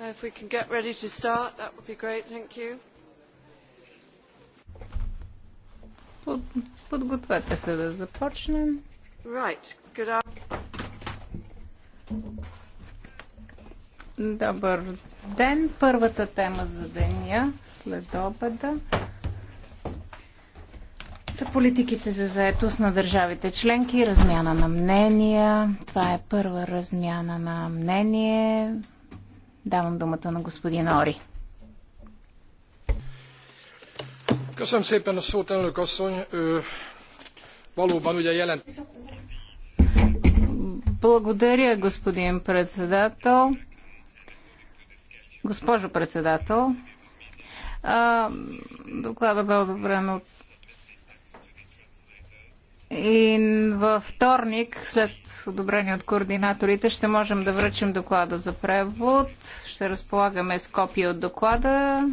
Uh, if we can get ready to start, that would be great. Thank you. Подгответе се да започнем. Right. Good Добър ден. Първата тема за деня след обеда са политиките за заетост на държавите членки, размяна на мнения. Това е първа размяна на мнение Давам думата на господин Ори. Köszönöm szépen a szót, elnök asszony. Ö, valóban ugye jelent... Благодаря, господин председател. Госпожо председател, а, доклада бе одобрен от и във вторник, след одобрение от координаторите, ще можем да връчим доклада за превод. Ще разполагаме с копия от доклада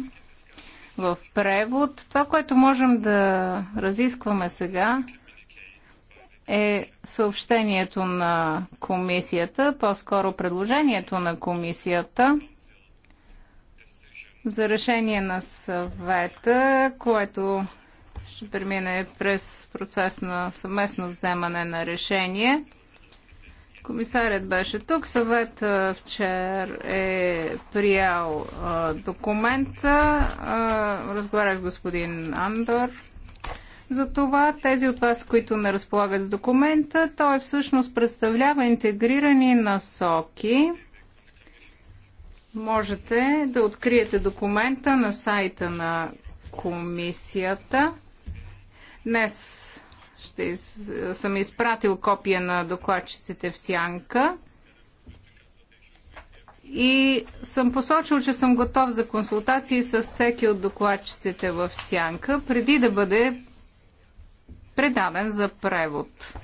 в превод. Това, което можем да разискваме сега, е съобщението на комисията, по-скоро предложението на комисията за решение на съвета, което ще премине през процес на съвместно вземане на решение. Комисарят беше тук. Съвет вчер е приял а, документа. А, разговарях с господин Андор. За това тези от вас, които не разполагат с документа, той всъщност представлява интегрирани насоки. Можете да откриете документа на сайта на комисията. Днес ще из... съм изпратил копия на докладчиците в Сянка и съм посочил, че съм готов за консултации с всеки от докладчиците в Сянка, преди да бъде предаден за превод.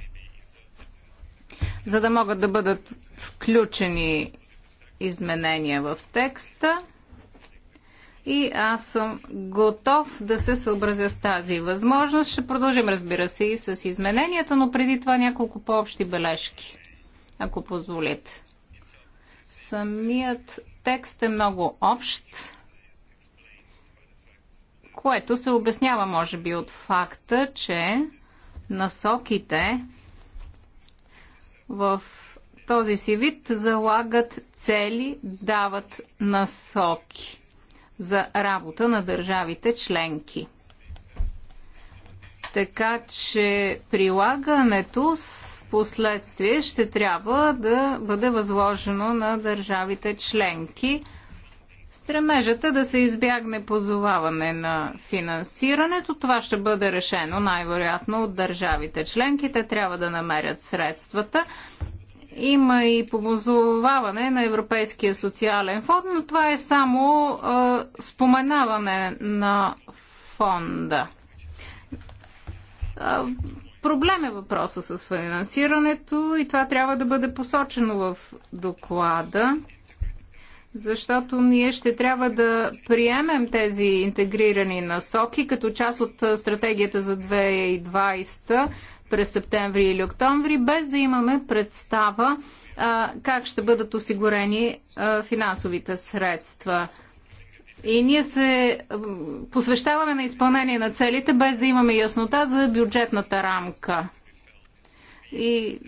За да могат да бъдат включени изменения в текста и аз съм готов да се съобразя с тази възможност. Ще продължим, разбира се, и с измененията, но преди това няколко по-общи бележки, ако позволите. Самият текст е много общ, което се обяснява, може би, от факта, че насоките в този си вид залагат цели, дават насоки за работа на държавите членки. Така че прилагането с последствие ще трябва да бъде възложено на държавите членки. Стремежата да се избягне позоваване на финансирането. Това ще бъде решено най-вероятно от държавите членки. Те трябва да намерят средствата. Има и помозоваване на Европейския социален фонд, но това е само е, споменаване на фонда. проблем е въпроса с финансирането и това трябва да бъде посочено в доклада защото ние ще трябва да приемем тези интегрирани насоки като част от стратегията за 2020 през септември или октомври, без да имаме представа а, как ще бъдат осигурени а, финансовите средства. И ние се посвещаваме на изпълнение на целите, без да имаме яснота за бюджетната рамка. И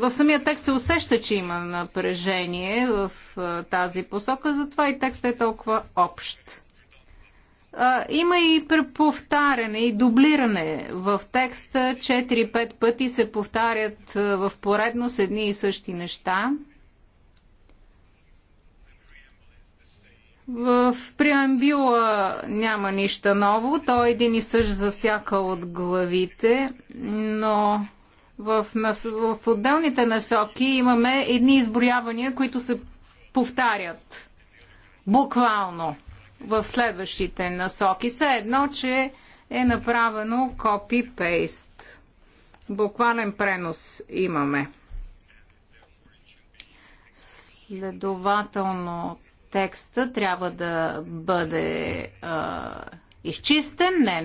в самия текст се усеща, че има напрежение в тази посока, затова и текстът е толкова общ а, има и преповтаряне и дублиране в текста. 4-5 пъти се повтарят в поредност едни и същи неща. В преамбила няма нищо ново. Той е един и същ за всяка от главите, но в, нас... в отделните насоки имаме едни изброявания, които се повтарят буквално в следващите насоки. Все едно, че е направено копи-пейст. Буквален пренос имаме. Следователно, текста трябва да бъде а, изчистен. Не е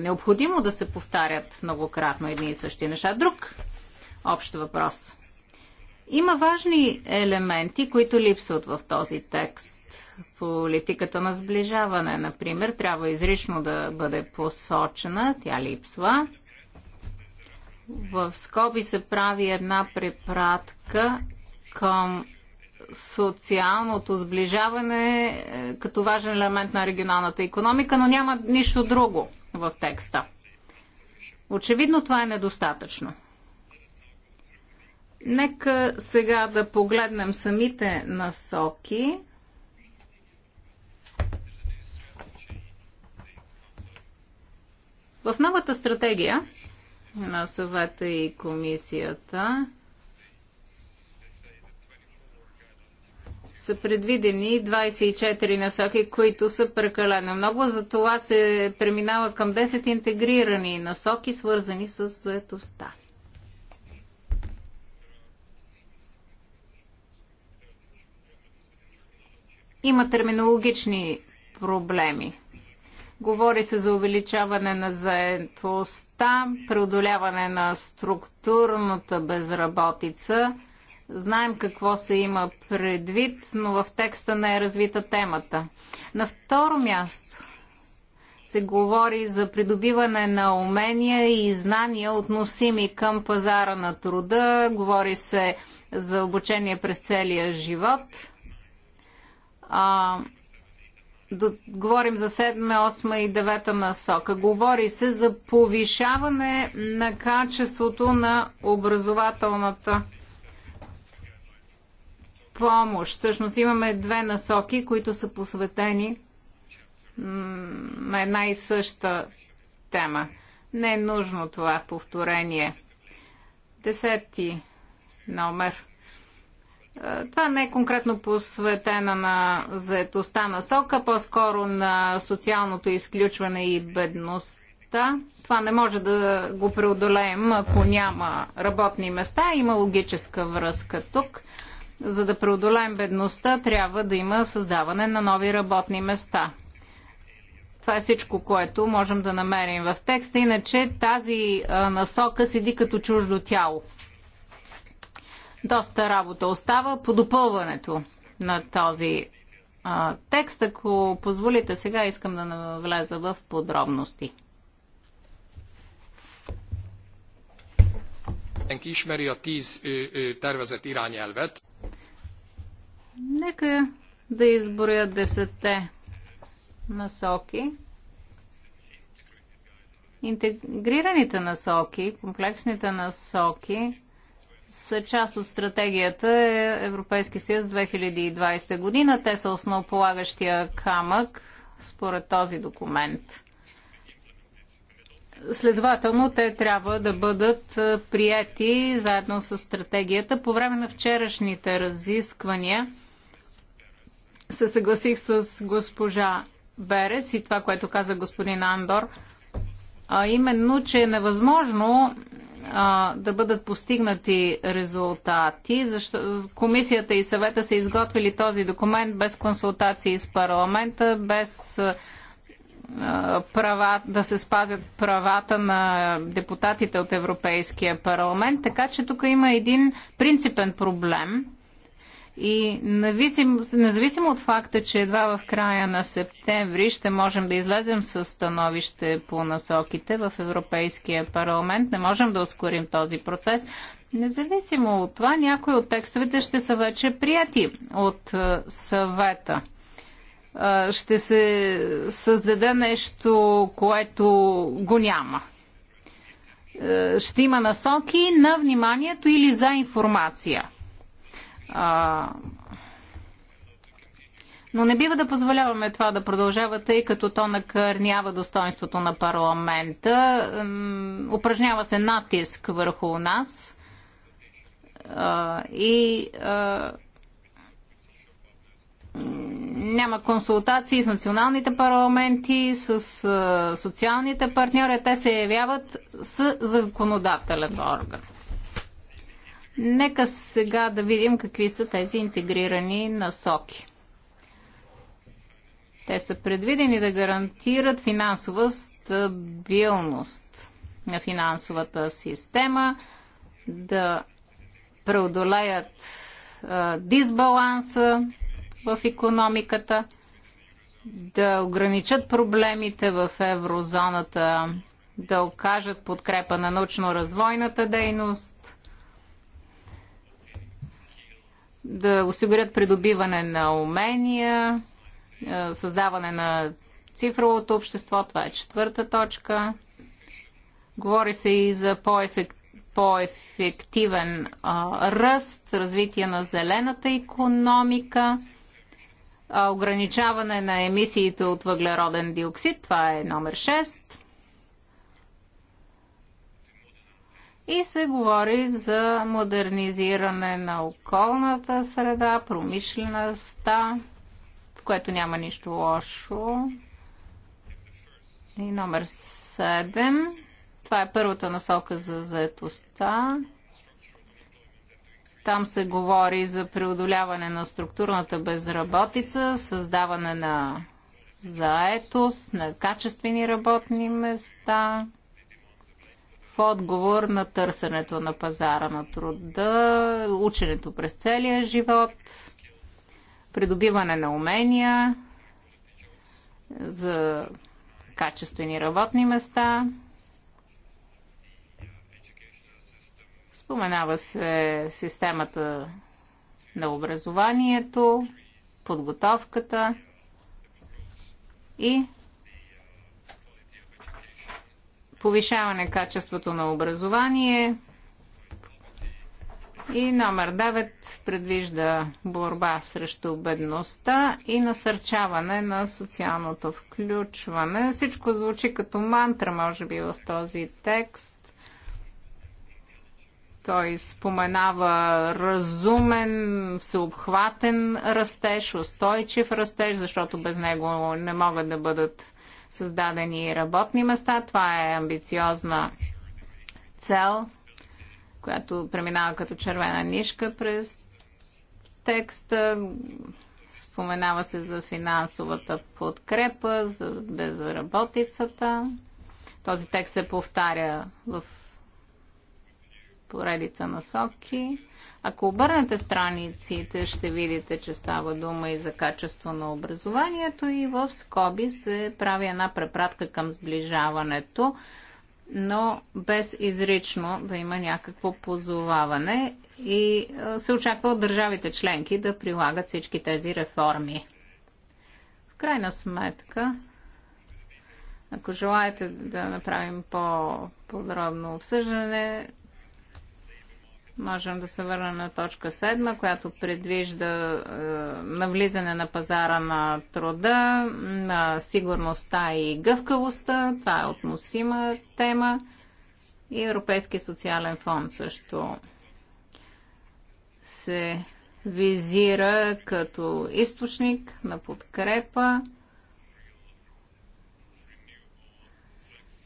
необходимо да се повтарят многократно едни и същи неща. Друг общ въпрос. Има важни елементи, които липсват в този текст. Политиката на сближаване, например, трябва изрично да бъде посочена, тя липсва. В скоби се прави една препратка към социалното сближаване е, като важен елемент на регионалната економика, но няма нищо друго в текста. Очевидно това е недостатъчно. Нека сега да погледнем самите насоки. В новата стратегия на съвета и комисията са предвидени 24 насоки, които са прекалено много. За това се преминава към 10 интегрирани насоки, свързани с заетостта. Има терминологични проблеми. Говори се за увеличаване на заетостта, преодоляване на структурната безработица. Знаем какво се има предвид, но в текста не е развита темата. На второ място се говори за придобиване на умения и знания, относими към пазара на труда. Говори се за обучение през целия живот а, до, говорим за 7, 8 и 9 насока. Говори се за повишаване на качеството на образователната помощ. Всъщност имаме две насоки, които са посветени на една и съща тема. Не е нужно това повторение. Десети номер. Е, това не е конкретно посветена на заетостта на сока, по-скоро на социалното изключване и бедността. Това не може да го преодолеем, ако няма работни места. Има логическа връзка тук. За да преодолеем бедността, трябва да има създаване на нови работни места. Това е всичко, което можем да намерим в текста. Иначе тази насока седи като чуждо тяло. Доста работа остава по допълването на този а, текст. Ако позволите, сега искам да навляза в подробности. Е, е, Нека да изборя десетте насоки. Интегрираните насоки, комплексните насоки са част от стратегията е Европейски съюз 2020 година. Те са основополагащия камък според този документ. Следователно, те трябва да бъдат е, прияти заедно с стратегията. По време на вчерашните разисквания се съгласих с госпожа Берес и това, което каза господин Андор, а именно, че е невъзможно а, да бъдат постигнати резултати. Защо, комисията и съвета са изготвили този документ без консултации с парламента, без а, права, да се спазят правата на депутатите от Европейския парламент. Така че тук има един принципен проблем – и независимо, независимо от факта, че едва в края на септември ще можем да излезем с становище по насоките в Европейския парламент, не можем да ускорим този процес. Независимо от това, някои от текстовете ще са вече прияти от е, съвета е, ще се създаде нещо, което го няма. Е, ще има насоки на вниманието или за информация но не бива да позволяваме това да продължава, тъй като то накърнява достоинството на парламента. Упражнява се натиск върху нас и няма консултации с националните парламенти, с социалните партньори. Те се явяват с законодателен орган. Нека сега да видим какви са тези интегрирани насоки. Те са предвидени да гарантират финансова стабилност на финансовата система, да преодолеят дисбаланса в економиката, да ограничат проблемите в еврозоната, да окажат подкрепа на научно-развойната дейност – да осигурят придобиване на умения, е, създаване на цифровото общество, това е четвърта точка. Говори се и за по по-ефективен е, ръст, развитие на зелената економика, е, ограничаване на емисиите от въглероден диоксид, това е номер 6. и се говори за модернизиране на околната среда, промишлеността, в което няма нищо лошо. И номер 7. Това е първата насока за заетостта. Там се говори за преодоляване на структурната безработица, създаване на заетост, на качествени работни места – в отговор на търсенето на пазара на труда, ученето през целия живот, придобиване на умения за качествени работни места. Споменава се системата на образованието, подготовката и повишаване качеството на образование и номер 9 предвижда борба срещу бедността и насърчаване на социалното включване. Всичко звучи като мантра, може би, в този текст. Той споменава разумен, всеобхватен растеж, устойчив растеж, защото без него не могат да бъдат създадени работни места. Това е амбициозна цел, която преминава като червена нишка през текста. Споменава се за финансовата подкрепа, за безработицата. Този текст се повтаря в поредица насоки. Ако обърнете страниците, ще видите, че става дума и за качество на образованието и в скоби се прави една препратка към сближаването, но без изрично да има някакво позоваване и се очаква от държавите членки да прилагат всички тези реформи. В крайна сметка, ако желаете да направим по-подробно обсъждане, Можем да се върнем на точка 7, която предвижда е, навлизане на пазара на труда, на сигурността и гъвкавостта. Това е относима тема. И Европейски социален фонд също се визира като източник на подкрепа.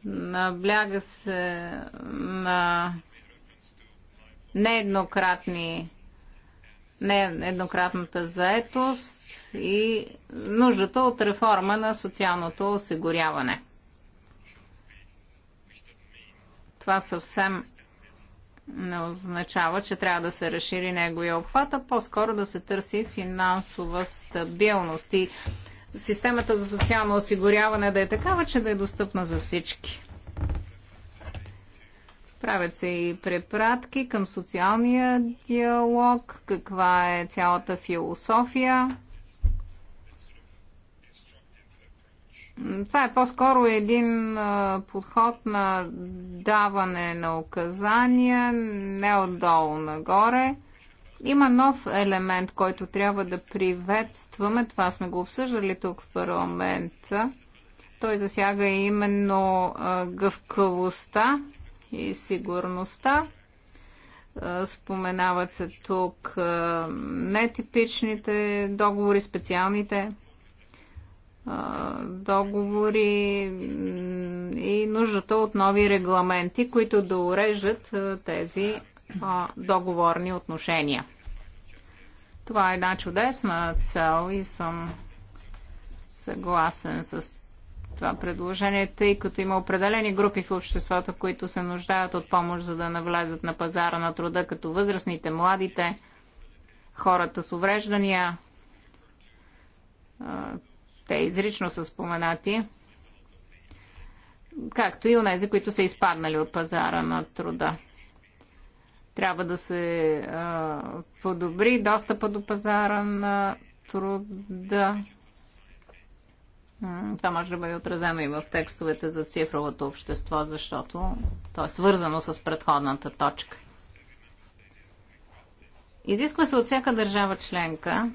Набляга се на нееднократни еднократната заетост и нуждата от реформа на социалното осигуряване. Това съвсем не означава, че трябва да се разшири неговия обхват, а по-скоро да се търси финансова стабилност и системата за социално осигуряване да е такава, че да е достъпна за всички. Правят се и препратки към социалния диалог, каква е цялата философия. Това е по-скоро един подход на даване на указания, не отдолу нагоре. Има нов елемент, който трябва да приветстваме. Това сме го обсъждали тук в парламента. Той засяга именно гъвкавостта и сигурността. Споменават се тук нетипичните договори, специалните договори и нуждата от нови регламенти, които да уреждат тези договорни отношения. Това е една чудесна цел и съм съгласен с това предложение, тъй като има определени групи в обществото, които се нуждаят от помощ, за да навлязат на пазара на труда, като възрастните, младите, хората с увреждания. Те изрично са споменати, както и онези, които са изпаднали от пазара на труда трябва да се а, подобри достъпа до пазара на труда. Това може да бъде отразено и в текстовете за цифровото общество, защото то е свързано с предходната точка. Изисква се от всяка държава членка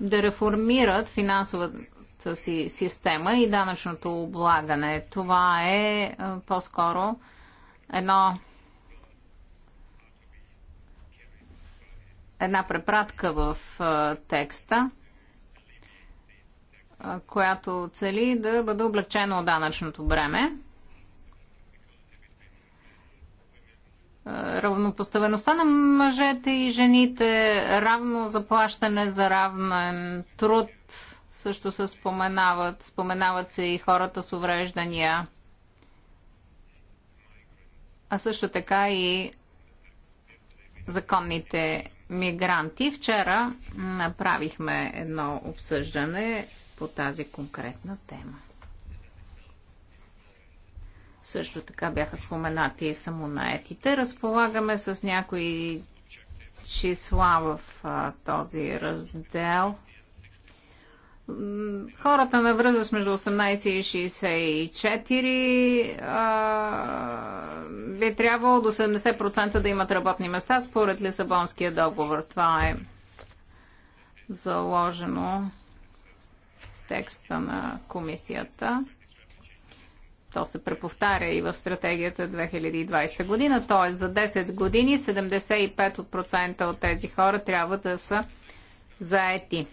да реформират финансовата си система и данъчното облагане. Това е, е по-скоро едно една препратка в е, текста която цели да бъде облегчено от данъчното бреме. Равнопоставеността на мъжете и жените, равно заплащане за равен труд също се споменават. Споменават се и хората с увреждания, а също така и законните мигранти. Вчера направихме едно обсъждане по тази конкретна тема. Също така бяха споменати и самонаетите. Разполагаме с някои числа в а, този раздел. Хората на възраст между 18 и 64 а, би трябвало до 70% да имат работни места според Лисабонския договор. Това е заложено текста на комисията. То се преповтаря и в стратегията 2020 година, т.е. за 10 години 75% от тези хора трябва да са заети.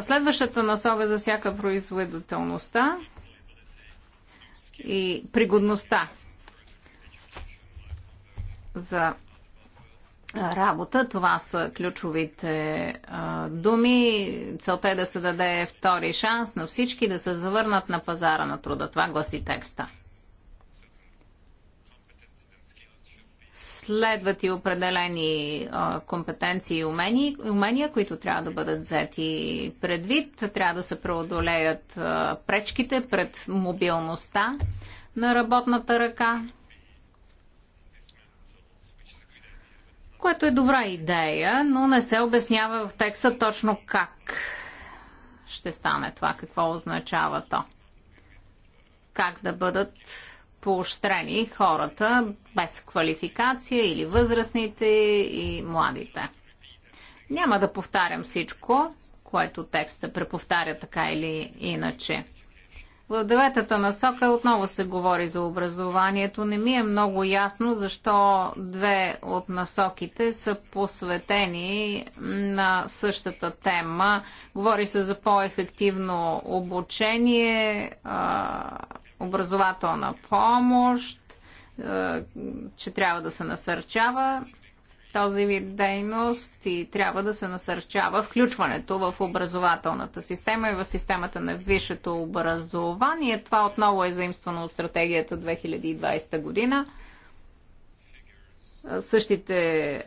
Следващата насока всяка производителността и пригодността за работа. Това са ключовите а, думи. Целта е да се даде втори шанс на всички да се завърнат на пазара на труда. Това гласи текста. Следват и определени а, компетенции и умения, умения, които трябва да бъдат взети предвид. Трябва да се преодолеят а, пречките пред мобилността на работната ръка което е добра идея, но не се обяснява в текста точно как ще стане това, какво означава то. Как да бъдат поощрени хората без квалификация или възрастните и младите. Няма да повтарям всичко, което текста преповтаря така или иначе. В деветата насока отново се говори за образованието. Не ми е много ясно защо две от насоките са посветени на същата тема. Говори се за по-ефективно обучение, образователна помощ, че трябва да се насърчава този вид дейност и трябва да се насърчава включването в образователната система и в системата на висшето образование. Това отново е заимствано от стратегията 2020 година. Същите е,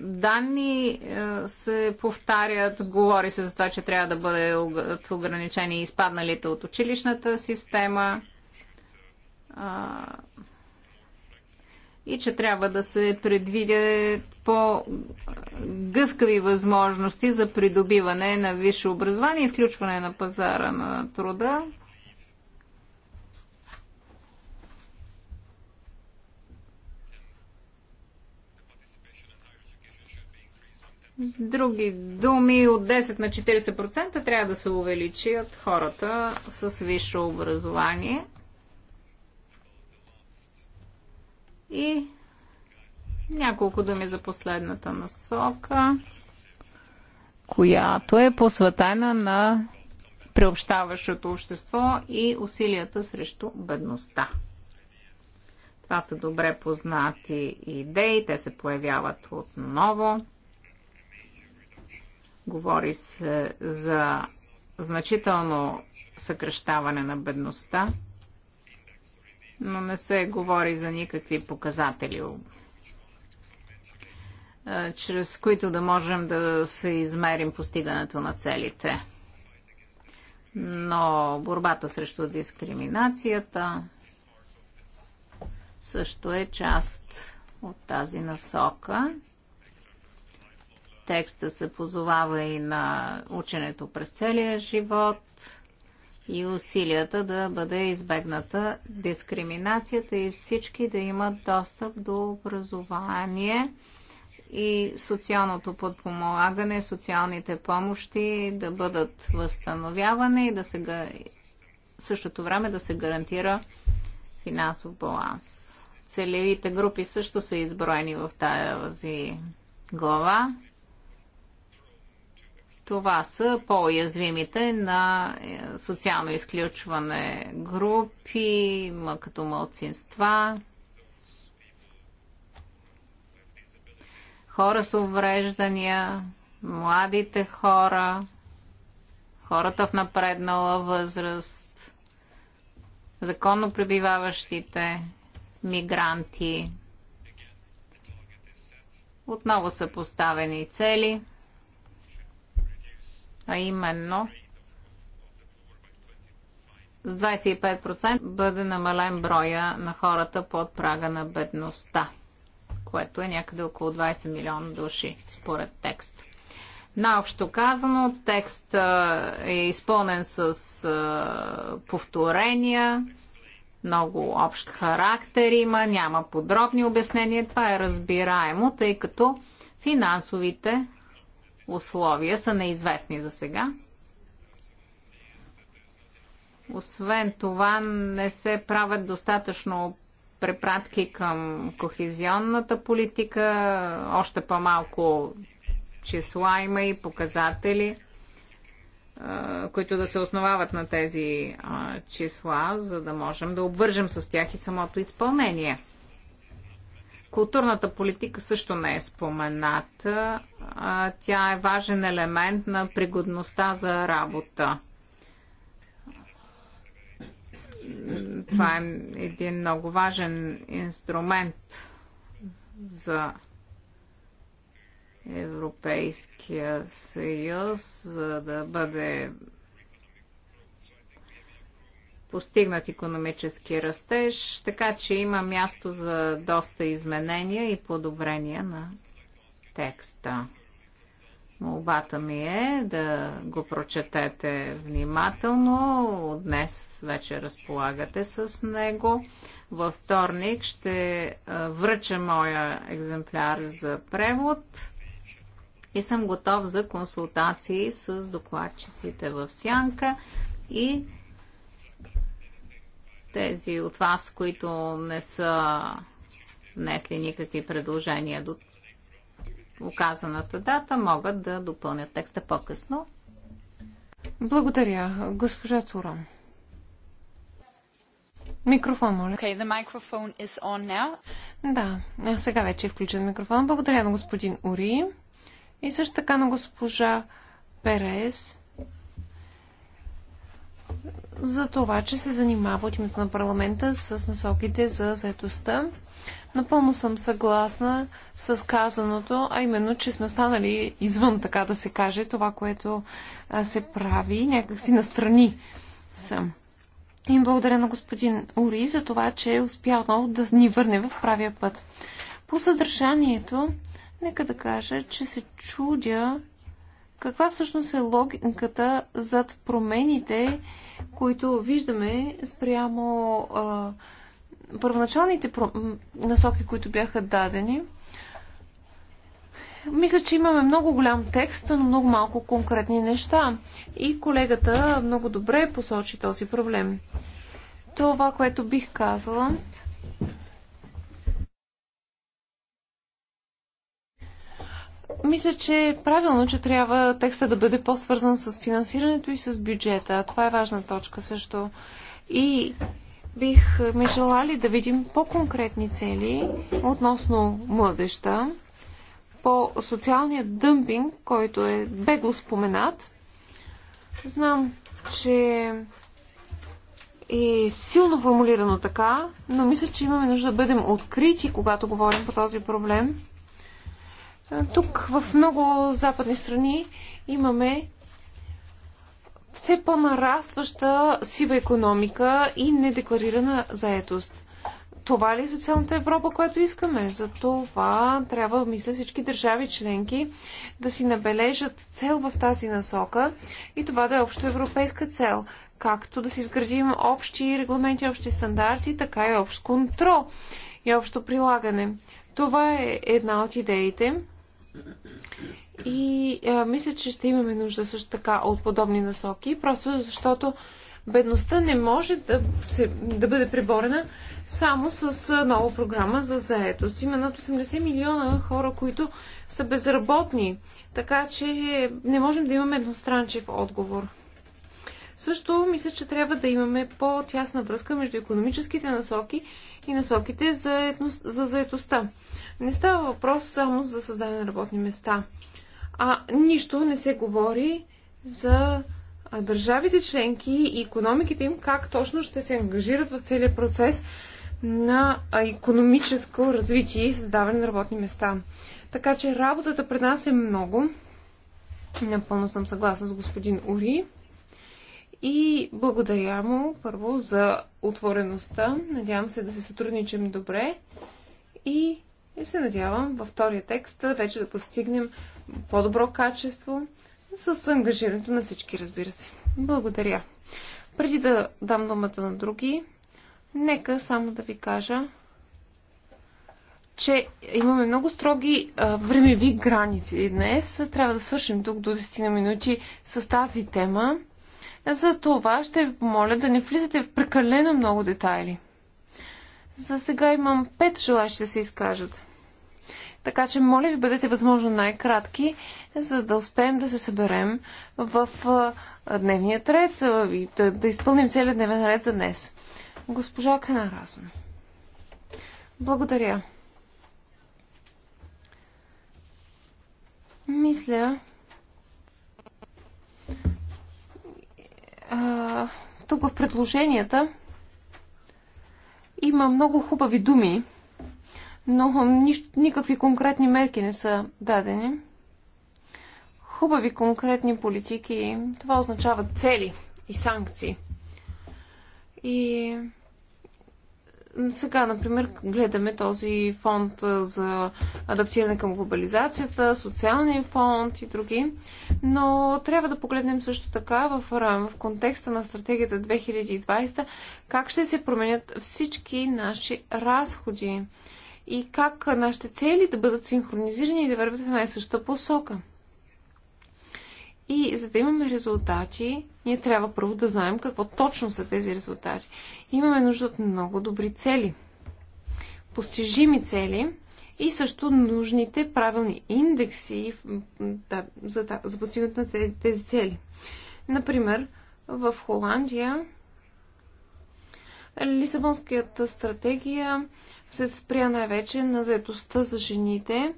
данни е, се повтарят. Говори се за това, че трябва да бъдат ограничени изпадналите от училищната система. Е, и че трябва да се предвидят по-гъвкави възможности за придобиване на висше образование и включване на пазара на труда. С други думи, от 10 на 40% трябва да се увеличат хората с висше образование – И няколко думи за последната насока, която е посветена на приобщаващото общество и усилията срещу бедността. Това са добре познати идеи, те се появяват отново. Говори се за значително съкръщаване на бедността но не се говори за никакви показатели, чрез които да можем да се измерим постигането на целите. Но борбата срещу дискриминацията също е част от тази насока. Текста се позовава и на ученето през целия живот – и усилията да бъде избегната дискриминацията и всички да имат достъп до образование и социалното подпомагане, социалните помощи да бъдат възстановявани и да се, в същото време да се гарантира финансов баланс. Целевите групи също са изброени в тази глава. Това са по-язвимите на е, социално изключване групи, като мълцинства, хора с увреждания, младите хора, хората в напреднала възраст, законно пребиваващите, мигранти. Отново са поставени цели – а именно с 25% бъде намален броя на хората под прага на бедността, което е някъде около 20 милиона души, според текст. Наобщо казано, текст е изпълнен с повторения, много общ характер има, няма подробни обяснения. Това е разбираемо, тъй като финансовите условия са неизвестни за сега. Освен това, не се правят достатъчно препратки към кохезионната политика, още по-малко числа има и показатели, които да се основават на тези числа, за да можем да обвържем с тях и самото изпълнение. Културната политика също не е спомената. Тя е важен елемент на пригодността за работа. Това е един много важен инструмент за Европейския съюз, за да бъде постигнат економически растеж, така че има място за доста изменения и подобрения на текста. Молбата ми е да го прочетете внимателно. Днес вече разполагате с него. Във вторник ще връча моя екземпляр за превод и съм готов за консултации с докладчиците в Сянка и тези от вас, които не са внесли никакви предложения до оказаната дата, могат да допълнят текста по-късно. Благодаря. Госпожа Туран. Микрофон, моля. Okay, the microphone is on now. Да, сега вече е включен микрофон. Благодаря на господин Ури и също така на госпожа Перес за това, че се занимава от името на парламента с насоките за заедостта. Напълно съм съгласна с казаното, а именно, че сме останали извън, така да се каже, това, което се прави, някакси настрани съм. И благодаря на господин Ури за това, че е успял отново да ни върне в правия път. По съдържанието, нека да кажа, че се чудя каква всъщност е логиката зад промените, които виждаме спрямо а, първоначалните про... насоки, които бяха дадени? Мисля, че имаме много голям текст, но много малко конкретни неща. И колегата много добре посочи този проблем. Това, което бих казала, Мисля, че е правилно, че трябва текста да бъде по-свързан с финансирането и с бюджета. Това е важна точка също. И бихме желали да видим по-конкретни цели относно младеща, по социалния дъмпинг, който е бегло споменат. Знам, че е силно формулирано така, но мисля, че имаме нужда да бъдем открити, когато говорим по този проблем. Тук в много западни страни имаме все по-нарастваща сива економика и недекларирана заетост. Това ли е социалната Европа, която искаме? За това трябва, мисля, всички държави членки да си набележат цел в тази насока и това да е общо европейска цел. Както да си изградим общи регламенти, общи стандарти, така и общ контрол и общо прилагане. Това е една от идеите, и а, мисля, че ще имаме нужда също така от подобни насоки, просто защото бедността не може да, се, да бъде преборена само с нова програма за заетост. Има над 80 милиона хора, които са безработни, така че не можем да имаме едностранчив отговор. Също мисля, че трябва да имаме по-тясна връзка между економическите насоки и насоките за, етност, за заетостта. Не става въпрос само за създаване на работни места. А нищо не се говори за държавите членки и економиките им, как точно ще се ангажират в целият процес на економическо развитие и създаване на работни места. Така че работата пред нас е много. Напълно съм съгласна с господин Ури. И благодаря му първо за отвореността. Надявам се да се сътрудничим добре. И и се надявам във втория текст вече да постигнем по-добро качество с ангажирането на всички, разбира се. Благодаря. Преди да дам думата на други, нека само да ви кажа, че имаме много строги а, времеви граници. Днес трябва да свършим тук до 10 на минути с тази тема. За това ще ви помоля да не влизате в прекалено много детайли. За сега имам 5 желащи да се изкажат. Така че, моля ви, бъдете възможно най-кратки, за да успеем да се съберем в дневния ред и да, да изпълним целият дневен ред за днес. Госпожа Канаразон. Благодаря. Мисля. А, тук в предложенията има много хубави думи, но никакви конкретни мерки не са дадени. Хубави конкретни политики, това означава цели и санкции. И сега, например, гледаме този фонд за адаптиране към глобализацията, социалния фонд и други, но трябва да погледнем също така в, в контекста на стратегията 2020 как ще се променят всички наши разходи и как нашите цели да бъдат синхронизирани и да вървят в една и съща посока. И за да имаме резултати, ние трябва първо да знаем какво точно са тези резултати. Имаме нужда от много добри цели, постижими цели и също нужните правилни индекси да, за, да, за постигането на тези, тези цели. Например, в Холандия Лисабонската стратегия се спря най-вече на заедостта за жените,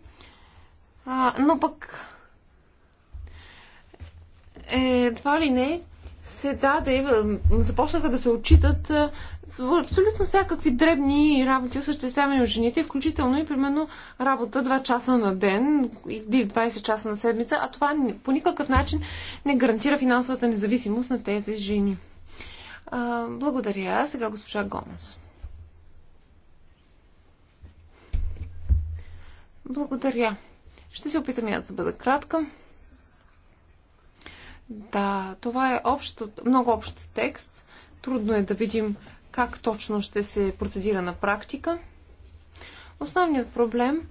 а, но пък това е, ли не се даде, е, започнаха да се отчитат е, абсолютно всякакви дребни работи, осъществявани от жените, включително и примерно работа 2 часа на ден или 20 часа на седмица, а това по никакъв начин не гарантира финансовата независимост на тези жени. Благодаря. Сега госпожа Гомес. Благодаря. Ще се опитам и аз да бъда кратка. Да, това е общо, много общ текст. Трудно е да видим как точно ще се процедира на практика. Основният проблем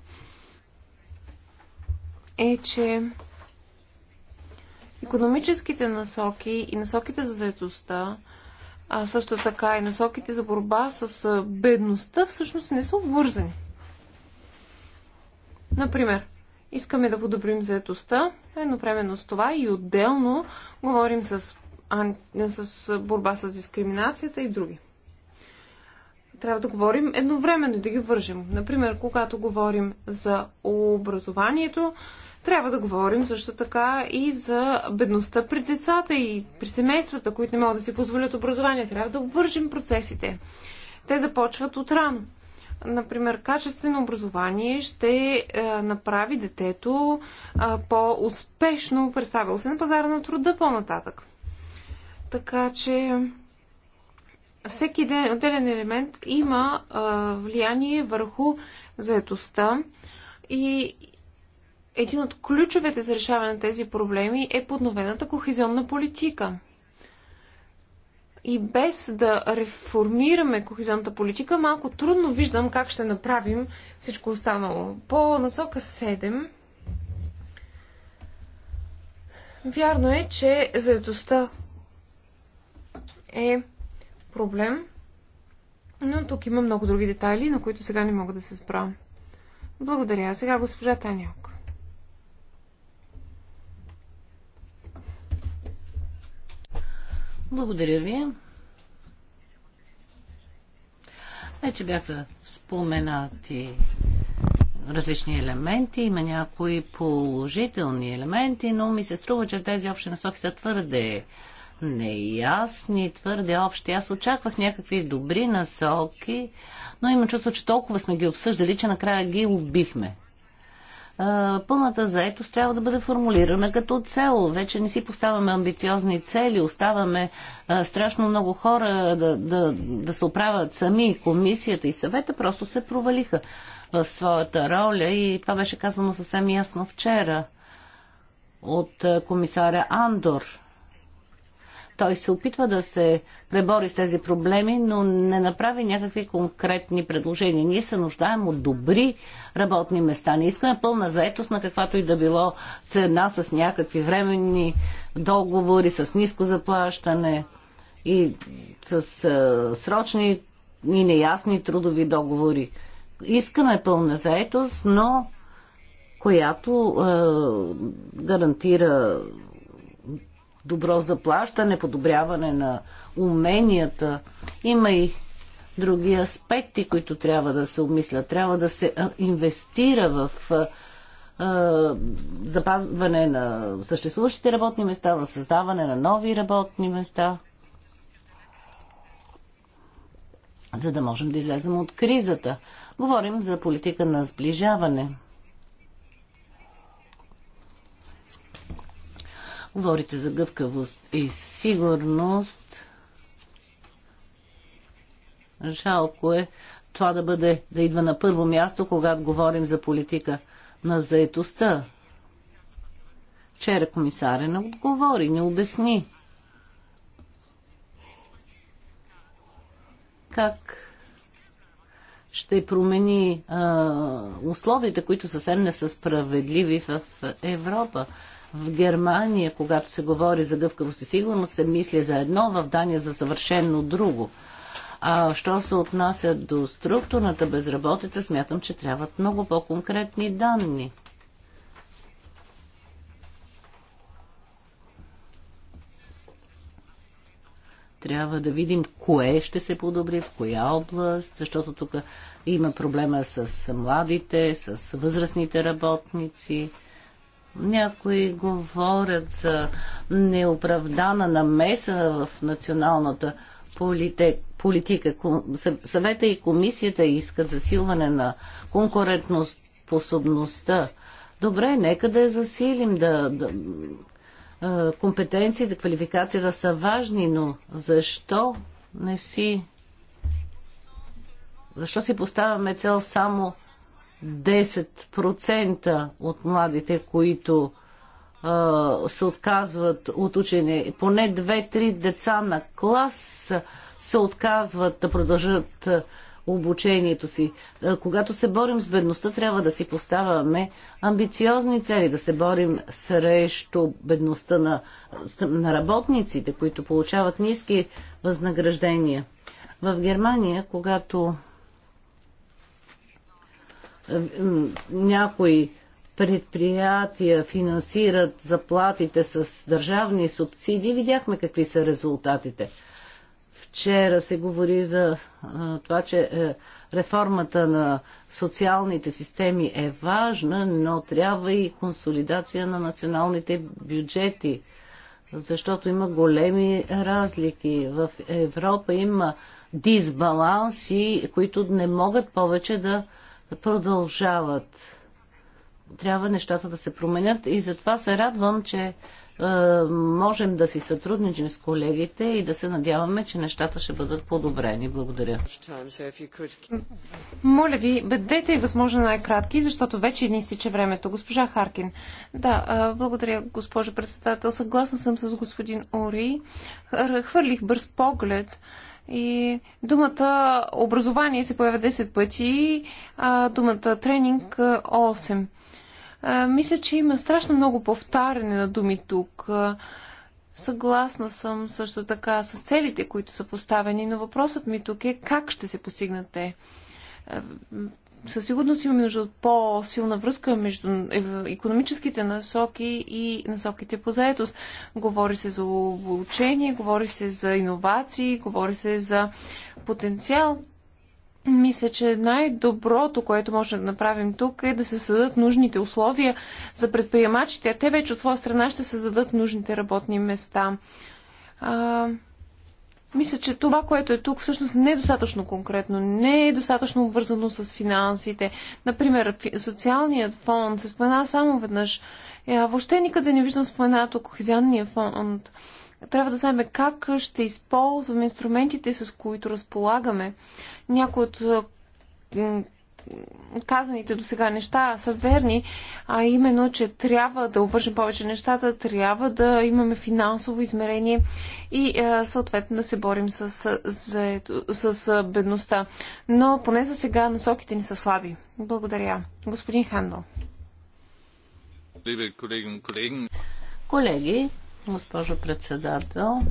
е, че економическите насоки и насоките за заедостта, а също така и насоките за борба с бедността, всъщност не са обвързани. Например, искаме да подобрим заедостта, едновременно с това и отделно говорим с, с борба с дискриминацията и други. Трябва да говорим едновременно и да ги вържим. Например, когато говорим за образованието, трябва да говорим също така и за бедността при децата и при семействата, които не могат да си позволят образование. Трябва да вържим процесите. Те започват от рано например, качествено образование ще е, направи детето е, по-успешно представило се на пазара на труда по-нататък. Така че всеки ден, отделен елемент има е, влияние върху заедостта и един от ключовете за решаване на тези проблеми е подновената кохезионна политика – и без да реформираме кохезионната политика, малко трудно виждам как ще направим всичко останало. По насока 7, вярно е, че заедостта е проблем, но тук има много други детайли, на които сега не мога да се спра. Благодаря. Сега госпожа Таняк. Благодаря ви. Вече бяха споменати различни елементи, има някои положителни елементи, но ми се струва, че тези общи насоки са твърде неясни, твърде общи. Аз очаквах някакви добри насоки, но има чувство, че толкова сме ги обсъждали, че накрая ги убихме пълната заетост трябва да бъде формулирана като цел. Вече не си поставяме амбициозни цели, оставаме а, страшно много хора да, да, да се оправят сами. Комисията и съвета просто се провалиха в своята роля и това беше казано съвсем ясно вчера от комисаря Андор. Той се опитва да се пребори с тези проблеми, но не направи някакви конкретни предложения. Ние се нуждаем от добри работни места. Не искаме пълна заетост на каквато и да било цена с някакви временни договори, с ниско заплащане и с а, срочни и неясни трудови договори. Искаме пълна заетост, но която е, гарантира добро заплащане, подобряване на уменията. Има и други аспекти, които трябва да се обмислят. Трябва да се инвестира в запазване на съществуващите работни места, в създаване на нови работни места, за да можем да излезем от кризата. Говорим за политика на сближаване. Говорите за гъвкавост и сигурност. Жалко е това да бъде, да идва на първо място, когато говорим за политика на заетостта. Вчера комисаря не отговори, не обясни. Как ще промени а, условията, които съвсем не са справедливи в Европа в Германия, когато се говори за гъвкавост и сигурност, се мисли за едно, в Дания за съвършено друго. А що се отнася до структурната безработица, смятам, че трябват много по-конкретни данни. Трябва да видим кое ще се подобри, в коя област, защото тук има проблема с младите, с възрастните работници някои говорят за неоправдана намеса в националната политика. Съвета и комисията искат засилване на конкурентоспособността. Добре, нека да я засилим, да, да компетенциите, квалификацията са важни, но защо не си защо си поставяме цел само 10% от младите, които а, се отказват от учене, поне 2-3 деца на клас се отказват да продължат обучението си. Когато се борим с бедността, трябва да си поставяме амбициозни цели, да се борим срещу бедността на, на работниците, които получават ниски възнаграждения. В Германия, когато някои предприятия финансират заплатите с държавни субсидии, видяхме какви са резултатите. Вчера се говори за това, че е, реформата на социалните системи е важна, но трябва и консолидация на националните бюджети, защото има големи разлики. В Европа има дисбаланси, които не могат повече да продължават. Трябва нещата да се променят и затова се радвам, че е, можем да си сътрудничим с колегите и да се надяваме, че нещата ще бъдат подобрени. Благодаря. Моля ви, бъдете възможно най-кратки, защото вече ни изтича времето. Госпожа Харкин. Да, е, благодаря, госпожо председател. Съгласна съм с господин Ори. Хвърлих бърз поглед. И думата образование се появя 10 пъти, а думата тренинг 8. мисля, че има страшно много повтаряне на думи тук. Съгласна съм също така с целите, които са поставени, но въпросът ми тук е как ще се постигнат те със сигурност имаме нужда от по-силна връзка между економическите насоки и насоките по заетост. Говори се за обучение, говори се за иновации, говори се за потенциал. Мисля, че най-доброто, което може да направим тук е да се създадат нужните условия за предприемачите, а те вече от своя страна ще създадат нужните работни места. Мисля, че това, което е тук, всъщност не е достатъчно конкретно, не е достатъчно обвързано с финансите. Например, социалният фонд се спомена само веднъж. Я, е, въобще никъде не виждам споменато кохезионния фонд. Трябва да знаем как ще използваме инструментите, с които разполагаме. Някои от казаните до сега неща са верни, а именно, че трябва да обвържем повече нещата, трябва да имаме финансово измерение и е, съответно да се борим с, с, с, е, бедността. Но поне за сега насоките ни са слаби. Благодаря. Господин Хандъл. Колеги, госпожо председател,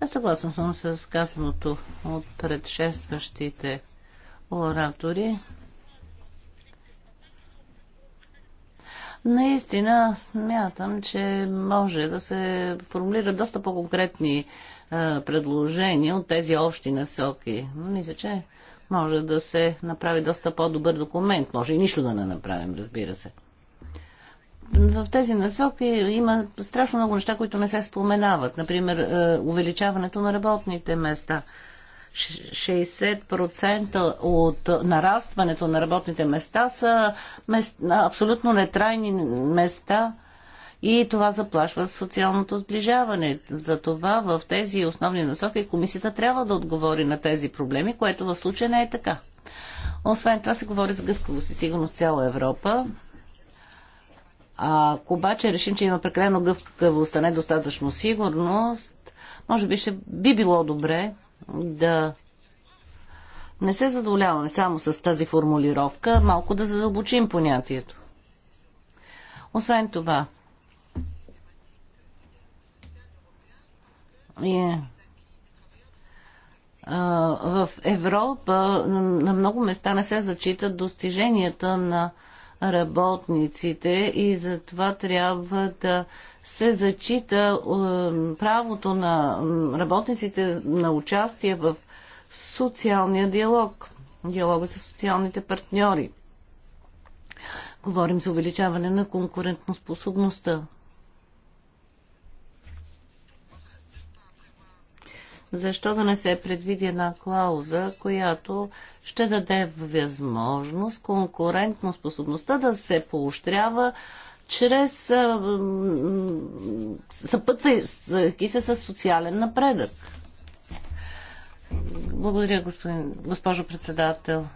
аз съгласен съм с казаното от предшестващите оратори. Наистина смятам, че може да се формулират доста по-конкретни е, предложения от тези общи насоки. Мисля, че може да се направи доста по-добър документ. Може и нищо да не направим, разбира се в тези насоки има страшно много неща, които не се споменават. Например, е, увеличаването на работните места. 60% от нарастването на работните места са мест, абсолютно нетрайни места и това заплашва социалното сближаване. Затова в тези основни насоки комисията трябва да отговори на тези проблеми, което в случая не е така. Освен това се говори за гъвкавост и сигурност цяла Европа. Ако обаче решим, че има прекалено гъвкавост, а не достатъчно сигурност, може би ще би било добре да не се задоволяваме само с тази формулировка, малко да задълбочим понятието. Освен това, е, в Европа на много места не се зачитат достиженията на работниците и затова трябва да се зачита е, правото на работниците на участие в социалния диалог, диалога с социалните партньори. Говорим за увеличаване на конкурентоспособността. защо да не се предвиди една клауза, която ще даде възможност конкурентно способността да се поощрява чрез съпътвайки се с социален напредък. Благодаря, господин, госпожо председател.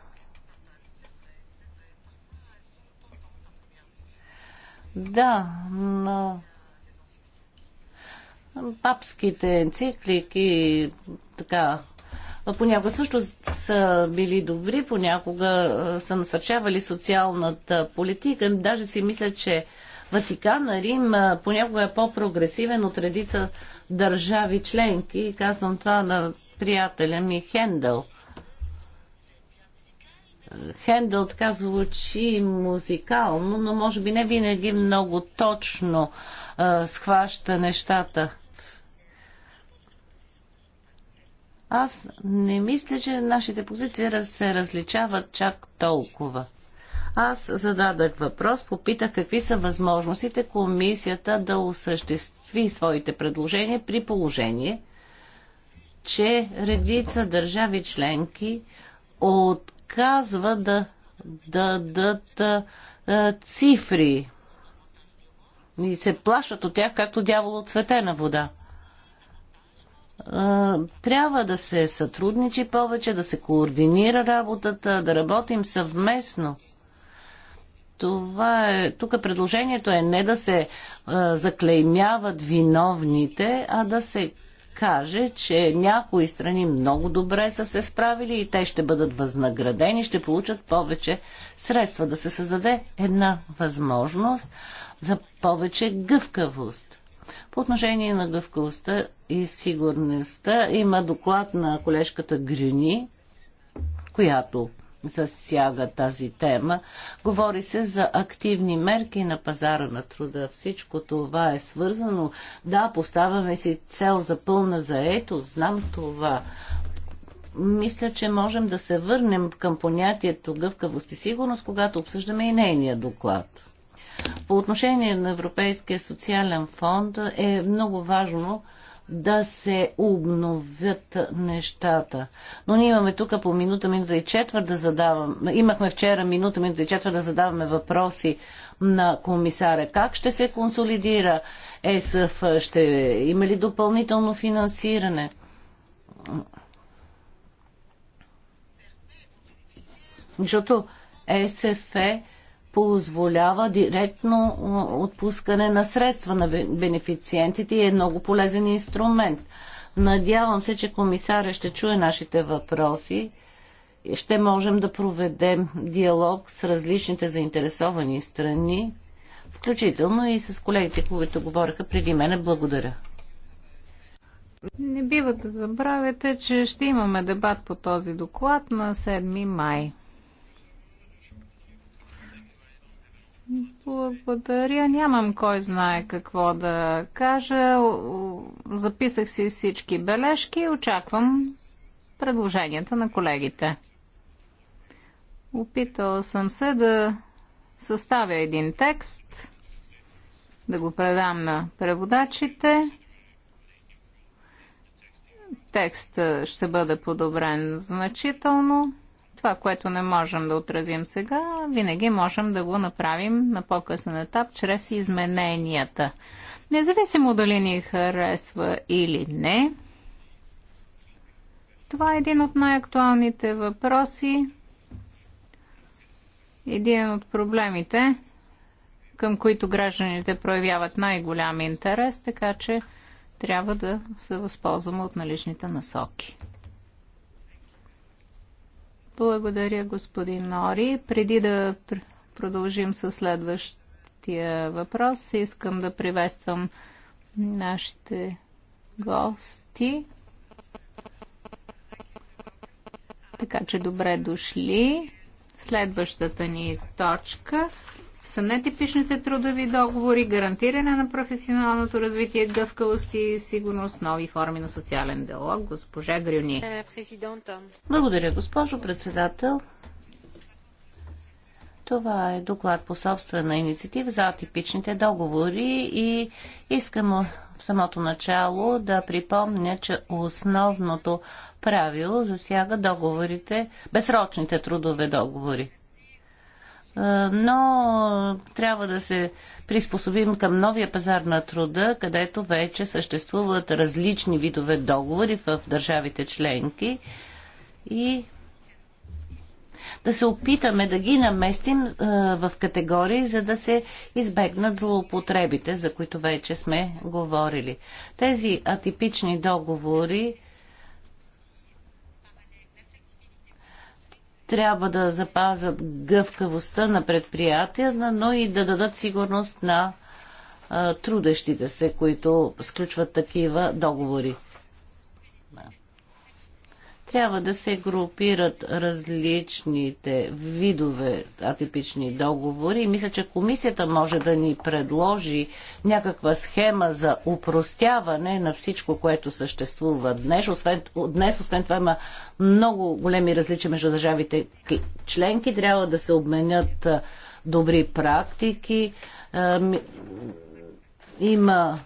Да, но папските енциклики така понякога също са били добри, понякога са насърчавали социалната политика. Даже си мисля, че Ватикана, Рим понякога е по-прогресивен от редица държави членки. казвам това на приятеля ми Хендъл. Хендъл така звучи музикално, но може би не винаги много точно а, схваща нещата. Аз не мисля, че нашите позиции се различават чак толкова. Аз зададах въпрос, попитах какви са възможностите комисията да осъществи своите предложения при положение, че редица държави членки отказва да дадат цифри и се плашат от тях, както дявол от светена вода трябва да се сътрудничи повече, да се координира работата, да работим съвместно. Това е, тук предложението е не да се а, заклеймяват виновните, а да се каже, че някои страни много добре са се справили и те ще бъдат възнаградени, ще получат повече средства. Да се създаде една възможност за повече гъвкавост. По отношение на гъвкавостта и сигурността има доклад на колежката Грюни, която засяга тази тема. Говори се за активни мерки на пазара на труда. Всичко това е свързано. Да, поставяме си цел за пълна заето, знам това. Мисля, че можем да се върнем към понятието гъвкавост и сигурност, когато обсъждаме и нейния доклад. По отношение на Европейския социален фонд е много важно да се обновят нещата. Но ние имаме тук по минута, минута и четвърт да задаваме. Имахме вчера минута, минута и четвърт да задаваме въпроси на комисаря. Как ще се консолидира ЕСФ? Ще има ли допълнително финансиране? Защото ЕСФ е позволява директно отпускане на средства на бенефициентите и е много полезен инструмент. Надявам се, че комисаря ще чуе нашите въпроси и ще можем да проведем диалог с различните заинтересовани страни, включително и с колегите, които говориха преди мене. Благодаря. Не бива да забравяте, че ще имаме дебат по този доклад на 7 май. Благодаря. Нямам кой знае какво да кажа. Записах си всички бележки и очаквам предложенията на колегите. Опитал съм се да съставя един текст, да го предам на преводачите. Текстът ще бъде подобрен значително. Това, което не можем да отразим сега, винаги можем да го направим на по-късен етап чрез измененията. Независимо дали ни харесва или не, това е един от най-актуалните въпроси, един от проблемите, към които гражданите проявяват най-голям интерес, така че трябва да се възползваме от наличните насоки. Благодаря, господин Нори. Преди да продължим с следващия въпрос, искам да приветствам нашите гости. Така че добре дошли. Следващата ни точка са нетипичните трудови договори, гарантиране на професионалното развитие, гъвкавост и сигурност, нови форми на социален диалог. Госпожа Грюни. Е, Благодаря, госпожо председател. Това е доклад по собствена инициатива за атипичните договори и искам в самото начало да припомня, че основното правило засяга договорите, безсрочните трудове договори. Е, но трябва да се приспособим към новия пазар на труда, където вече съществуват различни видове договори в държавите членки и да се опитаме да ги наместим е, в категории, за да се избегнат злоупотребите, за които вече сме говорили. Тези атипични договори трябва да запазят гъвкавостта на предприятията, но и да дадат сигурност на трудещите се, които сключват такива договори. Трябва да се групират различните видове атипични договори. Мисля, че комисията може да ни предложи някаква схема за упростяване на всичко, което съществува днес. Освен, днес, освен това, има много големи различия между държавите членки. Трябва да се обменят добри практики. Има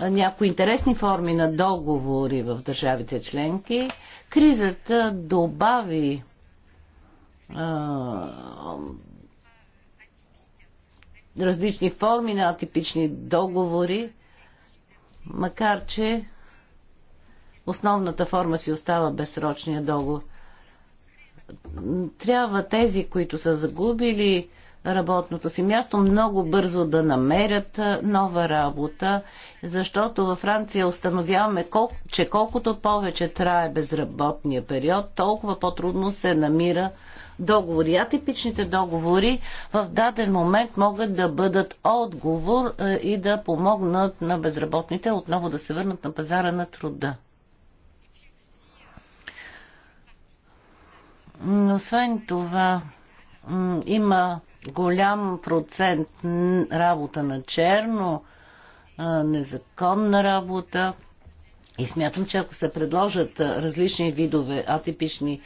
някои интересни форми на договори в държавите членки. Кризата добави а, различни форми на атипични договори, макар че основната форма си остава безсрочния договор. Трябва тези, които са загубили работното си място, много бързо да намерят нова работа, защото във Франция установяваме, че колкото повече трае безработния период, толкова по-трудно се намира договори. Атипичните договори в даден момент могат да бъдат отговор и да помогнат на безработните отново да се върнат на пазара на труда. Но освен това, има голям процент работа на черно, незаконна работа. И смятам, че ако се предложат различни видове атипични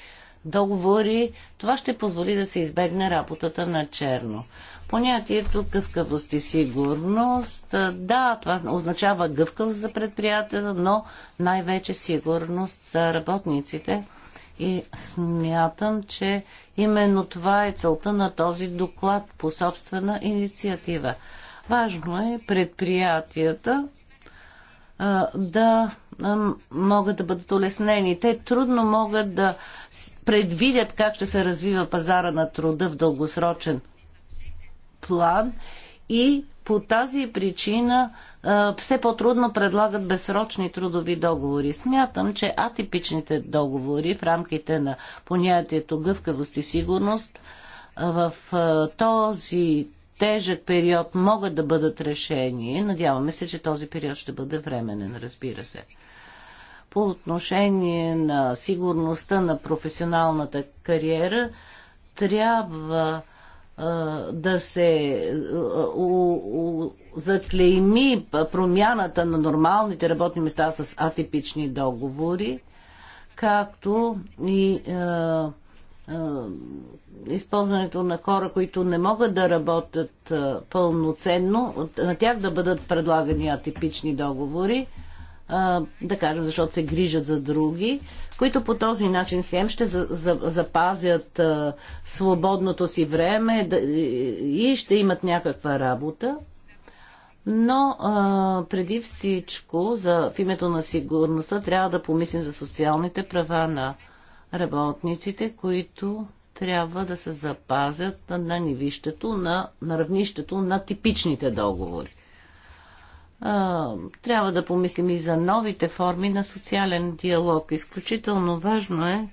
договори, това ще позволи да се избегне работата на черно. Понятието гъвкавост и сигурност, да, това означава гъвкавост за предприятията, но най-вече сигурност за работниците – и смятам, че именно това е целта на този доклад по собствена инициатива. Важно е предприятията да могат да бъдат улеснени. Те трудно могат да предвидят как ще се развива пазара на труда в дългосрочен план и по тази причина все по-трудно предлагат безсрочни трудови договори. Смятам, че атипичните договори в рамките на понятието гъвкавост и сигурност в този тежък период могат да бъдат решени. Надяваме се, че този период ще бъде временен, разбира се. По отношение на сигурността на професионалната кариера, трябва да се заклейми промяната на нормалните работни места с атипични договори, както и използването на хора, които не могат да работят пълноценно, на тях да бъдат предлагани атипични договори да кажем, защото се грижат за други, които по този начин хем ще запазят свободното си време и ще имат някаква работа. Но а, преди всичко, за, в името на сигурността, трябва да помислим за социалните права на работниците, които трябва да се запазят на нивището, на, на равнището на типичните договори трябва да помислим и за новите форми на социален диалог. Изключително важно е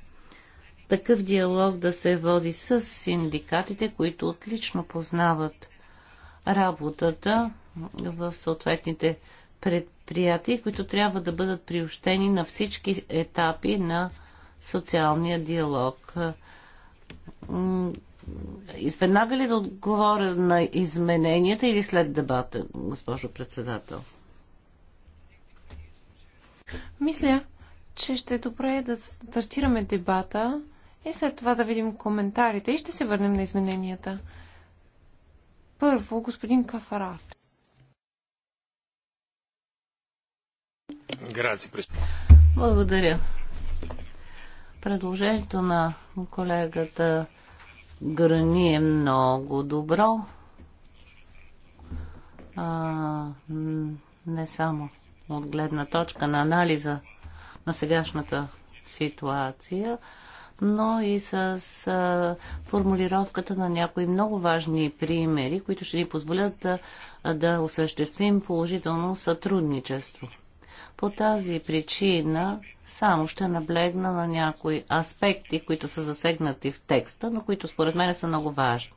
такъв диалог да се води с синдикатите, които отлично познават работата в съответните предприятия, които трябва да бъдат приобщени на всички етапи на социалния диалог. Изведнага ли да отговоря на измененията или след дебата, госпожо председател? Мисля, че ще е добре да стартираме дебата и след това да видим коментарите и ще се върнем на измененията. Първо, господин Кафарат. Благодаря. Предложението на колегата грани е много добро. А, не само от гледна точка на анализа на сегашната ситуация, но и с а, формулировката на някои много важни примери, които ще ни позволят да, да осъществим положително сътрудничество. По тази причина само ще наблегна на някои аспекти, които са засегнати в текста, но които според мен са много важни.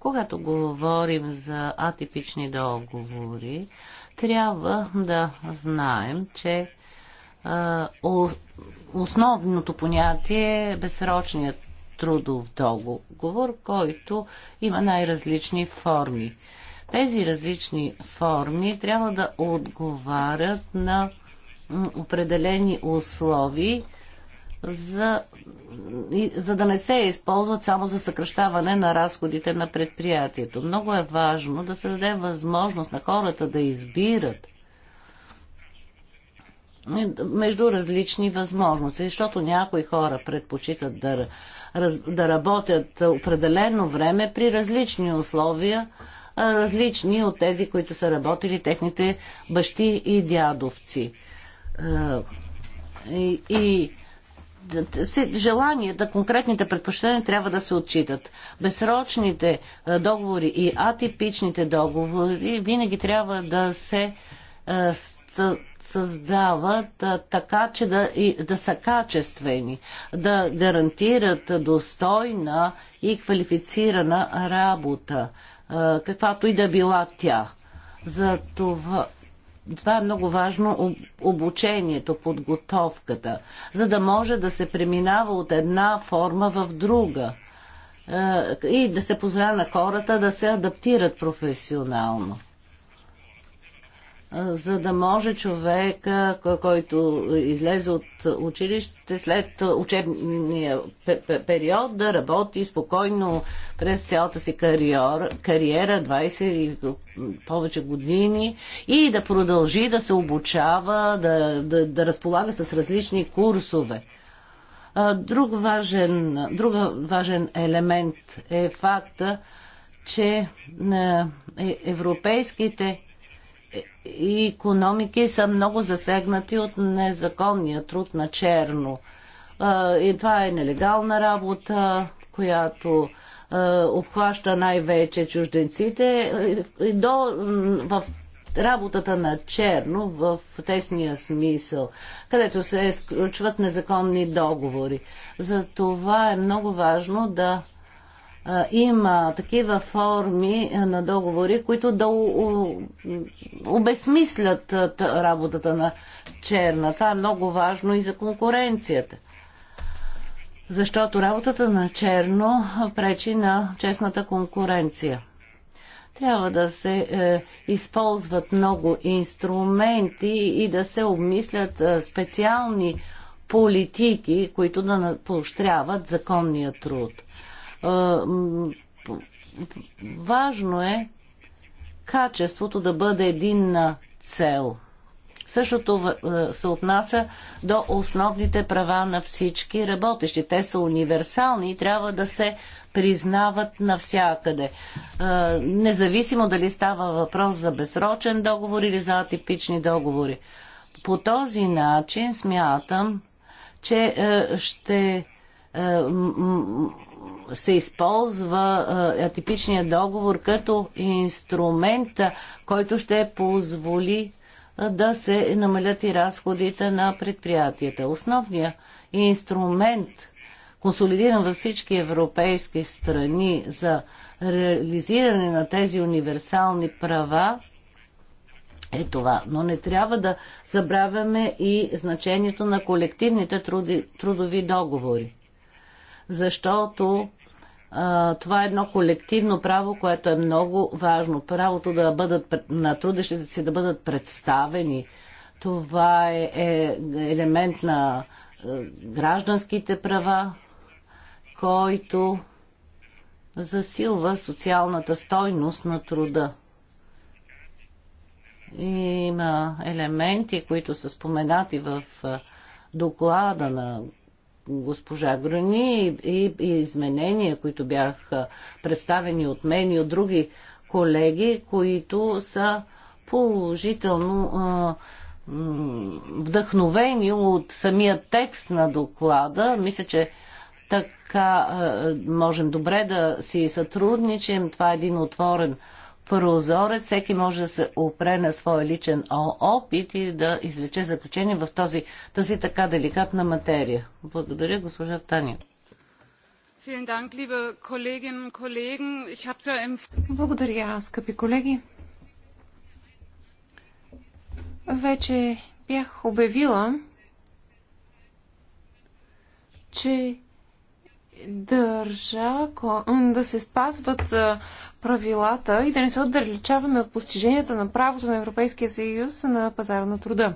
Когато говорим за атипични договори, трябва да знаем, че основното понятие е безсрочният трудов договор, който има най-различни форми. Тези различни форми трябва да отговарят на определени условия, за, за да не се използват само за съкръщаване на разходите на предприятието. Много е важно да се даде възможност на хората да избират между различни възможности, защото някои хора предпочитат да, да работят определено време при различни условия, различни от тези, които са работили техните бащи и дядовци и, и желанията, конкретните предпочитания трябва да се отчитат. Безсрочните договори и атипичните договори винаги трябва да се създават така, че да, и, да са качествени, да гарантират достойна и квалифицирана работа, каквато и да била тя. За това това е много важно обучението, подготовката, за да може да се преминава от една форма в друга е, и да се позволя на хората да се адаптират професионално за да може човек, който излезе от училище след учебния период, да работи спокойно през цялата си кариера, кариера 20 и повече години и да продължи да се обучава, да, да, да разполага с различни курсове. Друг важен, друг важен елемент е факта, че е, европейските и економики са много засегнати от незаконния труд на черно. И това е нелегална работа, която обхваща най-вече чужденците. До, в работата на черно в тесния смисъл, където се изключват незаконни договори. За това е много важно да има такива форми на договори, които да обесмислят работата на черна. Това е много важно и за конкуренцията. Защото работата на черно пречи на честната конкуренция. Трябва да се е, използват много инструменти и да се обмислят е, специални политики, които да поощряват законния труд важно е качеството да бъде на цел. Същото се отнася до основните права на всички работещи. Те са универсални и трябва да се признават навсякъде. Независимо дали става въпрос за безсрочен договор или за атипични договори. По този начин смятам, че ще се използва е, атипичния договор като инструмент, е, който ще позволи е, да се намалят и разходите на предприятията. Основният инструмент, консолидиран във всички европейски страни за реализиране на тези универсални права, е това. Но не трябва да забравяме и значението на колективните труди, трудови договори. Защото това е едно колективно право, което е много важно. Правото да бъдат на трудещите си да бъдат представени. Това е, е елемент на е, гражданските права, който засилва социалната стойност на труда. Има елементи, които са споменати в е, доклада на госпожа Грани и, и изменения, които бяха представени от мен и от други колеги, които са положително вдъхновени от самия текст на доклада. Мисля, че така можем добре да си сътрудничим. Това е един отворен прозорец, всеки може да се опре на своя личен опит и да извлече заключение в този, тази така деликатна материя. Благодаря, госпожа Таня. Благодаря, скъпи колеги. Вече бях обявила, че държа да се спазват правилата и да не се отдалечаваме от постиженията на правото на Европейския съюз на пазара на труда.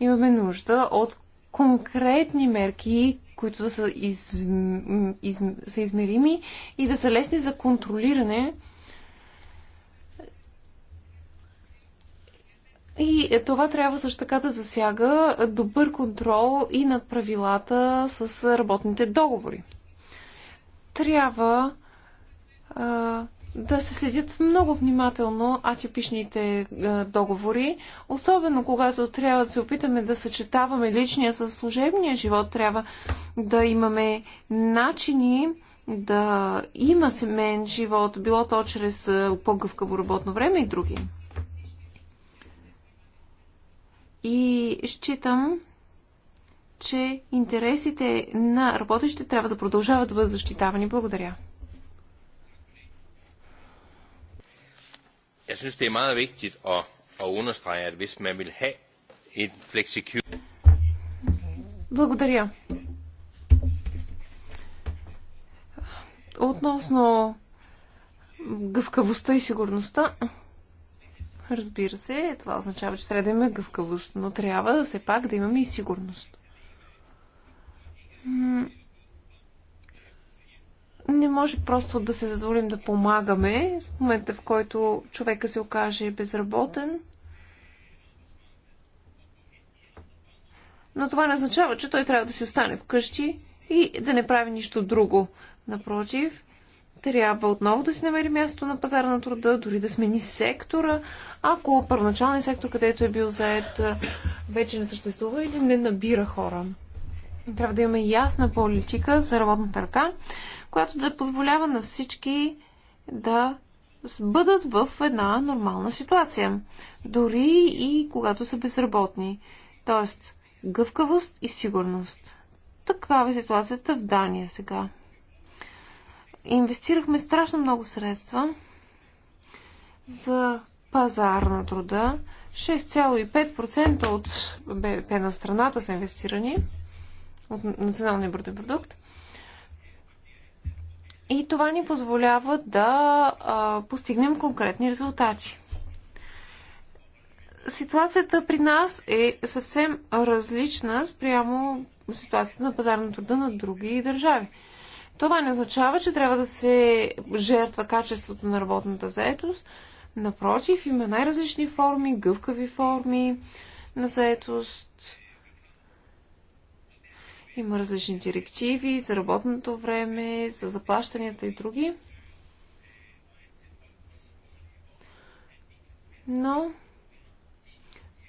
Имаме нужда от конкретни мерки, които да са, из, из, са измерими и да са лесни за контролиране. И това трябва също така да засяга добър контрол и над правилата с работните договори. Трябва а, да се следят много внимателно атипичните е, договори, особено когато трябва да се опитаме да съчетаваме личния със служебния живот, трябва да имаме начини да има семейен живот, било то чрез е, по-гъвкаво работно време и други. И считам, че интересите на работещите трябва да продължават да бъдат защитавани. Благодаря. jeg synes, det er meget vigtigt at, at understrege, at hvis man vil have et flexicurity... Благодаря. Относно гъвкавостта и сигурността, разбира се, това означава, че трябва да имаме гъвкавост, но трябва все пак да имаме и сигурност не може просто да се задоволим да помагаме в момента, в който човека се окаже безработен. Но това не означава, че той трябва да си остане вкъщи и да не прави нищо друго. Напротив, трябва отново да си намери място на пазара на труда, дори да смени сектора, ако първоначалният сектор, където е бил заед, вече не съществува или не набира хора. Трябва да имаме ясна политика за работната ръка, която да позволява на всички да бъдат в една нормална ситуация, дори и когато са безработни. Тоест, гъвкавост и сигурност. Такава е ситуацията в Дания сега. Инвестирахме страшно много средства за пазар на труда. 6,5% от БВП на страната са инвестирани от националния брутен продукт. И това ни позволява да а, постигнем конкретни резултати. Ситуацията при нас е съвсем различна спрямо ситуацията на пазар на труда на други държави. Това не означава, че трябва да се жертва качеството на работната заетост. Напротив, има най-различни форми, гъвкави форми на заетост, има различни директиви за работното време, за заплащанията и други. Но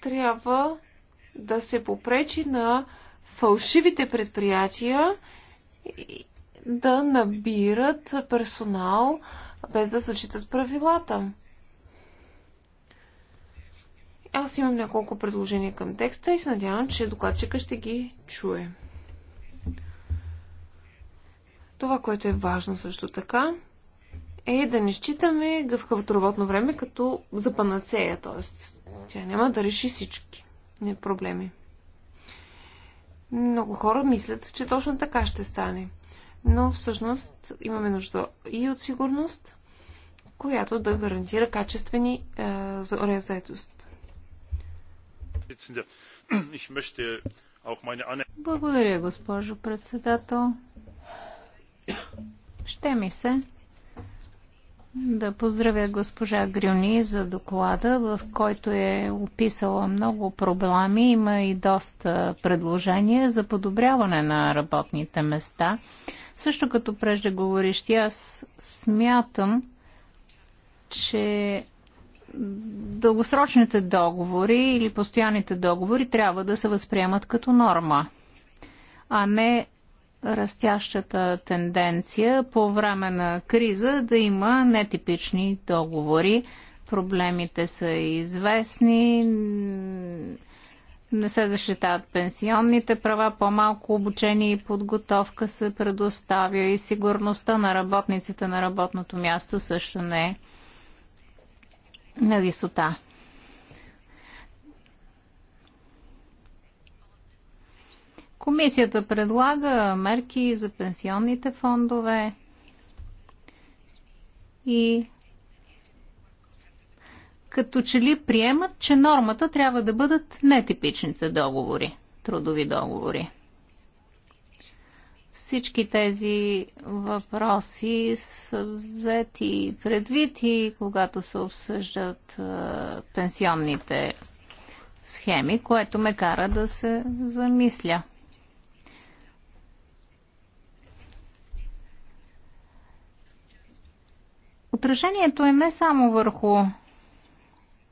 трябва да се попречи на фалшивите предприятия да набират персонал без да съчитат правилата. Аз имам няколко предложения към текста и се надявам, че докладчика ще ги чуе. Това, което е важно също така, е да не считаме гъвкавото работно време като за панацея, т.е. тя няма да реши всички проблеми. Много хора мислят, че точно така ще стане. Но всъщност имаме нужда и от сигурност, която да гарантира качествени е, Благодаря, госпожо председател. Ще ми се да поздравя госпожа Грюни за доклада, в който е описала много проблеми. Има и доста предложения за подобряване на работните места. Също като преждеговорещи, аз смятам, че дългосрочните договори или постоянните договори трябва да се възприемат като норма, а не растящата тенденция по време на криза да има нетипични договори. Проблемите са известни, не се защитават пенсионните права, по-малко обучение и подготовка се предоставя и сигурността на работниците на работното място също не е на висота. Комисията предлага мерки за пенсионните фондове и като че ли приемат, че нормата трябва да бъдат нетипичните договори, трудови договори. Всички тези въпроси са взети предвид и когато се обсъждат пенсионните схеми, което ме кара да се замисля. отражението е не само върху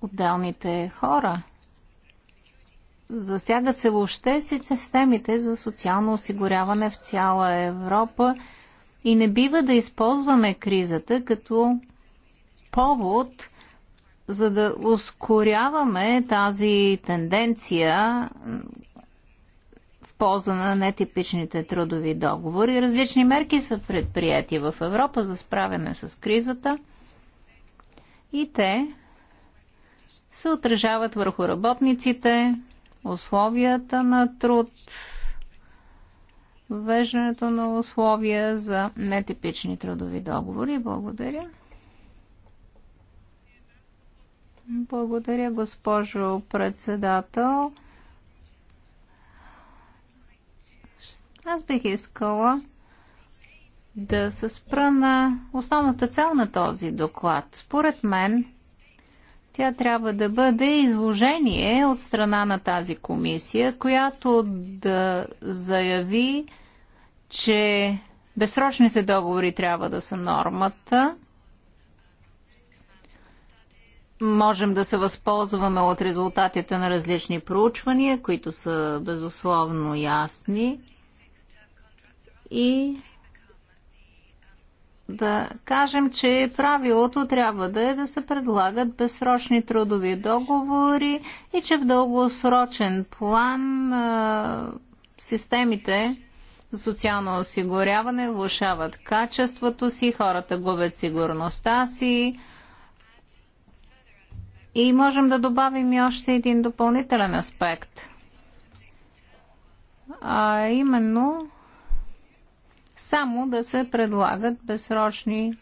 отделните хора. Засягат се въобще системите за социално осигуряване в цяла Европа и не бива да използваме кризата като повод, за да ускоряваме тази тенденция полза на нетипичните трудови договори. Различни мерки са предприяти в Европа за справяне с кризата и те се отражават върху работниците, условията на труд, въвеждането на условия за нетипични трудови договори. Благодаря. Благодаря, госпожо председател. Аз бих искала да се спра на основната цел на този доклад. Според мен, тя трябва да бъде изложение от страна на тази комисия, която да заяви, че безсрочните договори трябва да са нормата. Можем да се възползваме от резултатите на различни проучвания, които са безусловно ясни и да кажем, че правилото трябва да е да се предлагат безсрочни трудови договори и че в дългосрочен план а, системите за социално осигуряване влушават качеството си, хората губят сигурността си. И можем да добавим и още един допълнителен аспект. А именно само да се предлагат безсрочни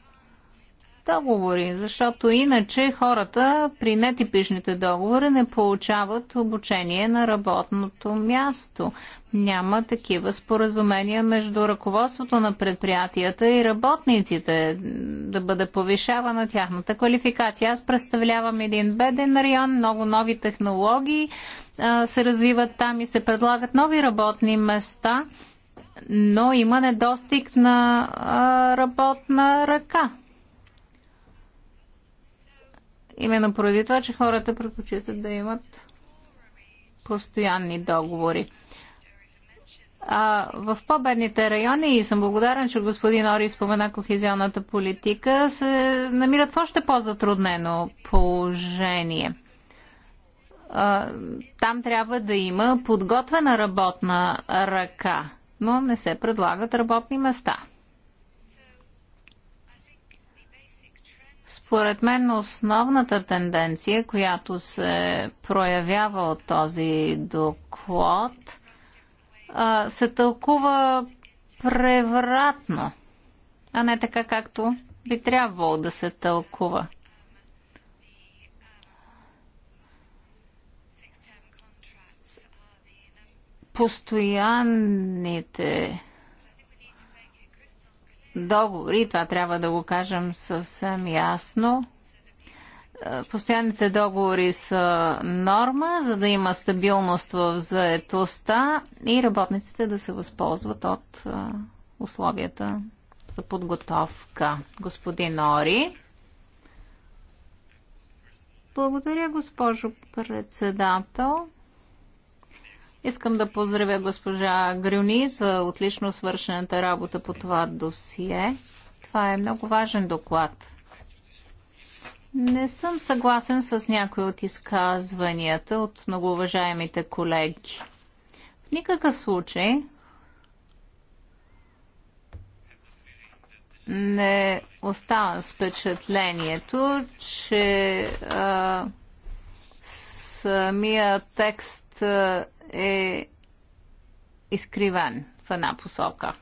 договори, защото иначе хората при нетипичните договори не получават обучение на работното място. Няма такива споразумения между ръководството на предприятията и работниците да бъде повишавана тяхната квалификация. Аз представлявам един беден район, много нови технологии а, се развиват там и се предлагат нови работни места – но има недостиг на работна ръка. Именно поради това, че хората предпочитат да имат постоянни договори. А, в по-бедните райони, и съм благодарен, че господин Ори спомена кохезионната политика, се намират в още по-затруднено положение. А, там трябва да има подготвена работна ръка но не се предлагат работни места. Според мен основната тенденция, която се проявява от този доклад, се тълкува превратно, а не така както би трябвало да се тълкува. постоянните договори, това трябва да го кажем съвсем ясно, е, постоянните договори са норма, за да има стабилност в заетостта и работниците да се възползват от е, условията за подготовка. Господин Ори. Благодаря, госпожо председател. Искам да поздравя госпожа Грюни за отлично свършената работа по това досие. Това е много важен доклад. Не съм съгласен с някои от изказванията от многоуважаемите колеги. В никакъв случай не оставам с впечатлението, че а, самия текст а, е изкриван в една посока.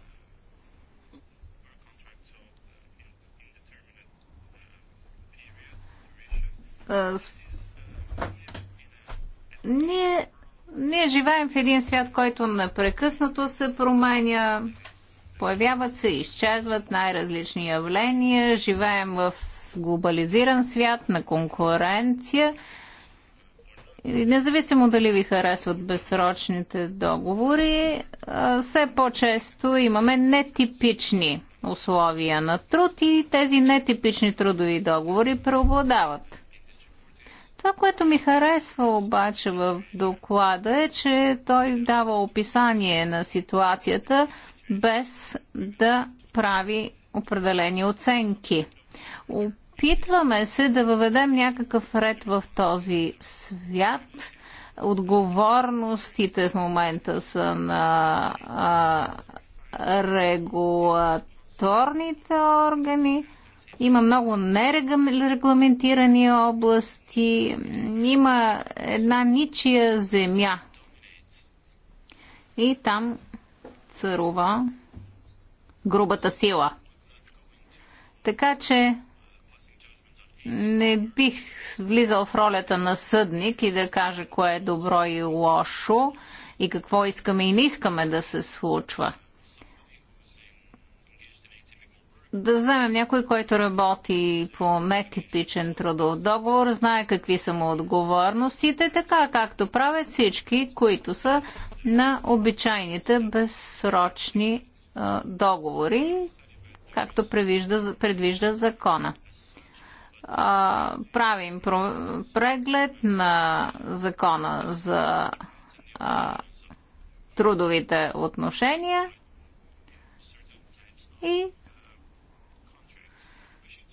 Ние, ние живеем в един свят, който непрекъснато се променя, появяват се, изчезват най-различни явления, живеем в глобализиран свят на конкуренция – независимо дали ви харесват безсрочните договори, все по-често имаме нетипични условия на труд и тези нетипични трудови договори преобладават. Това, което ми харесва обаче в доклада е, че той дава описание на ситуацията без да прави определени оценки. Опитваме се да въведем някакъв ред в този свят. Отговорностите в момента са на а, регулаторните органи. Има много нерегламентирани области. Има една ничия земя. И там царува грубата сила. Така че не бих влизал в ролята на съдник и да кажа кое е добро и лошо и какво искаме и не искаме да се случва. Да вземем някой, който работи по нетипичен трудов договор, знае какви са му отговорностите, така както правят всички, които са на обичайните безсрочни договори, както предвижда, предвижда закона а, правим преглед на закона за а, трудовите отношения и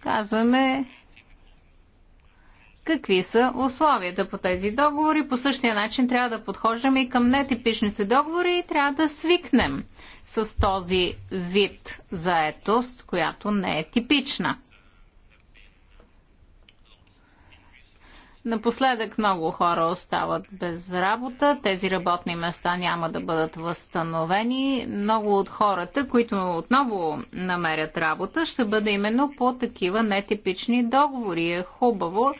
казваме какви са условията по тези договори. По същия начин трябва да подхождаме и към нетипичните договори и трябва да свикнем с този вид заетост, която не е типична. Напоследък много хора остават без работа, тези работни места няма да бъдат възстановени. Много от хората, които отново намерят работа, ще бъде именно по такива нетипични договори. Е хубаво,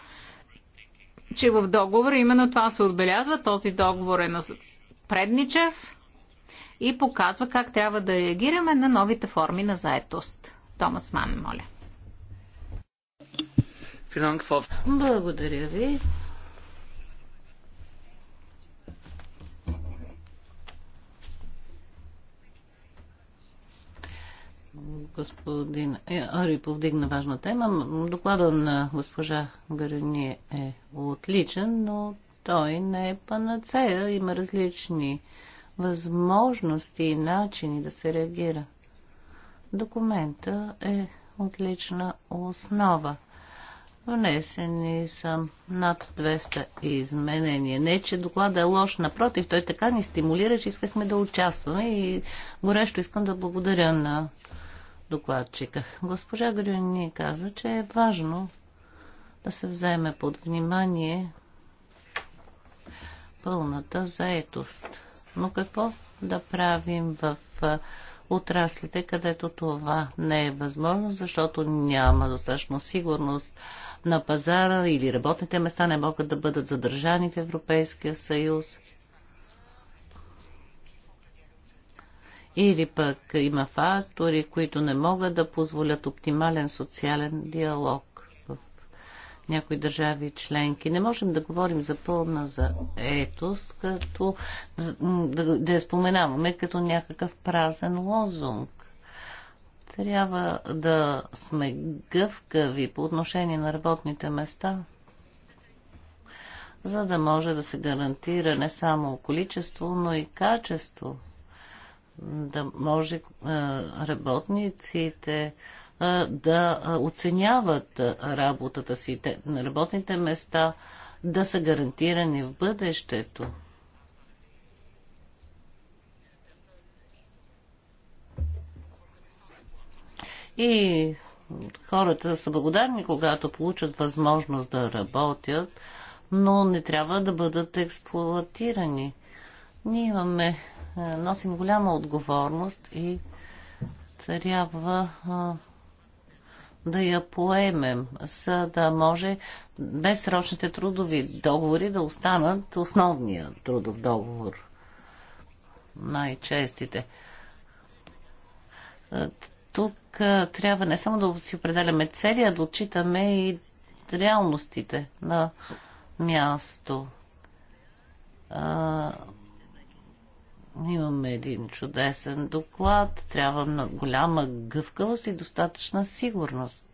че в договора именно това се отбелязва. Този договор е на предничев и показва как трябва да реагираме на новите форми на заетост. Томас Ман, моля. Благодаря ви. господин Ори повдигна важна тема. Доклада на госпожа Гарни е отличен, но той не е панацея. Има различни възможности и начини да се реагира. Документа е отлична основа. Внесени са над 200 изменения. Не, че доклада е лош, напротив, той така ни стимулира, че искахме да участваме и горещо искам да благодаря на докладчика. Госпожа Грюни каза, че е важно да се вземе под внимание пълната заетост. Но какво да правим в отраслите, където това не е възможно, защото няма достатъчно сигурност на пазара или работните места не могат да бъдат задържани в Европейския съюз. Или пък има фактори, които не могат да позволят оптимален социален диалог в някои държави членки. Не можем да говорим за пълна заетост, като да, да я споменаваме като някакъв празен лозунг. Трябва да сме гъвкави по отношение на работните места, за да може да се гарантира не само количество, но и качество. Да може е, работниците е, да е, оценяват работата си, работните места да са гарантирани в бъдещето. И хората са благодарни, когато получат възможност да работят, но не трябва да бъдат експлуатирани. Ние имаме, е, носим голяма отговорност и трябва да я поемем, за да може безсрочните трудови договори да останат основния трудов договор. Най-честите. Е, тук трябва не само да си определяме цели, а да отчитаме и реалностите на място. А, имаме един чудесен доклад, трябва на голяма гъвкавост и достатъчна сигурност.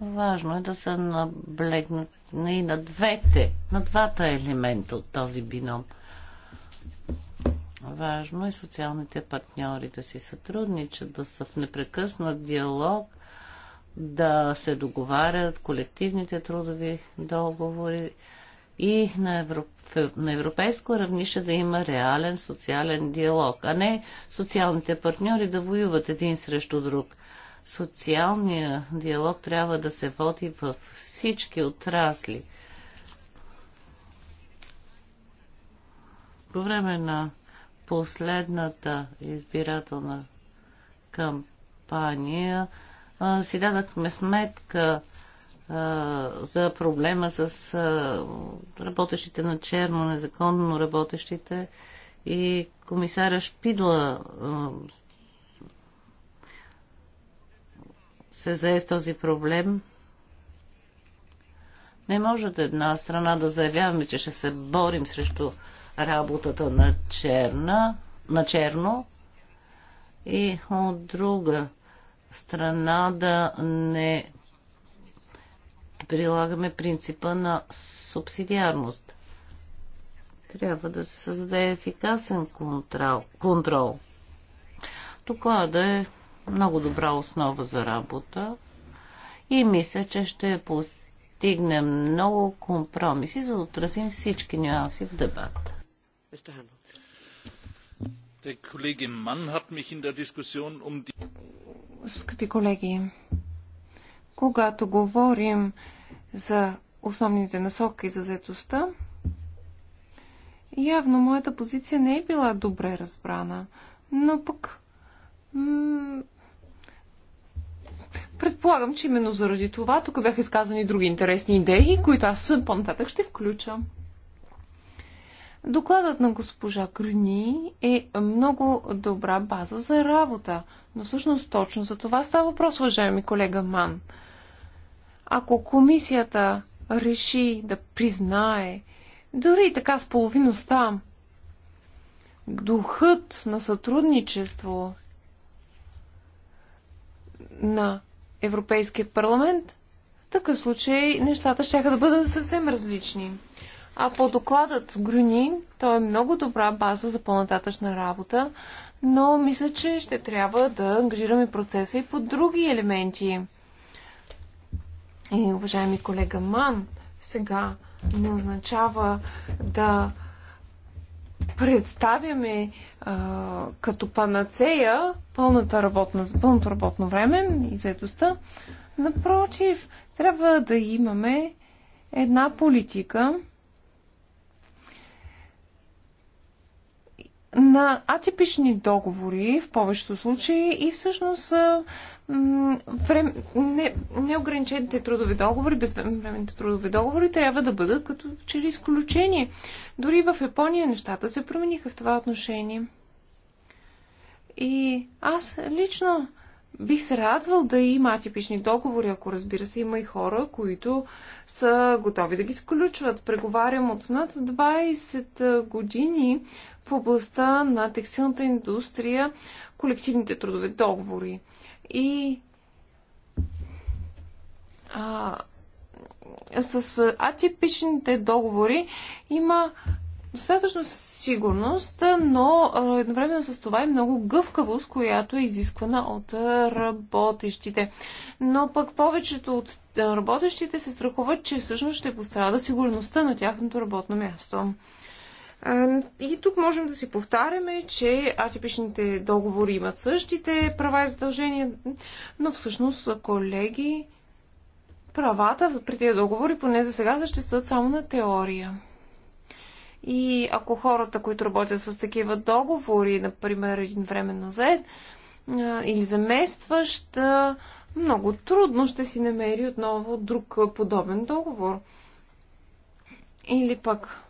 Важно е да се наблегнат и на двете, на двата елемента от този бином – Важно е социалните партньори да си сътрудничат, да са в непрекъснат диалог, да се договарят колективните трудови договори и на, европ... на европейско равнище да има реален социален диалог, а не социалните партньори да воюват един срещу друг. Социалният диалог трябва да се води във всички отрасли. По време на последната избирателна кампания си дадахме сметка за проблема с работещите на черно, незаконно работещите и комисаря Шпидла се зае с този проблем. Не може от една страна да заявяваме, че ще се борим срещу работата на, черна, на черно и от друга страна да не прилагаме принципа на субсидиарност. Трябва да се създаде ефикасен контрол. контрол. Доклада е много добра основа за работа и мисля, че ще постигнем много компромиси, за да отразим всички нюанси в дебата. Um Скъпи колеги, когато говорим за основните насоки за заедостта, явно моята позиция не е била добре разбрана, но пък предполагам, че именно заради това тук бяха изказани други интересни идеи, които аз по-нататък ще включа. Докладът на госпожа Грюни е много добра база за работа, но всъщност точно за това става въпрос, уважаеми колега Ман. Ако комисията реши да признае, дори така с половиността, духът на сътрудничество на Европейският парламент, в такъв случай нещата ще да бъдат съвсем различни. А по докладът с Грюни, то е много добра база за по-нататъчна работа, но мисля, че ще трябва да ангажираме процеса и по други елементи. И, уважаеми колега Ман, сега не означава да представяме а, като панацея пълната работна, пълното работно време и заедостта. Напротив, трябва да имаме една политика, на атипични договори в повечето случаи и всъщност врем... не, неограничените трудови договори, безвременните трудови договори трябва да бъдат като че ли изключение. Дори в Япония нещата се промениха в това отношение. И аз лично бих се радвал да има атипични договори, ако разбира се има и хора, които са готови да ги сключват. Преговарям от над 20 години в областта на текстилната индустрия, колективните трудови договори. И а, с атипичните договори има достатъчно сигурност, но едновременно с това е много гъвкавост, която е изисквана от работещите. Но пък повечето от работещите се страхуват, че всъщност ще пострада сигурността на тяхното работно място. И тук можем да си повтаряме, че атипичните договори имат същите права и задължения, но всъщност, колеги, правата при тези договори поне за сега съществуват само на теория. И ако хората, които работят с такива договори, например един временно заед, или заместващ, много трудно ще си намери отново друг подобен договор. Или пък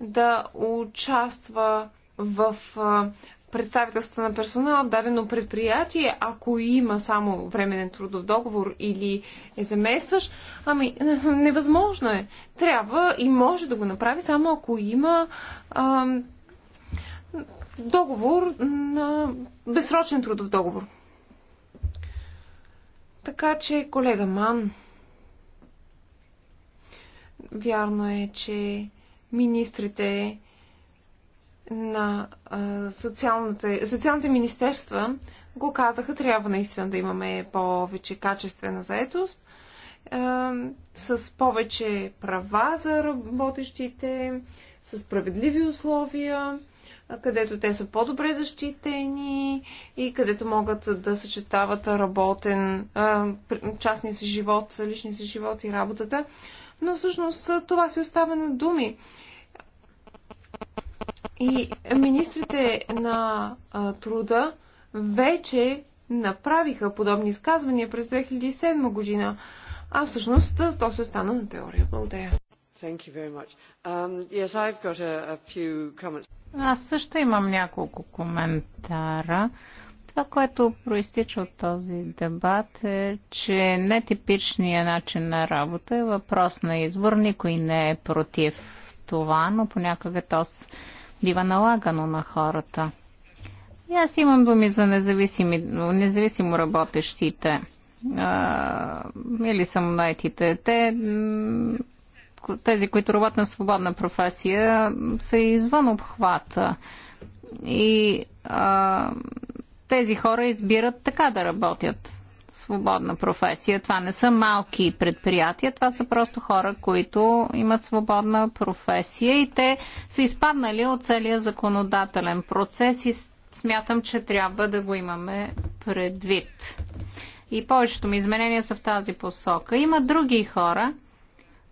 да участва в представителства на персонал в дадено предприятие, ако има само временен трудов договор или е заместваш, ами е, невъзможно е. Трябва и може да го направи само ако има ам, договор на безсрочен трудов договор. Така че, колега Ман, вярно е, че министрите на социалните министерства го казаха, трябва наистина да имаме повече качествена заетост, с повече права за работещите, с справедливи условия, където те са по-добре защитени и където могат да съчетават работен, частния си живот, личния си живот и работата но всъщност това си остава на думи. И министрите на а, труда вече направиха подобни изказвания през 2007 година, а всъщност то се остана на теория. Благодаря. Um, yes, a, a Аз също имам няколко коментара. Това, което проистича от този дебат е, че нетипичният начин на работа е въпрос на избор. Никой не е против това, но понякога то бива налагано на хората. И аз имам думи за независими, независимо работещите а, или самонайтите. Те, тези, които работят на свободна професия, са извън обхвата. И а, тези хора избират така да работят. Свободна професия. Това не са малки предприятия, това са просто хора, които имат свободна професия и те са изпаднали от целия законодателен процес и смятам, че трябва да го имаме предвид. И повечето ми изменения са в тази посока. Има други хора,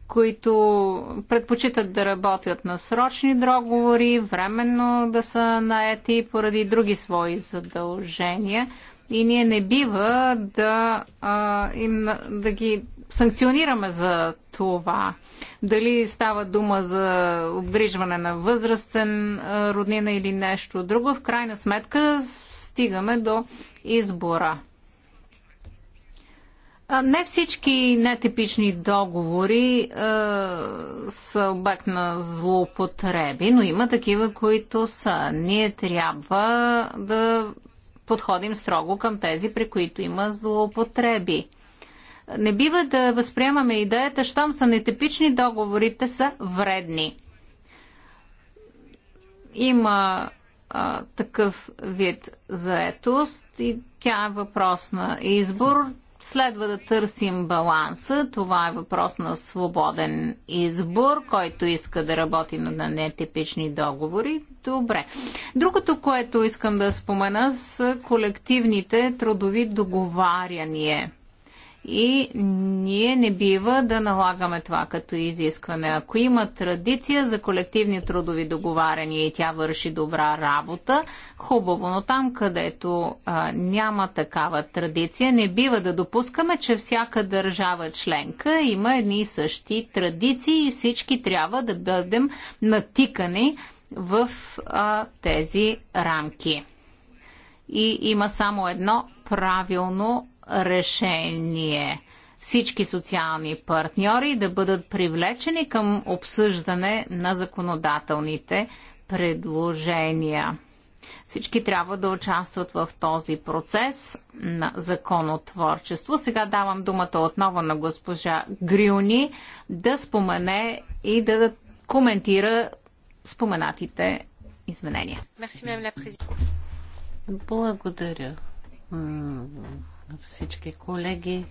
които предпочитат да работят на срочни договори, временно да са наети поради други свои задължения. И ние не бива да, а, им, да ги санкционираме за това. Дали става дума за обгрижване на възрастен роднина или нещо друго, в крайна сметка стигаме до избора. Не всички нетипични договори а, са обект на злоупотреби, но има такива, които са. Ние трябва да подходим строго към тези, при които има злоупотреби. Не бива да възприемаме идеята, щом са нетипични договорите са вредни. Има а, такъв вид заетост и тя е въпрос на избор. Следва да търсим баланса. Това е въпрос на свободен избор, който иска да работи на нетипични договори. Добре. Другото, което искам да спомена, са колективните трудови договаряния и ние не бива да налагаме това като изискване. Ако има традиция за колективни трудови договаряния и тя върши добра работа, хубаво, но там където а, няма такава традиция, не бива да допускаме, че всяка държава членка има едни и същи традиции и всички трябва да бъдем натикани в а, тези рамки. И има само едно правилно решение всички социални партньори да бъдат привлечени към обсъждане на законодателните предложения. Всички трябва да участват в този процес на законотворчество. Сега давам думата отново на госпожа Грюни да спомене и да коментира споменатите изменения. Благодаря, всички колеги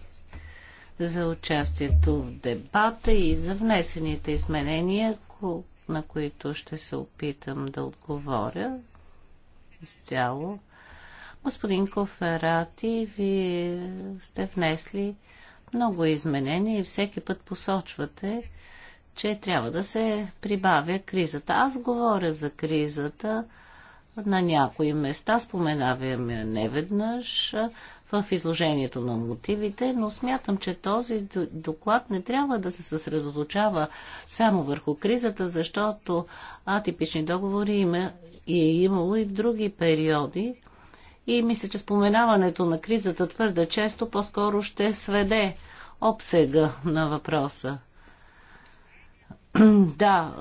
за участието в дебата и за внесените изменения, на които ще се опитам да отговоря изцяло. Господин Коферати, вие сте внесли много изменения и всеки път посочвате, че трябва да се прибавя кризата. Аз говоря за кризата на някои места, споменавам я неведнъж, в изложението на мотивите, но смятам, че този доклад не трябва да се съсредоточава само върху кризата, защото атипични договори има и е имало и в други периоди. И мисля, че споменаването на кризата твърде често по-скоро ще сведе обсега на въпроса. Да,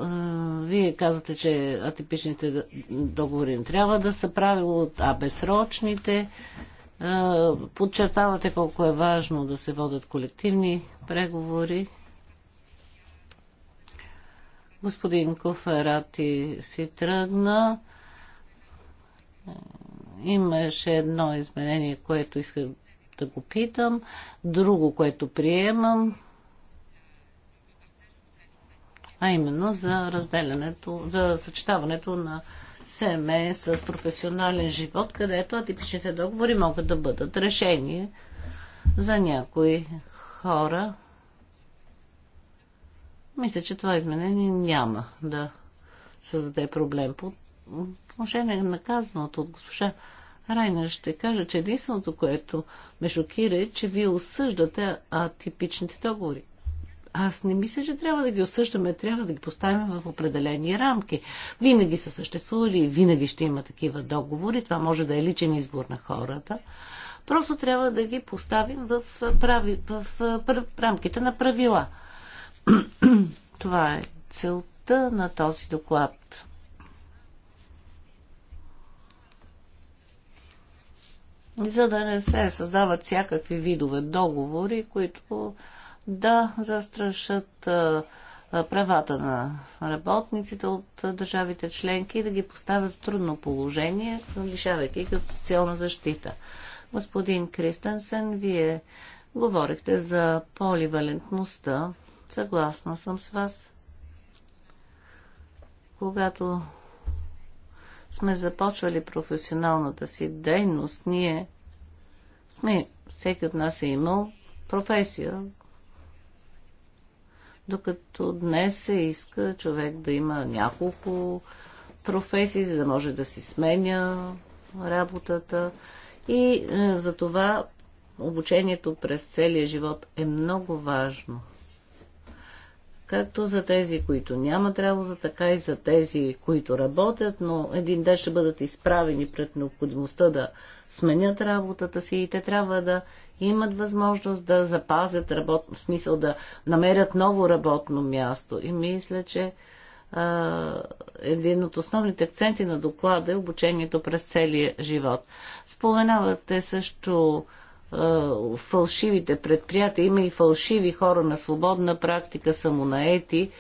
е, вие казвате, че атипичните договори не трябва да са правило, а безсрочните подчертавате колко е важно да се водят колективни преговори. Господин Коферати си тръгна. Имаше едно изменение, което исках да го питам, друго, което приемам, а именно за разделянето, за съчетаването на семе с професионален живот, където атипичните договори могат да бъдат решение за някои хора. Мисля, че това изменение няма да създаде проблем. По отношение на казаното от госпожа Райна ще кажа, че единственото, което ме шокира е, че вие осъждате атипичните договори аз не мисля, че трябва да ги осъждаме, трябва да ги поставим в определени рамки. Винаги са съществували, винаги ще има такива договори, това може да е личен избор на хората. Просто трябва да ги поставим в, прави, в, в рамките на правила. това е целта на този доклад. За да не се създават всякакви видове договори, които да застрашат правата на работниците от държавите членки и да ги поставят в трудно положение, лишавайки ги от социална защита. Господин Кристенсен, вие говорихте за поливалентността. Съгласна съм с вас. Когато сме започвали професионалната си дейност, ние сме, всеки от нас е имал професия, докато днес се иска човек да има няколко професии, за да може да си сменя работата. И е, за това обучението през целия живот е много важно – както за тези, които нямат работа, така и за тези, които работят, но един ден ще бъдат изправени пред необходимостта да сменят работата си и те трябва да имат възможност да запазят работно, в смисъл да намерят ново работно място. И мисля, че а, един от основните акценти на доклада е обучението през целия живот. Споменавате също фалшивите предприятия, има и фалшиви хора на свободна практика, самонаети.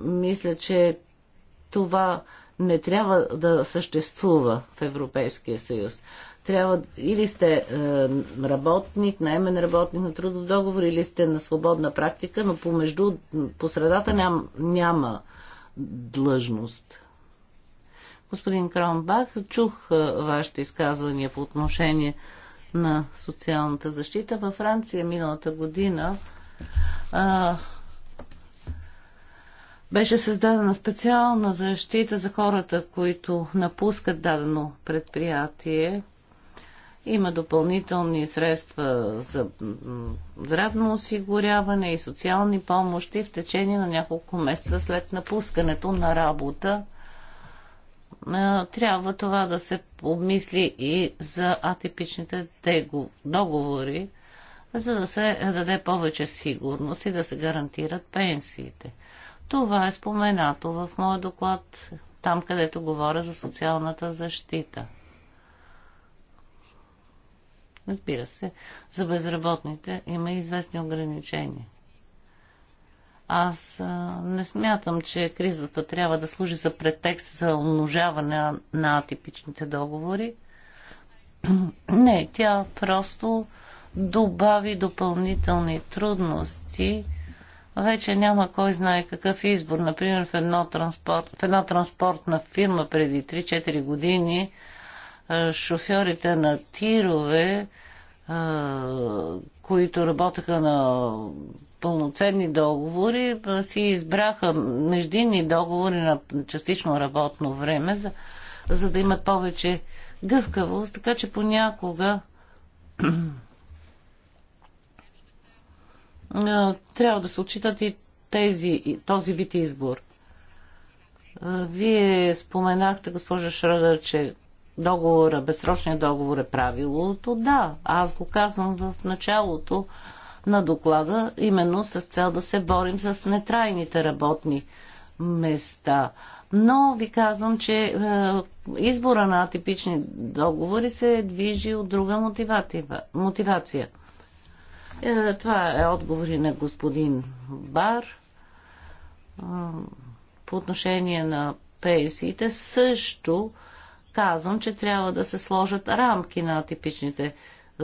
Мисля, че това не трябва да съществува в Европейския съюз. Трябва или сте е, работник, наймен работник на трудов договор, или сте на свободна практика, но помежду, по средата ням, няма длъжност. Господин Кромбах, чух е, вашите изказвания по отношение на социалната защита. Във Франция миналата година а, беше създадена специална защита за хората, които напускат дадено предприятие. Има допълнителни средства за здравно осигуряване и социални помощи в течение на няколко месеца след напускането на работа трябва това да се обмисли и за атипичните договори, за да се даде повече сигурност и да се гарантират пенсиите. Това е споменато в моя доклад, там където говоря за социалната защита. Разбира се, за безработните има известни ограничения. Аз не смятам, че кризата трябва да служи за претекст за умножаване на атипичните договори. Не, тя просто добави допълнителни трудности. Вече няма кой знае какъв избор. Например, в, едно транспорт, в една транспортна фирма преди 3-4 години шофьорите на тирове, които работеха на пълноценни договори, си избраха междинни договори на частично работно време, за, за да имат повече гъвкавост, така че понякога трябва да се отчитат и тези, този вид избор. Вие споменахте, госпожа Шрадър, че договора, безсрочният договор е правилото. Да, аз го казвам в началото на доклада, именно с цел да се борим с нетрайните работни места. Но ви казвам, че е, избора на атипични договори се движи от друга мотивация. Е, това е отговори на господин Бар. Е, по отношение на пенсиите също казвам, че трябва да се сложат рамки на атипичните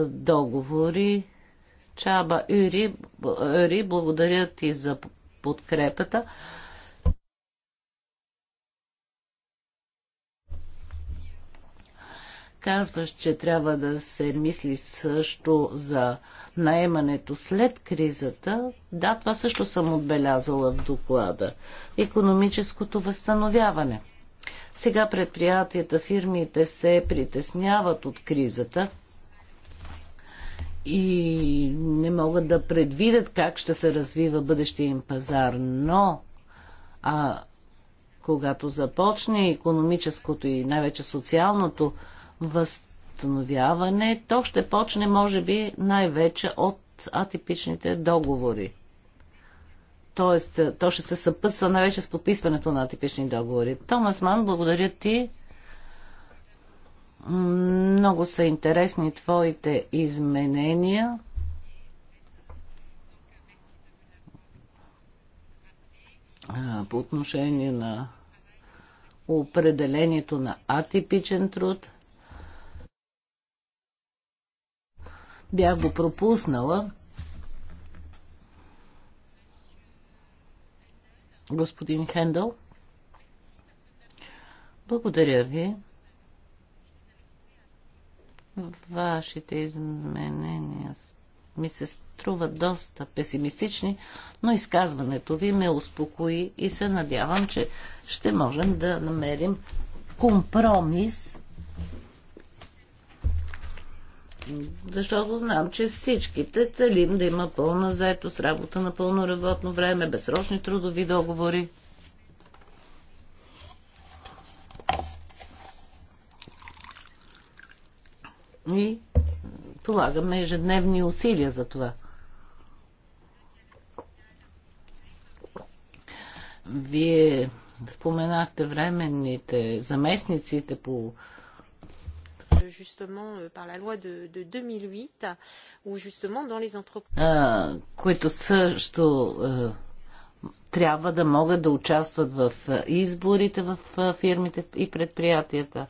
договори. Чаба Юри, Юри благодаря ти за подкрепата. Казваш, че трябва да се мисли също за наемането след кризата. Да, това също съм отбелязала в доклада. Економическото възстановяване. Сега предприятията, фирмите се притесняват от кризата – и не могат да предвидят как ще се развива бъдещия им пазар, но а, когато започне економическото и най-вече социалното възстановяване, то ще почне, може би, най-вече от атипичните договори. Тоест, то ще се съпътства най-вече с подписването на атипични договори. Томас Ман, благодаря ти. Много са интересни твоите изменения. по отношение на определението на атипичен труд. Бях го пропуснала. Господин Хендъл. Благодаря ви. Вашите изменения ми се струват доста песимистични, но изказването ви ме успокои и се надявам, че ще можем да намерим компромис, защото знам, че всичките целим да има пълна заетост, работа на пълно работно време, безсрочни трудови договори. И полагаме ежедневни усилия за това. Вие споменахте временните заместниците по justement euh, par la loi de, de 2008 justement dans les entreprises които също трябва да могат да участват в изборите в фирмите и предприятията.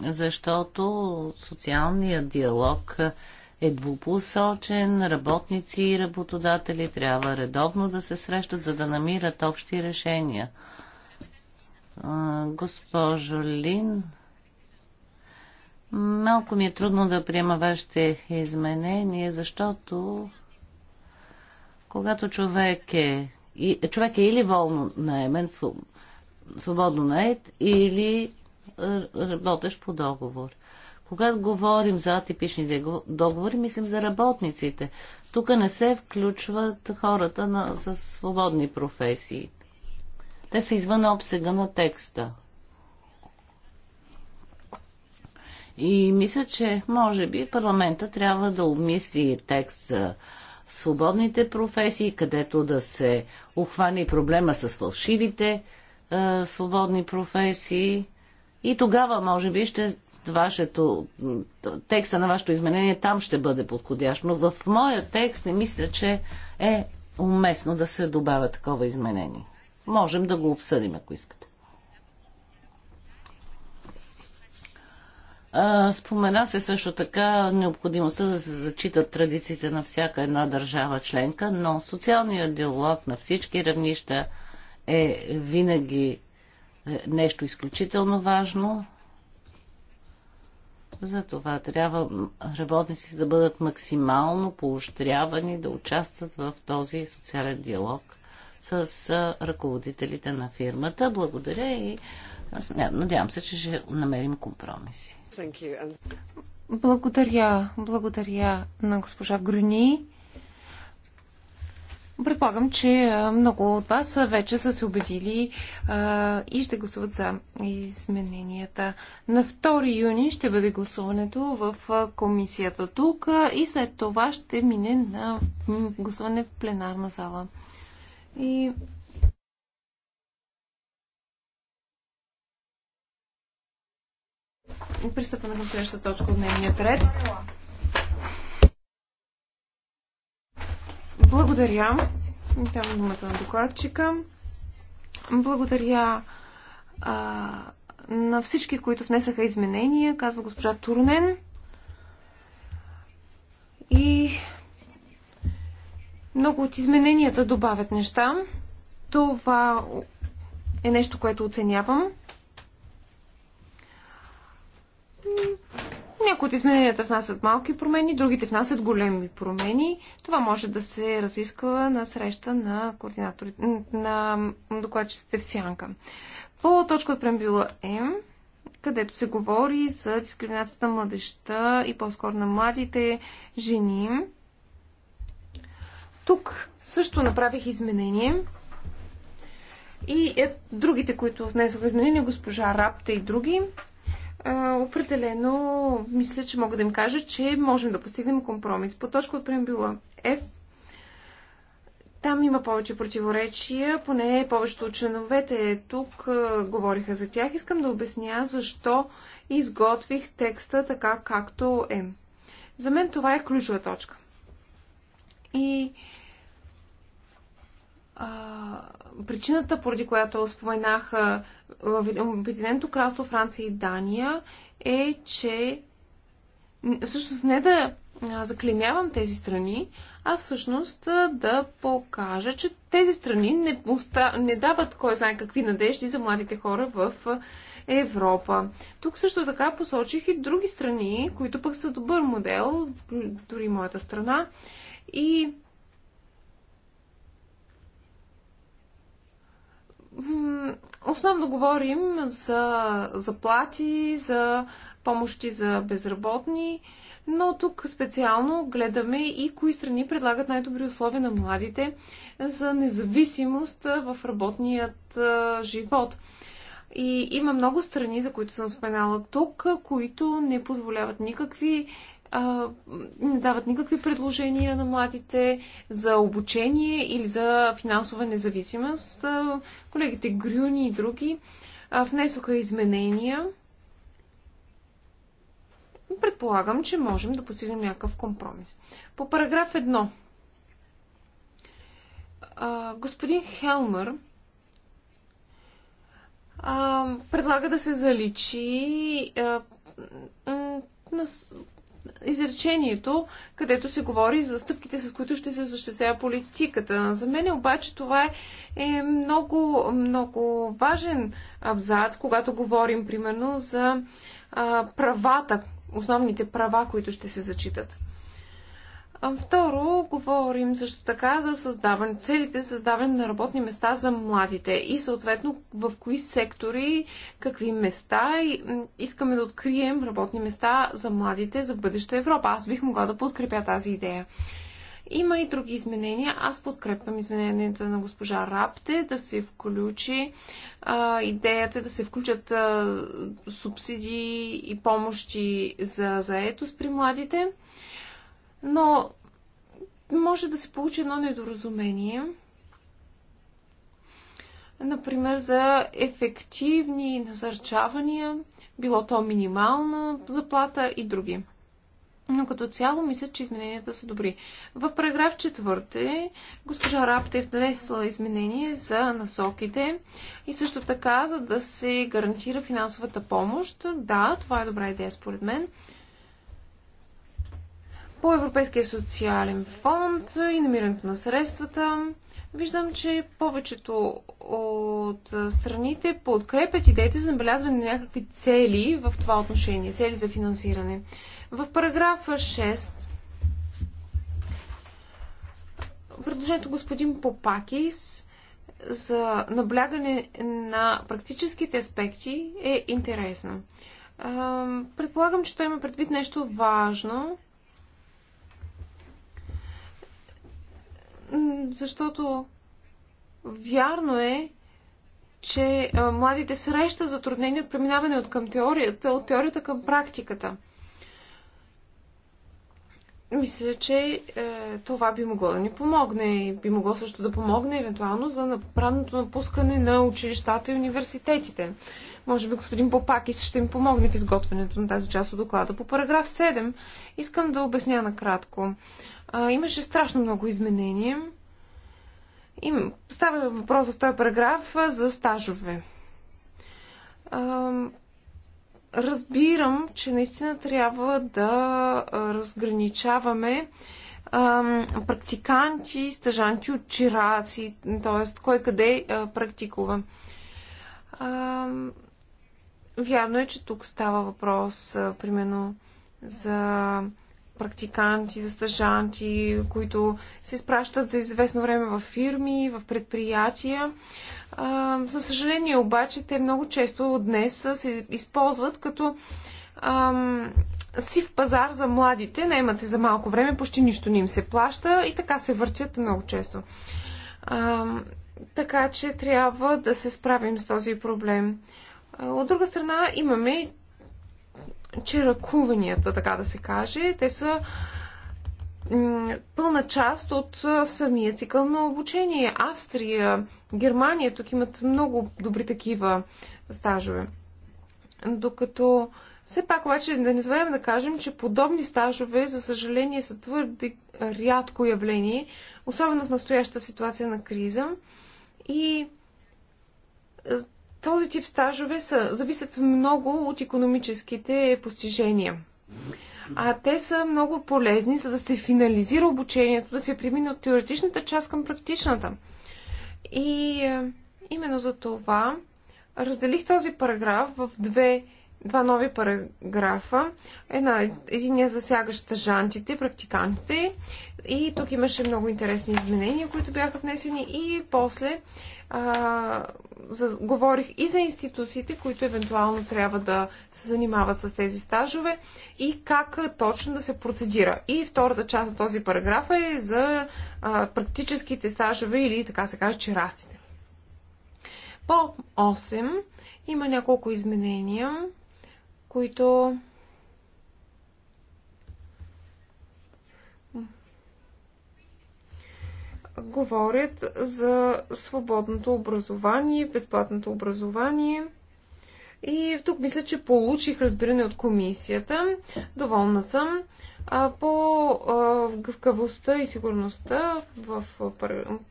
защото социалният диалог е двупосочен, работници и работодатели трябва редовно да се срещат, за да намират общи решения. Госпожо Лин, малко ми е трудно да приема вашите изменения, защото когато човек е, човек е или волно наемен, свободно наед, или работещ по договор. Когато говорим за атипични договори, мислим за работниците. Тук не се включват хората на, с свободни професии. Те са извън обсега на текста. И мисля, че може би парламента трябва да обмисли текст за свободните професии, където да се ухвани проблема с фалшивите е, свободни професии и тогава, може би, ще вашето, текста на вашето изменение там ще бъде подходящ. Но в моя текст не мисля, че е уместно да се добавя такова изменение. Можем да го обсъдим, ако искате. Спомена се също така необходимостта да се зачитат традициите на всяка една държава членка, но социалният диалог на всички равнища е винаги е, нещо изключително важно. За това трябва работниците да бъдат максимално поощрявани да участват в този социален диалог с ръководителите на фирмата. Благодаря и надявам се, че ще намерим компромиси. Благодаря, благодаря на госпожа Груни. Предполагам, че много от вас вече са се убедили а, и ще гласуват за измененията. На 2 юни ще бъде гласуването в комисията тук и след това ще мине на гласуване в пленарна зала. И пристъпваме към следващата точка от дневния ред. Благодаря. там думата на докладчика. Благодаря а, на всички, които внесаха изменения, казва госпожа Турнен. И много от измененията добавят неща. Това е нещо, което оценявам. Някои от измененията внасят малки промени, другите внасят големи промени. Това може да се разисква на среща на, координаторите, на докладчиците в Сянка. По точка от прембюла М, където се говори за дискриминацията на младеща и по-скоро на младите жени, тук също направих изменение. И е, другите, които внесоха изменения, госпожа Рапта и други, определено мисля, че мога да им кажа, че можем да постигнем компромис. По точка от преамбюла F, там има повече противоречия, поне повечето от членовете тук говориха за тях. Искам да обясня защо изготвих текста така, както е. За мен това е ключова точка. И причината, поради която споменах Обединеното кралство, Франция и Дания, е, че всъщност не да заклемявам тези страни, а всъщност да покажа, че тези страни не, оста... не дават кой знае какви надежди за младите хора в Европа. Тук също така посочих и други страни, които пък са добър модел, дори моята страна. И Основно говорим за заплати, за помощи за безработни, но тук специално гледаме и кои страни предлагат най-добри условия на младите за независимост в работният живот. И има много страни, за които съм споменала тук, които не позволяват никакви а, не дават никакви предложения на младите за обучение или за финансова независимост. А, колегите Грюни и други а, внесоха изменения. Предполагам, че можем да постигнем някакъв компромис. По параграф 1. А, господин Хелмър а, предлага да се заличи а, на изречението, където се говори за стъпките, с които ще се защитява политиката. За мен обаче това е, е много, много важен абзац, когато говорим примерно за правата, основните права, които ще се зачитат. Второ, говорим също така за създаване, целите създаване на работни места за младите и съответно в кои сектори, какви места и искаме да открием работни места за младите за бъдеща Европа. Аз бих могла да подкрепя тази идея. Има и други изменения. Аз подкрепям измененията на госпожа Рапте да се включи а, идеята е да се включат а, субсидии и помощи за заетост при младите. А, но може да се получи едно недоразумение. Например, за ефективни назърчавания, било то минимална заплата и други. Но като цяло мисля, че измененията са добри. В параграф 4 госпожа Рапте е внесла изменение за насоките и също така, за да се гарантира финансовата помощ. Да, това е добра идея според мен. По Европейския социален фонд и намирането на средствата, виждам, че повечето от страните подкрепят идеите за набелязване на някакви цели в това отношение, цели за финансиране. В параграф 6 предложението господин Попакис за наблягане на практическите аспекти е интересно. Предполагам, че той има предвид нещо важно – защото вярно е, че младите срещат затруднения от преминаване от към теорията, от теорията към практиката. Мисля, че е, това би могло да ни помогне. Би могло също да помогне евентуално за правното напускане на училищата и университетите. Може би господин Попакис ще ми помогне в изготвянето на тази част от доклада. По параграф 7 искам да обясня накратко а, имаше страшно много изменения. И става въпрос за този параграф за стажове. А, разбирам, че наистина трябва да разграничаваме практиканти, стажанти от чираци, т.е. кой къде практикува. Вярно е, че тук става въпрос, примерно, за практиканти, за стажанти, които се изпращат за известно време в фирми, в предприятия. За съжаление обаче, те много често днес се използват като ам, сив пазар за младите, наемат се за малко време, почти нищо не им се плаща и така се въртят много често. Ам, така че трябва да се справим с този проблем. От друга страна имаме че ръкуванията, така да се каже, те са пълна част от самия цикъл на обучение. Австрия, Германия тук имат много добри такива стажове. Докато все пак обаче да не забравяме да кажем, че подобни стажове, за съжаление, са твърде рядко явление, особено в настоящата ситуация на криза. И този тип стажове са, зависят много от економическите постижения. А те са много полезни, за да се финализира обучението, да се премине от теоретичната част към практичната. И е, именно за това разделих този параграф в две два нови параграфа. Една, един е засягащ стъжантите, практикантите. И тук имаше много интересни изменения, които бяха внесени. И после а, за, говорих и за институциите, които евентуално трябва да се занимават с тези стажове и как точно да се процедира. И втората част от този параграф е за а, практическите стажове или така се каже чераците. По 8 има няколко изменения които говорят за свободното образование, безплатното образование. И тук мисля, че получих разбиране от комисията. Доволна съм. А, по а, гъвкавостта и сигурността в,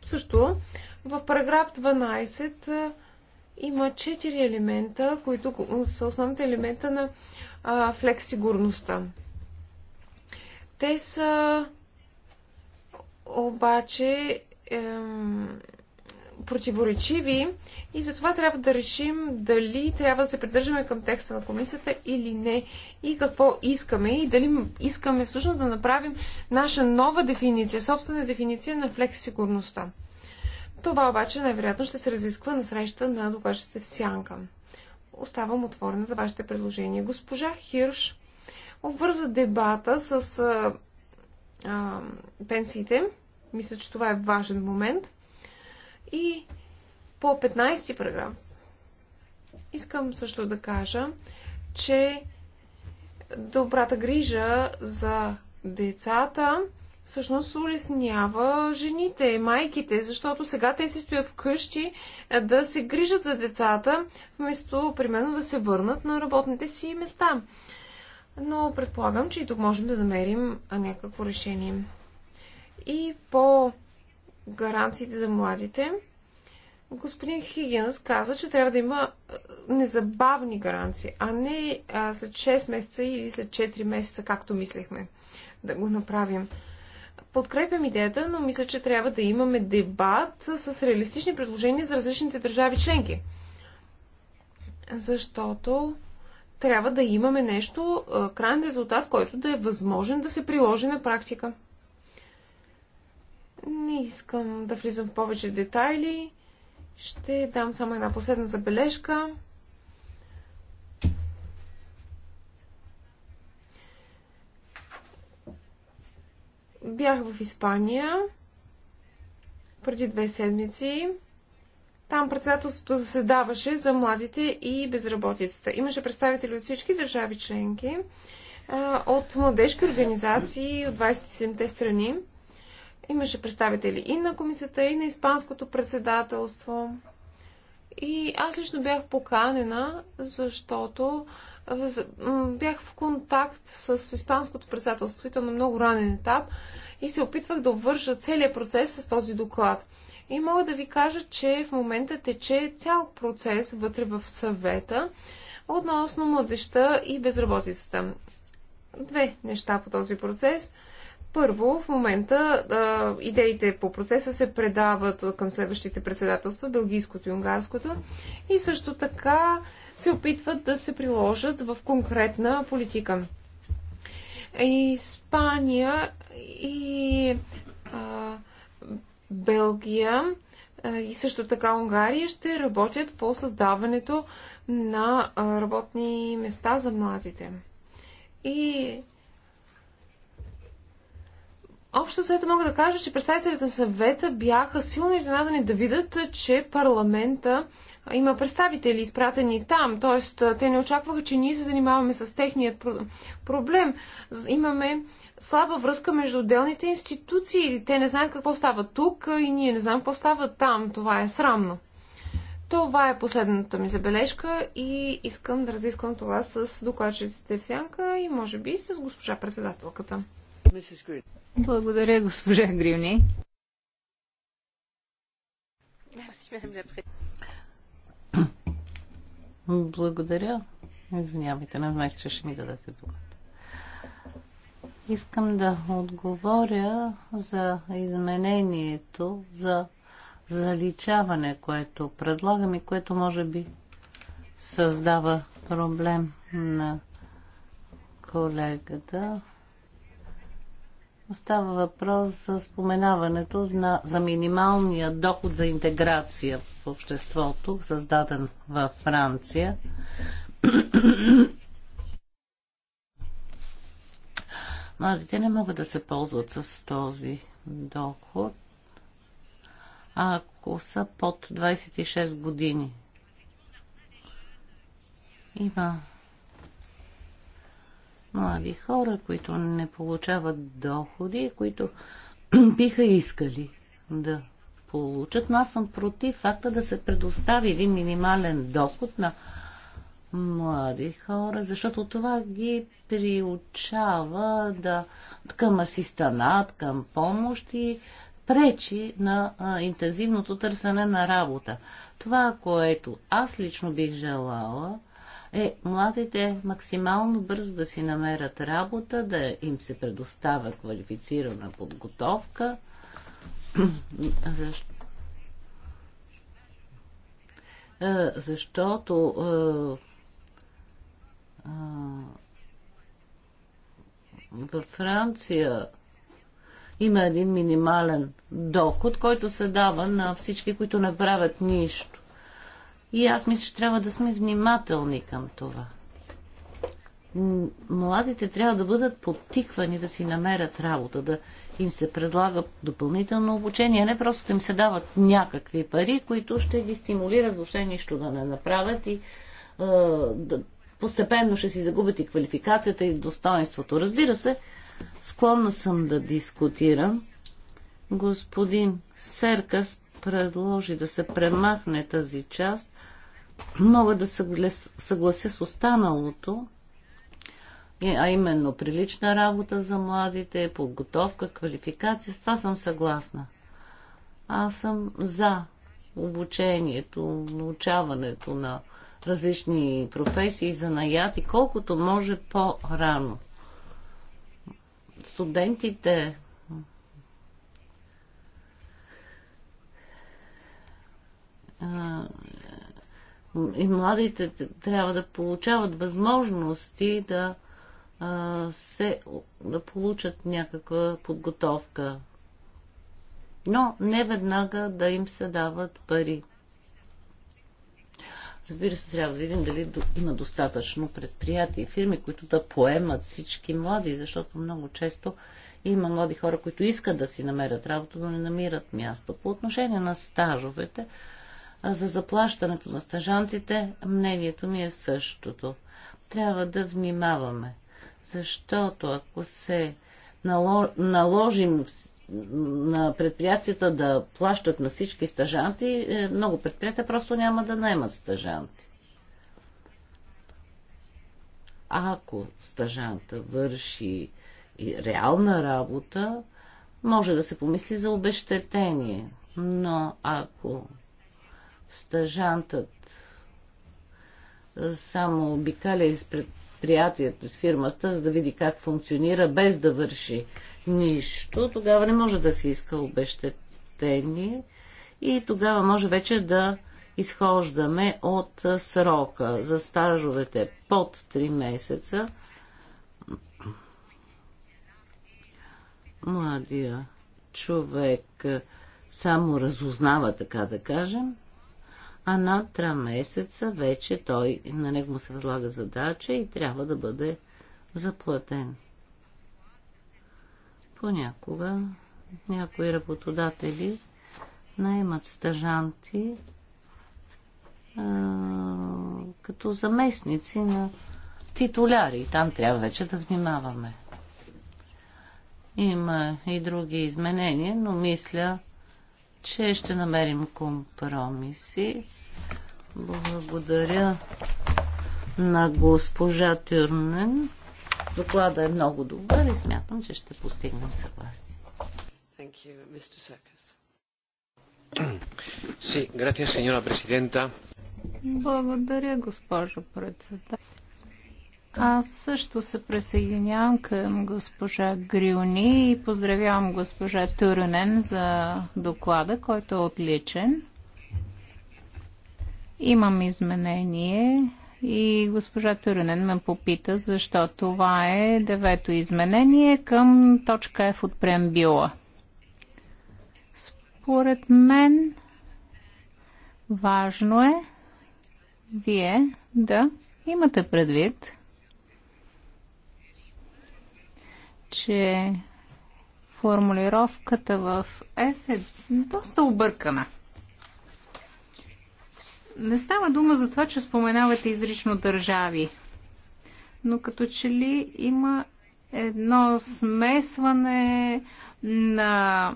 също в параграф 12 има четири елемента, които са основните елемента на а, флексигурността. Те са обаче ем, противоречиви и затова трябва да решим дали трябва да се придържаме към текста на комисията или не и какво искаме и дали искаме всъщност да направим наша нова дефиниция, собствена дефиниция на флекс сигурността. Това обаче най-вероятно ще се разисква на среща на докладчите в Сянка. Оставам отворена за вашите предложения. Госпожа Хирш обвърза дебата с а, а, пенсиите. Мисля, че това е важен момент. И по 15 ти програм искам също да кажа, че добрата грижа за децата всъщност улеснява жените, майките, защото сега те си стоят вкъщи да се грижат за децата, вместо, примерно, да се върнат на работните си места. Но предполагам, че и тук можем да намерим някакво решение. И по гаранциите за младите, господин Хигинс каза, че трябва да има незабавни гаранции, а не след 6 месеца или след 4 месеца, както мислехме да го направим. Подкрепям идеята, но мисля, че трябва да имаме дебат с реалистични предложения за различните държави членки. Защото трябва да имаме нещо, крайен резултат, който да е възможен да се приложи на практика. Не искам да влизам в повече детайли. Ще дам само една последна забележка. Бях в Испания преди две седмици. Там председателството заседаваше за младите и безработицата. Имаше представители от всички държави членки, от младежки организации от 27-те страни. Имаше представители и на комисията, и на Испанското председателство. И аз лично бях поканена, защото бях в контакт с Испанското председателство и то на много ранен етап и се опитвах да обвържа целият процес с този доклад. И мога да ви кажа, че в момента тече цял процес вътре в съвета относно младеща и безработицата. Две неща по този процес. Първо, в момента а, идеите по процеса се предават към следващите председателства, белгийското и унгарското. И също така се опитват да се приложат в конкретна политика. Испания и а, Белгия а, и също така Унгария ще работят по създаването на а, работни места за младите. И общо след мога да кажа, че представителите на съвета бяха силно изненадани да видят, че парламента има представители изпратени там, т.е. те не очакваха, че ние се занимаваме с техният проблем. Имаме слаба връзка между отделните институции. Те не знаят какво става тук и ние не знаем какво става там. Това е срамно. Това е последната ми забележка и искам да разисквам това с докладчиците в сянка и може би с госпожа председателката. Благодаря, госпожа Гривни. Благодаря. Извинявайте, не знаех, че ще ми дадете думата. Искам да отговоря за изменението, за заличаване, което предлагам и което може би създава проблем на колегата. Става въпрос за споменаването на, за минималния доход за интеграция в обществото, създаден във Франция. Младите не могат да се ползват с този доход, ако са под 26 години. Има млади хора, които не получават доходи, които биха искали да получат. Но аз съм против факта да се предостави един минимален доход на млади хора, защото това ги приучава да, към асистанат, към помощ и пречи на а, интензивното търсене на работа. Това, което аз лично бих желала, е младите максимално бързо да си намерят работа, да им се предоставя квалифицирана подготовка. Защо? Е, защото е, е, във Франция има един минимален доход, който се дава на всички, които не правят нищо. И аз мисля, че трябва да сме внимателни към това. Младите трябва да бъдат подтиквани да си намерят работа, да им се предлага допълнително обучение, не просто да им се дават някакви пари, които ще ги стимулират въобще нищо да не направят и е, да, постепенно ще си загубят и квалификацията и достоинството. Разбира се, склонна съм да дискутирам. Господин Серкас предложи да се премахне тази част, мога да съглася с останалото, а именно прилична работа за младите, подготовка, квалификация, с това съм съгласна. Аз съм за обучението, научаването на различни професии за наяти, колкото може по-рано. Студентите и младите трябва да получават възможности да а, се, да получат някаква подготовка. Но не веднага да им се дават пари. Разбира се, трябва да видим дали има достатъчно предприятия и фирми, които да поемат всички млади, защото много често има млади хора, които искат да си намерят работа, но не намират място. По отношение на стажовете, а за заплащането на стажантите мнението ми е същото. Трябва да внимаваме, защото ако се наложим на предприятията да плащат на всички стажанти, е, много предприятия просто няма да наемат стажанти. Ако стажанта върши реална работа, може да се помисли за обещетение. Но ако стажантът само обикаля из предприятието, с фирмата, за да види как функционира, без да върши нищо, тогава не може да се иска обещетение и тогава може вече да изхождаме от срока за стажовете под 3 месеца. Младия човек само разузнава, така да кажем, а на три месеца вече той, на него му се възлага задача и трябва да бъде заплатен. Понякога някои работодатели наемат стажанти а, като заместници на титуляри. Там трябва вече да внимаваме. Има и други изменения, но мисля, че ще намерим компромиси. Благодаря на госпожа Тюрнен. Доклада е много добър и смятам, че ще постигнем съгласие. Sí, gracias, señora presidenta. Благодаря, госпожо председател. Аз също се присъединявам към госпожа Грилни и поздравявам госпожа Турунен за доклада, който е отличен. Имам изменение и госпожа Турунен ме попита защо това е девето изменение към точка F от преамбила. Според мен важно е вие да имате предвид, че формулировката в F е доста объркана. Не става дума за това, че споменавате изрично държави, но като че ли има едно смесване на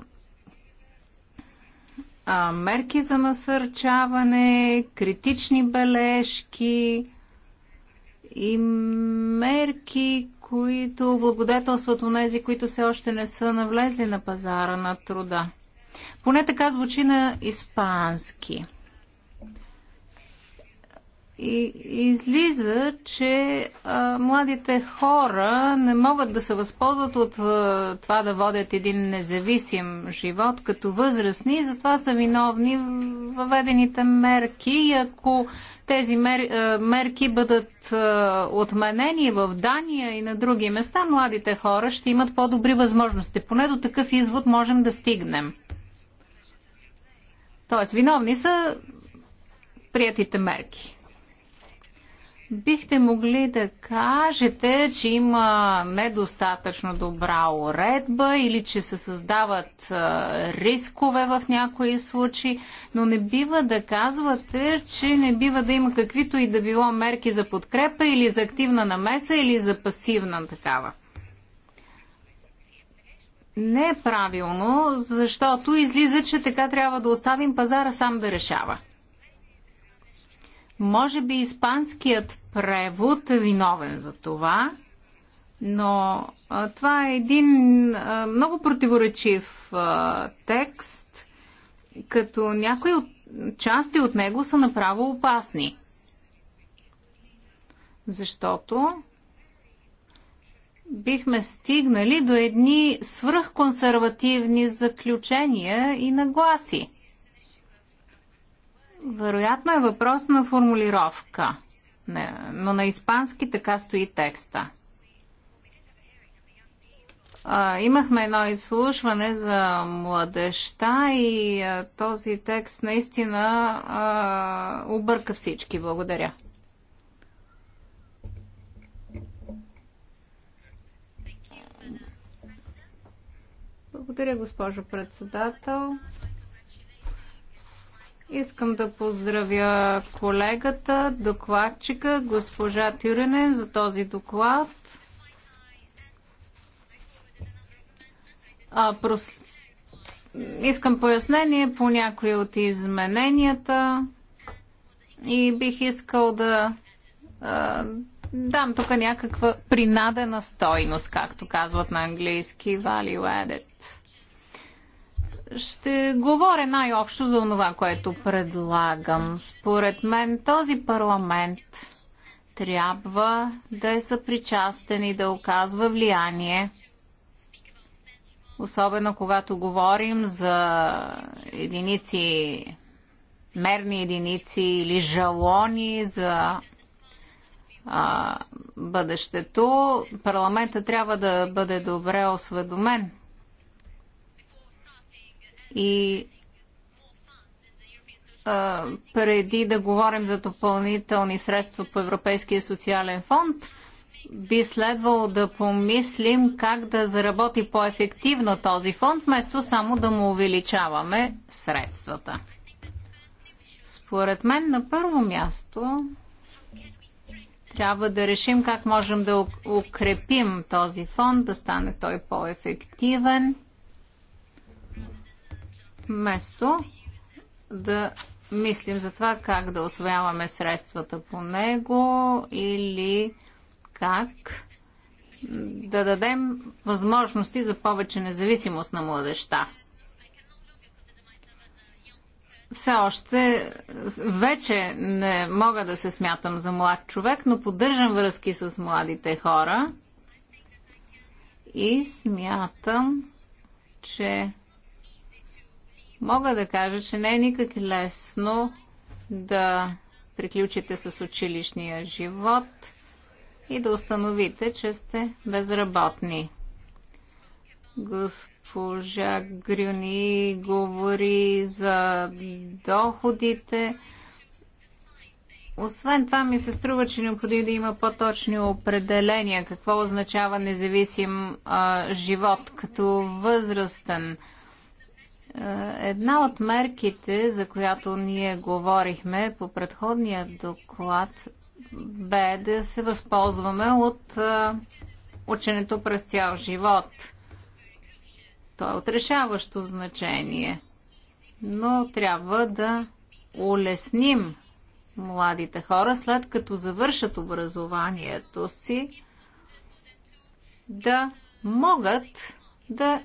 а, мерки за насърчаване, критични бележки и мерки, които благодетелстват у нези, които все още не са навлезли на пазара на труда. Поне така звучи на испански. И излиза, че а, младите хора не могат да се възползват от а, това да водят един независим живот като възрастни, и затова са виновни въведените мерки. И ако тези мер, а, мерки бъдат а, отменени в Дания и на други места, младите хора ще имат по-добри възможности. Поне до такъв извод можем да стигнем. Тоест, виновни са приятите мерки бихте могли да кажете, че има недостатъчно добра уредба или че се създават рискове в някои случаи, но не бива да казвате, че не бива да има каквито и да било мерки за подкрепа или за активна намеса или за пасивна такава. Не е правилно, защото излиза, че така трябва да оставим пазара сам да решава. Може би испанският превод е виновен за това, но а, това е един а, много противоречив а, текст, като някои от части от него са направо опасни. Защото бихме стигнали до едни свръхконсервативни заключения и нагласи. Вероятно е въпрос на формулировка, Не, но на испански така стои текста. А, имахме едно изслушване за младеща и а, този текст наистина а, обърка всички. Благодаря. Благодаря, госпожо председател. Искам да поздравя колегата, докладчика, госпожа Тюренен за този доклад. А, прос... Искам пояснение по някои от измененията и бих искал да а, дам тук някаква принадена стойност, както казват на английски value added. Ще говоря най-общо за това, което предлагам. Според мен този парламент трябва да е съпричастен и да оказва влияние, особено когато говорим за единици, мерни единици или жалони за а, бъдещето. парламентът трябва да бъде добре осведомен и а, преди да говорим за допълнителни средства по Европейския социален фонд, би следвало да помислим как да заработи по-ефективно този фонд, вместо само да му увеличаваме средствата. Според мен на първо място трябва да решим как можем да укрепим този фонд, да стане той по-ефективен вместо да мислим за това как да освояваме средствата по него или как да дадем възможности за повече независимост на младеща. Все още вече не мога да се смятам за млад човек, но поддържам връзки с младите хора и смятам, че Мога да кажа, че не е никак лесно да приключите с училищния живот и да установите, че сте безработни. Госпожа Грюни говори за доходите. Освен това ми се струва, че е необходимо да има по-точни определения. Какво означава независим а, живот като възрастен? Е, една от мерките, за която ние говорихме по предходния доклад, бе да се възползваме от е, ученето през цял живот. То е отрешаващо значение, но трябва да улесним младите хора, след като завършат образованието си, да могат да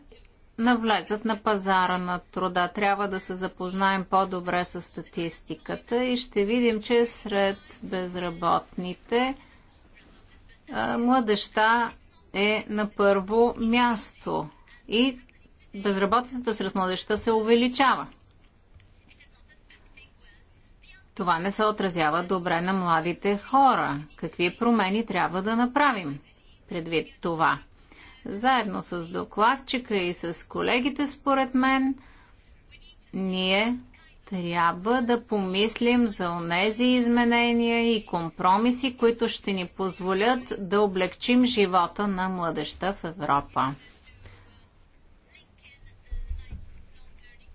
навлезат на пазара на труда. Трябва да се запознаем по-добре с статистиката и ще видим, че сред безработните младеща е на първо място и безработицата сред младеща се увеличава. Това не се отразява добре на младите хора. Какви промени трябва да направим предвид това? заедно с докладчика и с колегите, според мен, ние трябва да помислим за онези изменения и компромиси, които ще ни позволят да облегчим живота на младеща в Европа.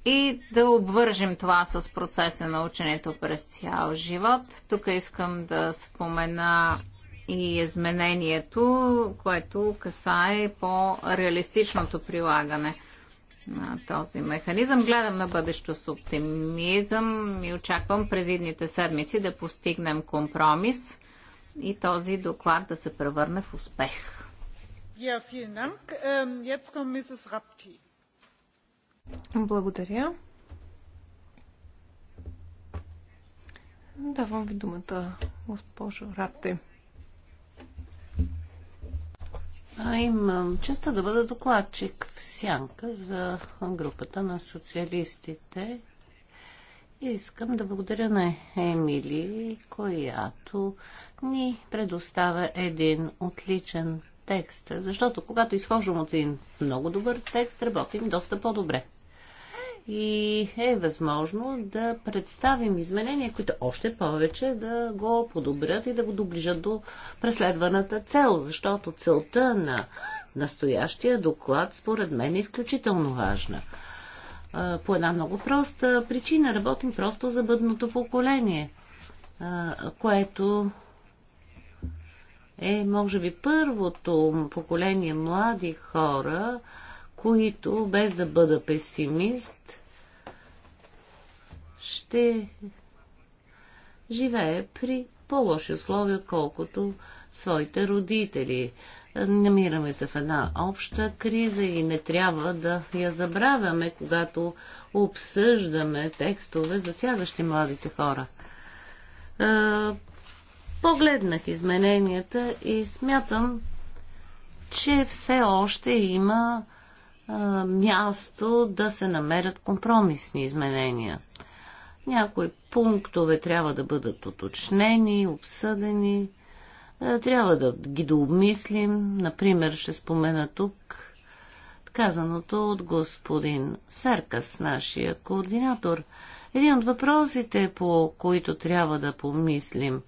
И да обвържим това с процеса на ученето през цял живот. Тук искам да спомена и изменението, което касае по-реалистичното прилагане на този механизъм. Гледам на бъдещо с оптимизъм и очаквам през идните седмици да постигнем компромис и този доклад да се превърне в успех. Ähm, Благодаря. Давам ви думата, госпожо Рапте. А имам честа да бъда докладчик в сянка за групата на социалистите. И искам да благодаря на Емили, която ни предоставя един отличен текст. Защото когато изхождам от един много добър текст, работим доста по-добре и е възможно да представим изменения, които още повече да го подобрят и да го доближат до преследваната цел, защото целта на настоящия доклад според мен е изключително важна. По една много проста причина работим просто за бъдното поколение, което е, може би, първото поколение млади хора, които, без да бъда песимист, ще живее при по-лоши условия, отколкото своите родители. Намираме се в една обща криза и не трябва да я забравяме, когато обсъждаме текстове, засягащи младите хора. Погледнах измененията и смятам, че все още има място да се намерят компромисни изменения. Някои пунктове трябва да бъдат уточнени, обсъдени, трябва да ги дообмислим. Например, ще спомена тук казаното от господин Серкас, нашия координатор. Един от въпросите, по които трябва да помислим,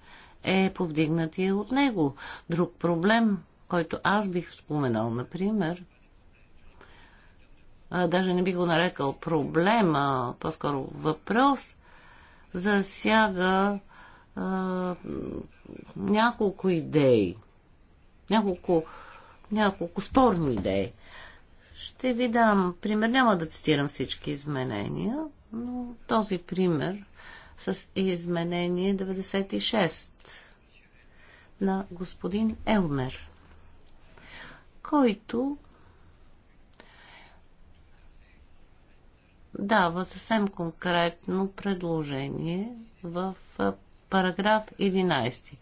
е повдигнатия от него. Друг проблем, който аз бих споменал, например, а, даже не би го нарекал проблема, по-скоро въпрос, засяга а, няколко идеи. Няколко, няколко спорни идеи. Ще ви дам пример. Няма да цитирам всички изменения, но този пример с изменение 96 на господин Елмер, който дава съвсем конкретно предложение в параграф 11.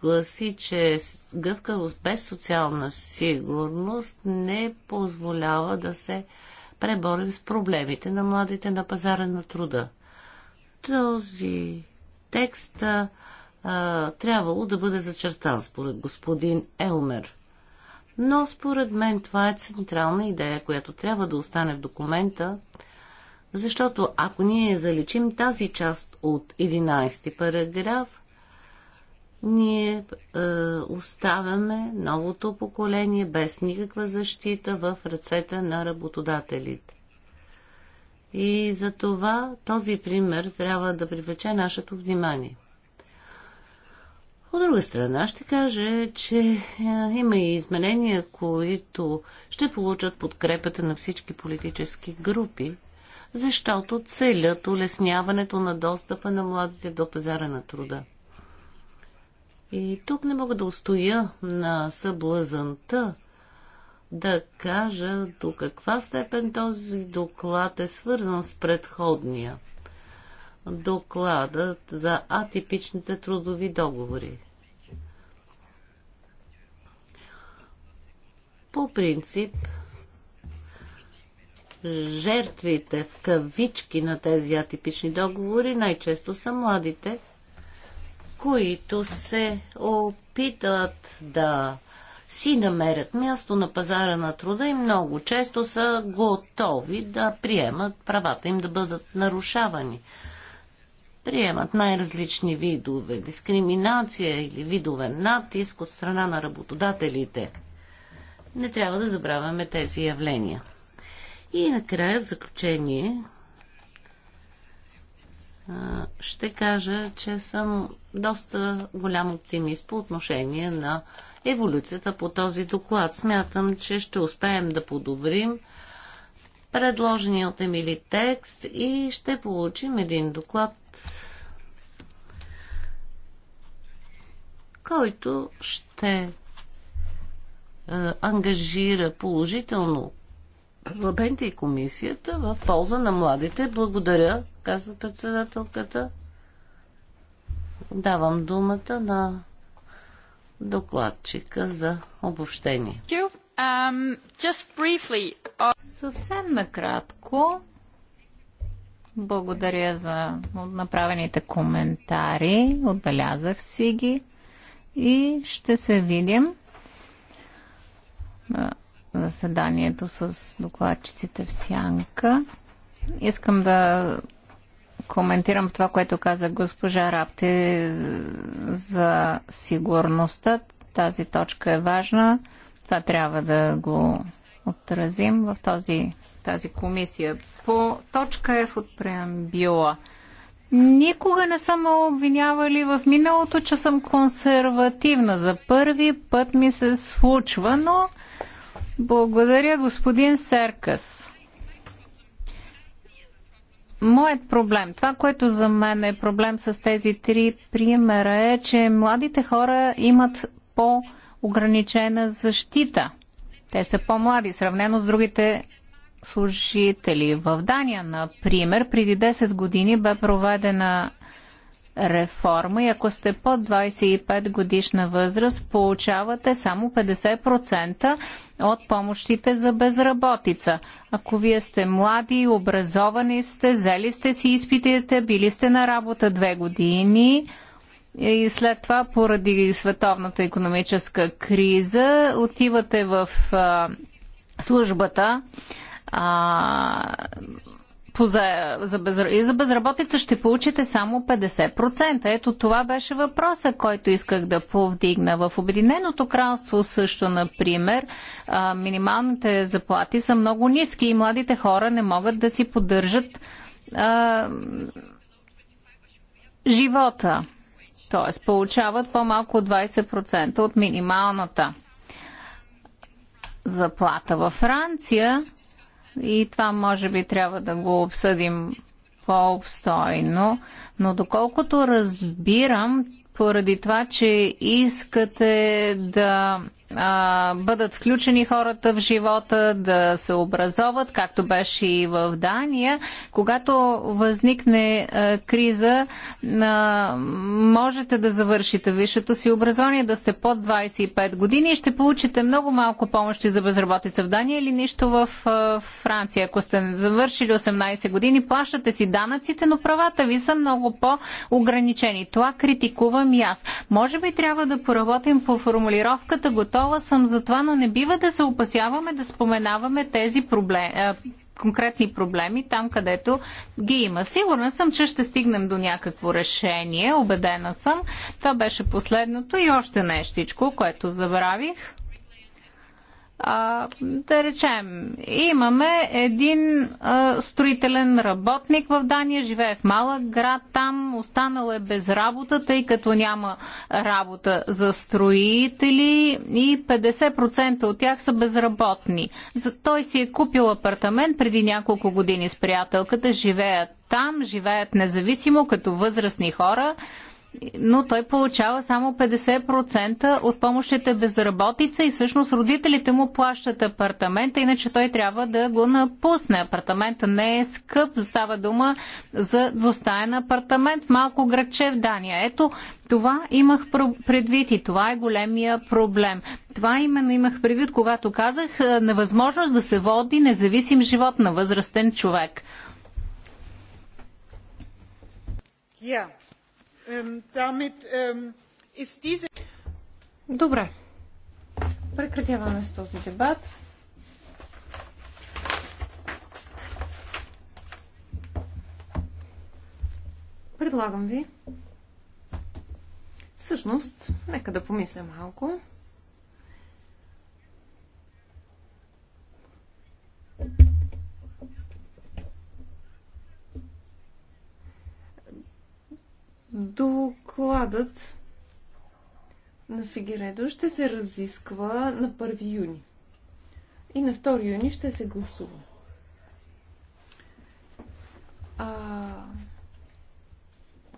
Гласи, че гъвкавост без социална сигурност не позволява да се преборим с проблемите на младите на пазара на труда. Този текст а, трябвало да бъде зачертан според господин Елмер но според мен това е централна идея, която трябва да остане в документа, защото ако ние заличим тази част от 11 параграф, ние е, оставяме новото поколение без никаква защита в ръцете на работодателите. И за това този пример трябва да привлече нашето внимание. От друга страна ще кажа, че е, има и изменения, които ще получат подкрепата на всички политически групи, защото целят улесняването на достъпа на младите до пазара на труда. И тук не мога да устоя на съблазънта да кажа до каква степен този доклад е свързан с предходния – докладът за атипичните трудови договори. По принцип, жертвите в кавички на тези атипични договори най-често са младите, които се опитат да си намерят място на пазара на труда и много често са готови да приемат правата им да бъдат нарушавани приемат най-различни видове дискриминация или видове натиск от страна на работодателите. Не трябва да забравяме тези явления. И накрая, в заключение, ще кажа, че съм доста голям оптимист по отношение на еволюцията по този доклад. Смятам, че ще успеем да подобрим предложения от Емили текст и ще получим един доклад, който ще е, ангажира положително парламента и комисията в полза на младите. Благодаря, казва председателката. Давам думата на докладчика за обобщение. Um, briefly... Uh, Съвсем накратко благодаря за направените коментари. Отбелязах си ги и ще се видим на заседанието с докладчиците в Сянка. Искам да коментирам това, което каза госпожа Рапти за сигурността. Тази точка е важна. Това трябва да го отразим в този, тази комисия. По точка F от преамбюла. Никога не съм обвинявали в миналото, че съм консервативна. За първи път ми се случва, но благодаря господин Серкас. Моят проблем, това, което за мен е проблем с тези три примера е, че младите хора имат по-ограничена защита те са по-млади, сравнено с другите служители. В Дания, например, преди 10 години бе проведена реформа и ако сте под 25 годишна възраст, получавате само 50% от помощите за безработица. Ако вие сте млади, образовани сте, взели сте си изпитите, били сте на работа две години, и след това поради световната економическа криза отивате в а, службата а, по за, за безр... и за безработица ще получите само 50%. Ето това беше въпроса, който исках да повдигна. В Обединеното кралство също, например, а, минималните заплати са много ниски и младите хора не могат да си поддържат а, живота т.е. получават по-малко 20% от минималната заплата във Франция и това може би трябва да го обсъдим по-обстойно, но доколкото разбирам, поради това, че искате да а, бъдат включени хората в живота, да се образоват, както беше и в Дания. Когато възникне а, криза, а, можете да завършите висшето си образование, да сте под 25 години и ще получите много малко помощи за безработица в Дания или нищо в а, Франция. Ако сте завършили 18 години, плащате си данъците, но правата ви са много по-ограничени. Това критикувам и аз. Може би трябва да поработим по формулировката готов готова съм за това, но не бива да се опасяваме да споменаваме тези а, конкретни проблеми там, където ги има. Сигурна съм, че ще стигнем до някакво решение, убедена съм. Това беше последното и още нещичко, което забравих а, да речем, имаме един а, строителен работник в Дания, живее в малък град, там останал е без работа, тъй като няма работа за строители и 50% от тях са безработни. За той си е купил апартамент преди няколко години с приятелката, живеят там, живеят независимо като възрастни хора но той получава само 50% от помощите безработица и всъщност родителите му плащат апартамента, иначе той трябва да го напусне. Апартамента не е скъп, става дума за двустаен апартамент в малко градче в Дания. Ето, това имах предвид и това е големия проблем. Това именно имах предвид, когато казах е, невъзможност да се води независим живот на възрастен човек. Yeah. Добре. Прекратяваме с този дебат. Предлагам ви. Всъщност, нека да помисля малко. Докладът на Фигередо ще се разисква на 1 юни. И на 2 юни ще се гласува. А,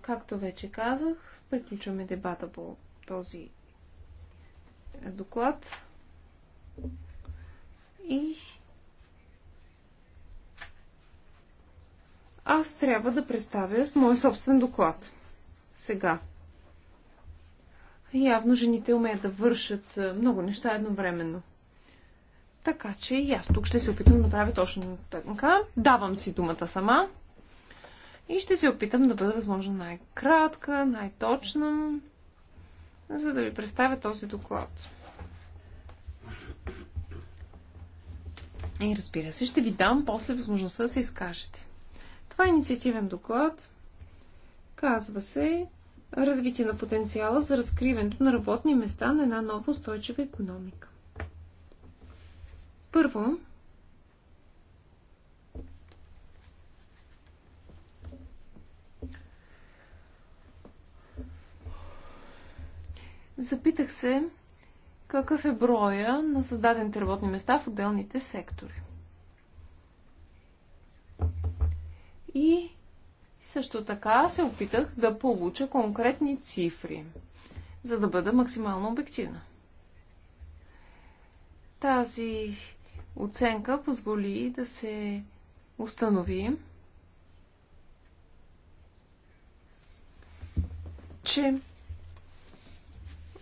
както вече казах, приключваме дебата по този доклад. И аз трябва да представя с мой собствен доклад сега. Явно жените умеят да вършат е, много неща едновременно. Така че и аз тук ще се опитам да направя точно така. Давам си думата сама. И ще се опитам да бъда възможно най-кратка, най-точна, за да ви представя този доклад. И разбира се, ще ви дам после възможността да се изкажете. Това е инициативен доклад, Казва се развитие на потенциала за разкриването на работни места на една нова устойчива економика. Първо, запитах се какъв е броя на създадените работни места в отделните сектори. И също така се опитах да получа конкретни цифри, за да бъда максимално обективна. Тази оценка позволи да се установи, че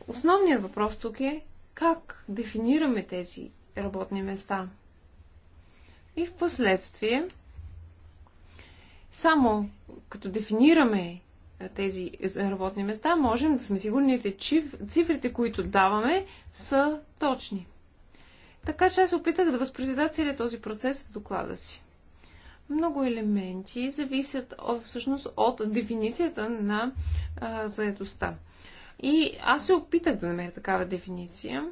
основният въпрос тук е как дефинираме тези работни места. И в последствие само като дефинираме тези работни места, можем да сме сигурни, че цифрите, които даваме, са точни. Така че аз опитах да възпроизведа целият този процес в доклада си. Много елементи зависят всъщност от дефиницията на а, заедостта. И аз се опитах да намеря такава дефиниция.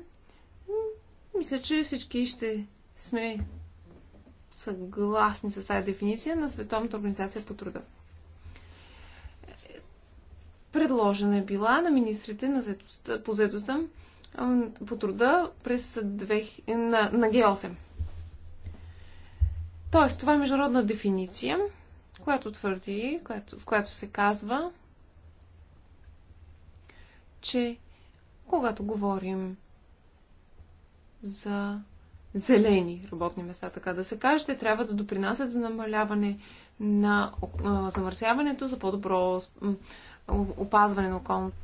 Мисля, че всички ще сме съгласни с тази дефиниция на Световната организация по труда. Предложена е била на министрите на заедостта, по заедостта по труда през 2, на, на Г8. Тоест, това е международна дефиниция, която твърди, която, в която се казва, че когато говорим за зелени работни места, така да се каже, те трябва да допринасят за намаляване на замърсяването, за по-добро опазване на околната.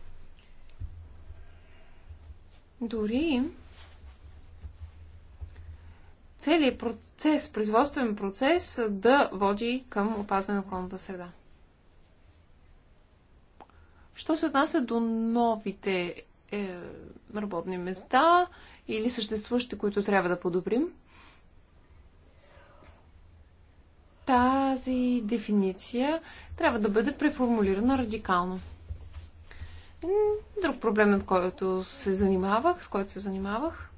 Дори целият процес, производствен процес да води към опазване на околната среда. Що се отнася до новите е, работни места или съществуващи, които трябва да подобрим. Тази дефиниция трябва да бъде преформулирана радикално. Друг проблем, над който се занимавах, с който се занимавах,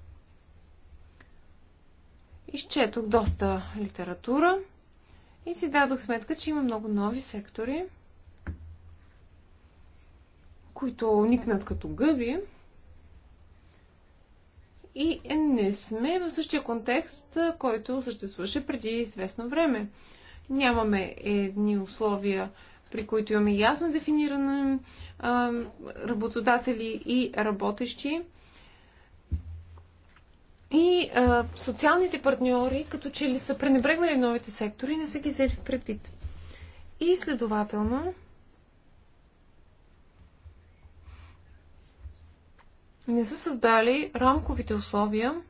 изчетох доста литература и си дадох сметка, че има много нови сектори, които никнат като гъби, и не сме в същия контекст, който съществуваше преди известно време. Нямаме едни условия, при които имаме ясно дефинирани работодатели и работещи. И а, социалните партньори, като че ли са пренебрегнали новите сектори, не са ги взели предвид. И следователно, не са създали рамковите условия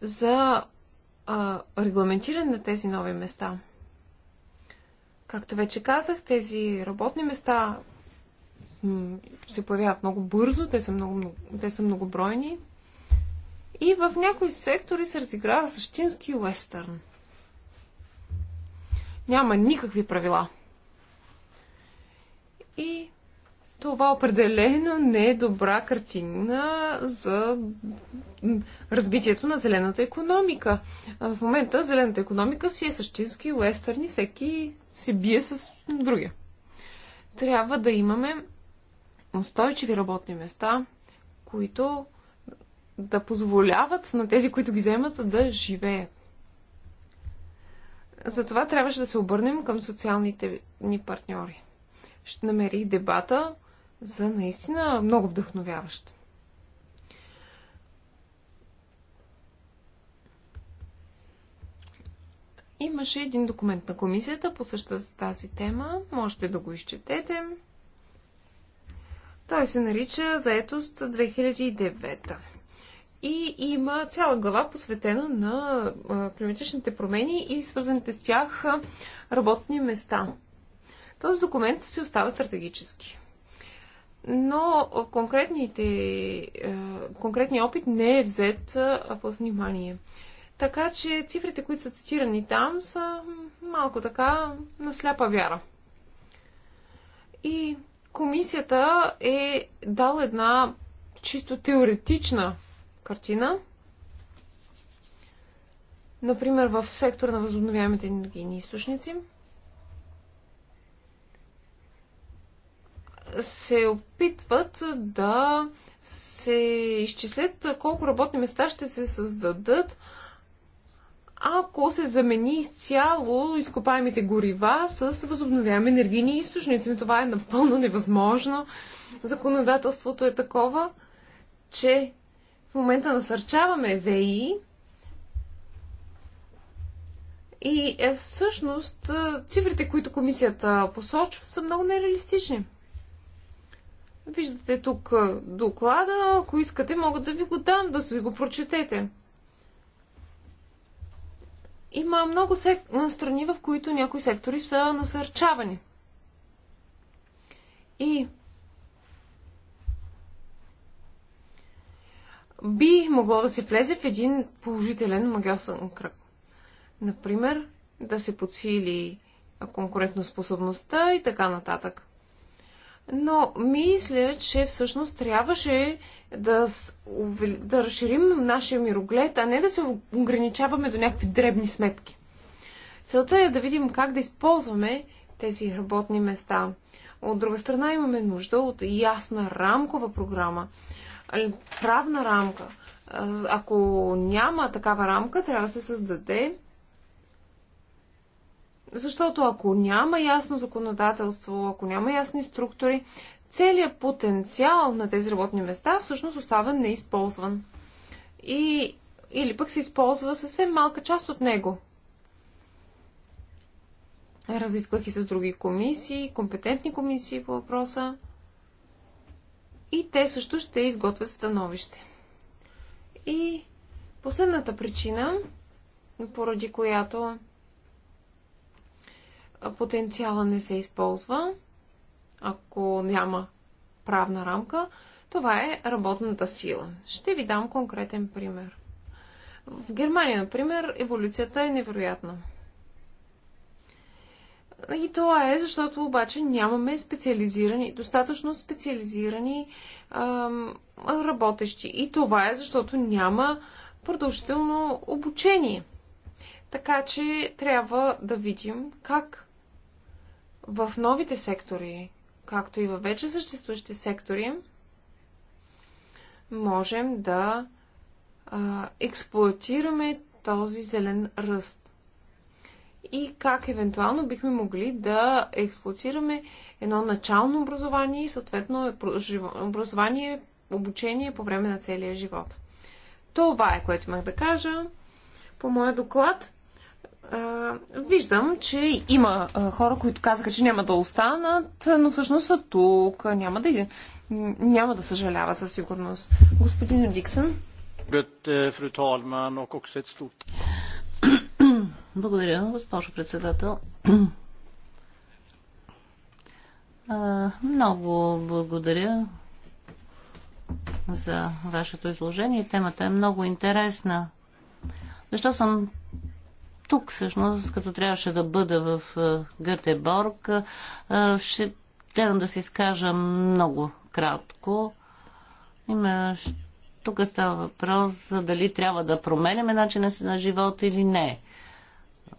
за а, регламентиране на тези нови места. Както вече казах, тези работни места се появяват много бързо, те са, много, много, те са многобройни. И в някои сектори се разиграва същински уестърн. Няма никакви правила. Това определено не е добра картина за развитието на зелената економика. В момента зелената економика си е същински уестърн и всеки се бие с другия. Трябва да имаме устойчиви работни места, които да позволяват на тези, които ги вземат, да живеят. Затова трябваше да се обърнем към социалните ни партньори. Ще намерих дебата за наистина много вдъхновяващо. Имаше един документ на комисията по същата тази тема. Можете да го изчетете. Той се нарича Заетост 2009. И има цяла глава посветена на климатичните промени и свързаните с тях работни места. Този документ си остава стратегически но конкретните, е, конкретният опит не е взет е, под внимание. Така че цифрите, които са цитирани там, са малко така на сляпа вяра. И комисията е дала една чисто теоретична картина. Например, в сектора на възобновяемите енергийни източници – се опитват да се изчислят колко работни места ще се създадат, ако се замени изцяло изкопаемите горива с възобновяеми енергийни източници. Това е напълно невъзможно. Законодателството е такова, че в момента насърчаваме ВИ и е всъщност цифрите, които комисията посочва, са много нереалистични. Виждате тук доклада. Ако искате, мога да ви го дам, да си го прочетете. Има много сек... страни, в които някои сектори са насърчавани. И би могло да се влезе в един положителен магиосен кръг. Например, да се подсили конкурентоспособността и така нататък но мисля, че всъщност трябваше да, да разширим нашия мироглед, а не да се ограничаваме до някакви дребни сметки. Целта е да видим как да използваме тези работни места. От друга страна имаме нужда от ясна рамкова програма, правна рамка. Ако няма такава рамка, трябва да се създаде защото ако няма ясно законодателство, ако няма ясни структури, целият потенциал на тези работни места всъщност остава неизползван. И, или пък се използва съвсем малка част от него. Разисквах и с други комисии, компетентни комисии по въпроса. И те също ще изготвят становище. И последната причина, поради която потенциала не се използва, ако няма правна рамка, това е работната сила. Ще ви дам конкретен пример. В Германия, например, еволюцията е невероятна. И това е, защото обаче нямаме специализирани, достатъчно специализирани ам, работещи. И това е, защото няма продължително обучение. Така че трябва да видим как в новите сектори, както и във вече съществуващите сектори, можем да а, експлуатираме този зелен ръст. И как евентуално бихме могли да експлуатираме едно начално образование и съответно образование, обучение по време на целия живот. Това е което имах да кажа по моя доклад виждам, че има хора, които казаха, че няма да останат, но всъщност са тук. Няма да, няма да съжалява със сигурност. Господин Диксън. Е, благодаря, госпожо председател. Много благодаря за вашето изложение. Темата е много интересна. Защо съм тук, всъщност, като трябваше да бъда в Гъртеборг, ще гледам да се изкажа много кратко. Има... Тук става въпрос за дали трябва да променяме начина си на живота или не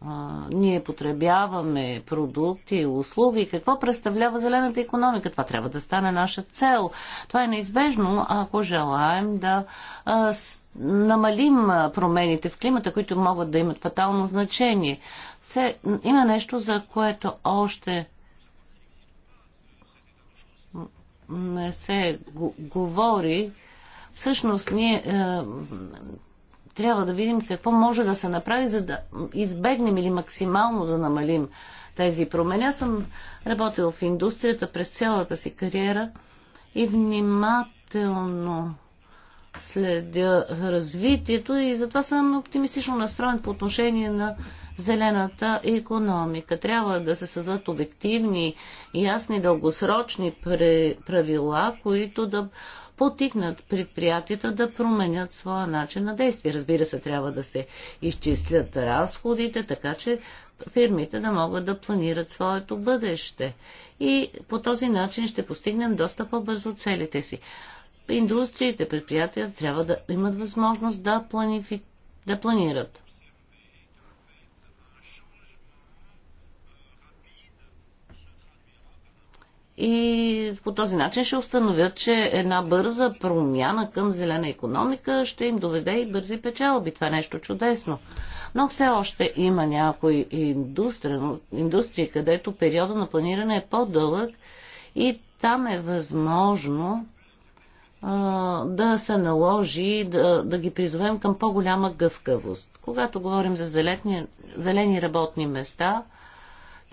а, ние потребяваме продукти услуги, какво представлява зелената економика? Това трябва да стане наша цел. Това е неизбежно, ако желаем да а, с, намалим промените в климата, които могат да имат фатално значение. Се, има нещо, за което още не се говори. Всъщност, ние. А, е, трябва да видим какво може да се направи, за да избегнем или максимално да намалим тези промени. Аз съм работил в индустрията през цялата си кариера и внимателно следя развитието и затова съм оптимистично настроен по отношение на зелената економика. Трябва да се създадат обективни, ясни, дългосрочни правила, които да потикнат предприятията да променят своя начин на действие. Разбира се, трябва да се изчислят разходите, така че фирмите да могат да планират своето бъдеще. И по този начин ще постигнем доста по-бързо целите си. Индустриите, предприятията трябва да имат възможност да, планифи... да планират. и по този начин ще установят, че една бърза промяна към зелена економика ще им доведе и бързи печалби. Това е нещо чудесно. Но все още има някои индустрии, индустрии където периода на планиране е по-дълъг и там е възможно да се наложи да, да ги призовем към по-голяма гъвкавост. Когато говорим за зелени, зелени работни места,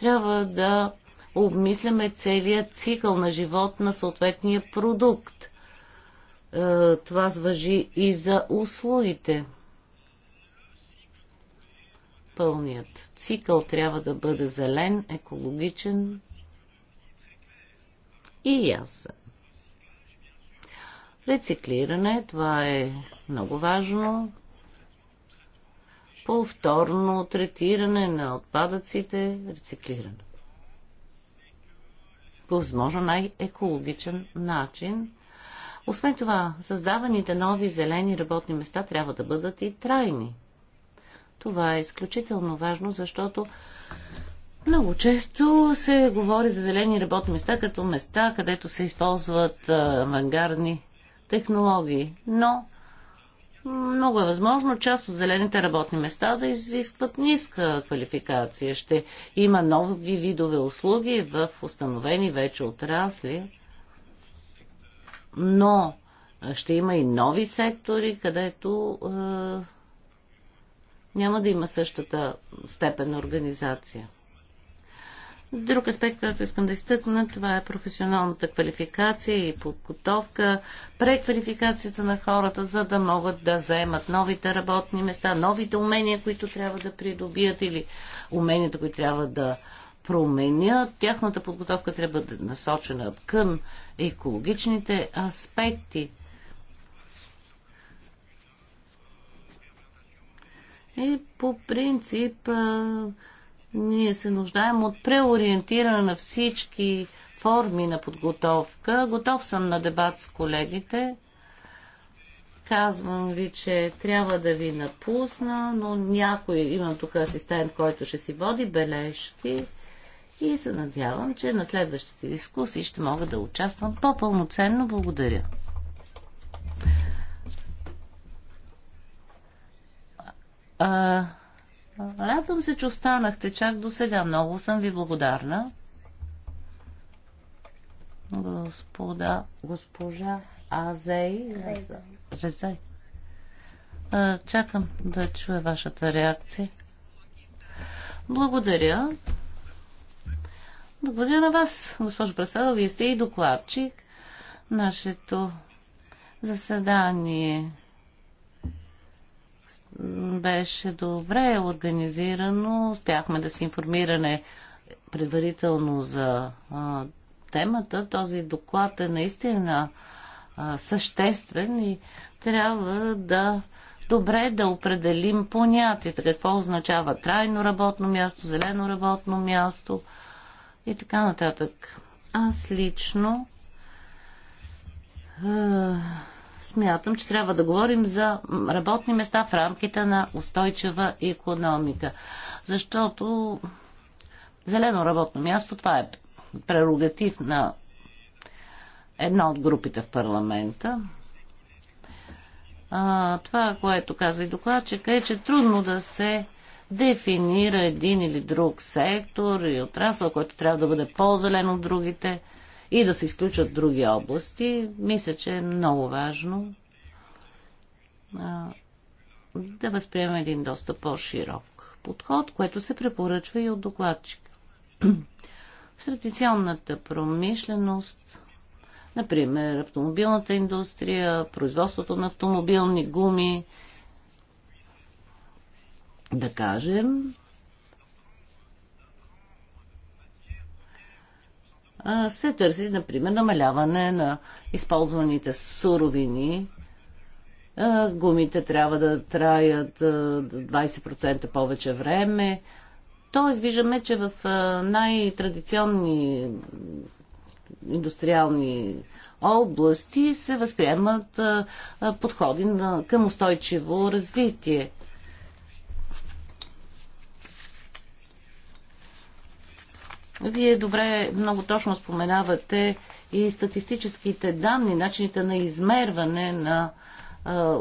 трябва да обмисляме целият цикъл на живот на съответния продукт. Е, това звъжи и за услугите. Пълният цикъл трябва да бъде зелен, екологичен и ясен. Рециклиране, това е много важно. Повторно третиране на отпадъците, рециклиране по възможно най-екологичен начин. Освен това, създаваните нови зелени работни места трябва да бъдат и трайни. Това е изключително важно, защото много често се говори за зелени работни места като места, където се използват авангарни технологии. Но много е възможно част от зелените работни места да изискват ниска квалификация. Ще има нови видове услуги в установени вече отрасли, но ще има и нови сектори, където е, няма да има същата степен на организация. Друг аспект, който искам да изтъкна, това е професионалната квалификация и подготовка, преквалификацията на хората, за да могат да заемат новите работни места, новите умения, които трябва да придобият или уменията, които трябва да променят. Тяхната подготовка трябва да е насочена към екологичните аспекти. И по принцип ние се нуждаем от преориентиране на всички форми на подготовка. Готов съм на дебат с колегите. Казвам ви, че трябва да ви напусна, но някой, имам тук асистент, който ще си води бележки и се надявам, че на следващите дискусии ще мога да участвам по-пълноценно. Благодаря. А, Радвам се, че останахте чак до сега. Много съм ви благодарна. Господа, госпожа Азей. Резай. чакам да чуя вашата реакция. Благодаря. Благодаря на вас, госпожо Пресава. Вие сте и докладчик. Нашето заседание беше добре организирано. Успяхме да се информираме предварително за а, темата. Този доклад е наистина а, съществен и трябва да добре да определим понятията. Какво означава трайно работно място, зелено работно място и така нататък. Аз лично а, смятам, че трябва да говорим за работни места в рамките на устойчива економика. Защото зелено работно място, това е прерогатив на една от групите в парламента. А, това, което казва и докладчика, е, че трудно да се дефинира един или друг сектор и отрасъл, който трябва да бъде по-зелен от другите и да се изключат други области, мисля, че е много важно а, да възприемем един доста по-широк подход, което се препоръчва и от докладчика. В традиционната промишленост, например, автомобилната индустрия, производството на автомобилни гуми, да кажем, се търси, например, намаляване на използваните суровини. Гумите трябва да траят 20% повече време. Тоест, виждаме, че в най-традиционни индустриални области се възприемат подходи към устойчиво развитие. Вие добре, много точно споменавате и статистическите данни, начините на измерване на а,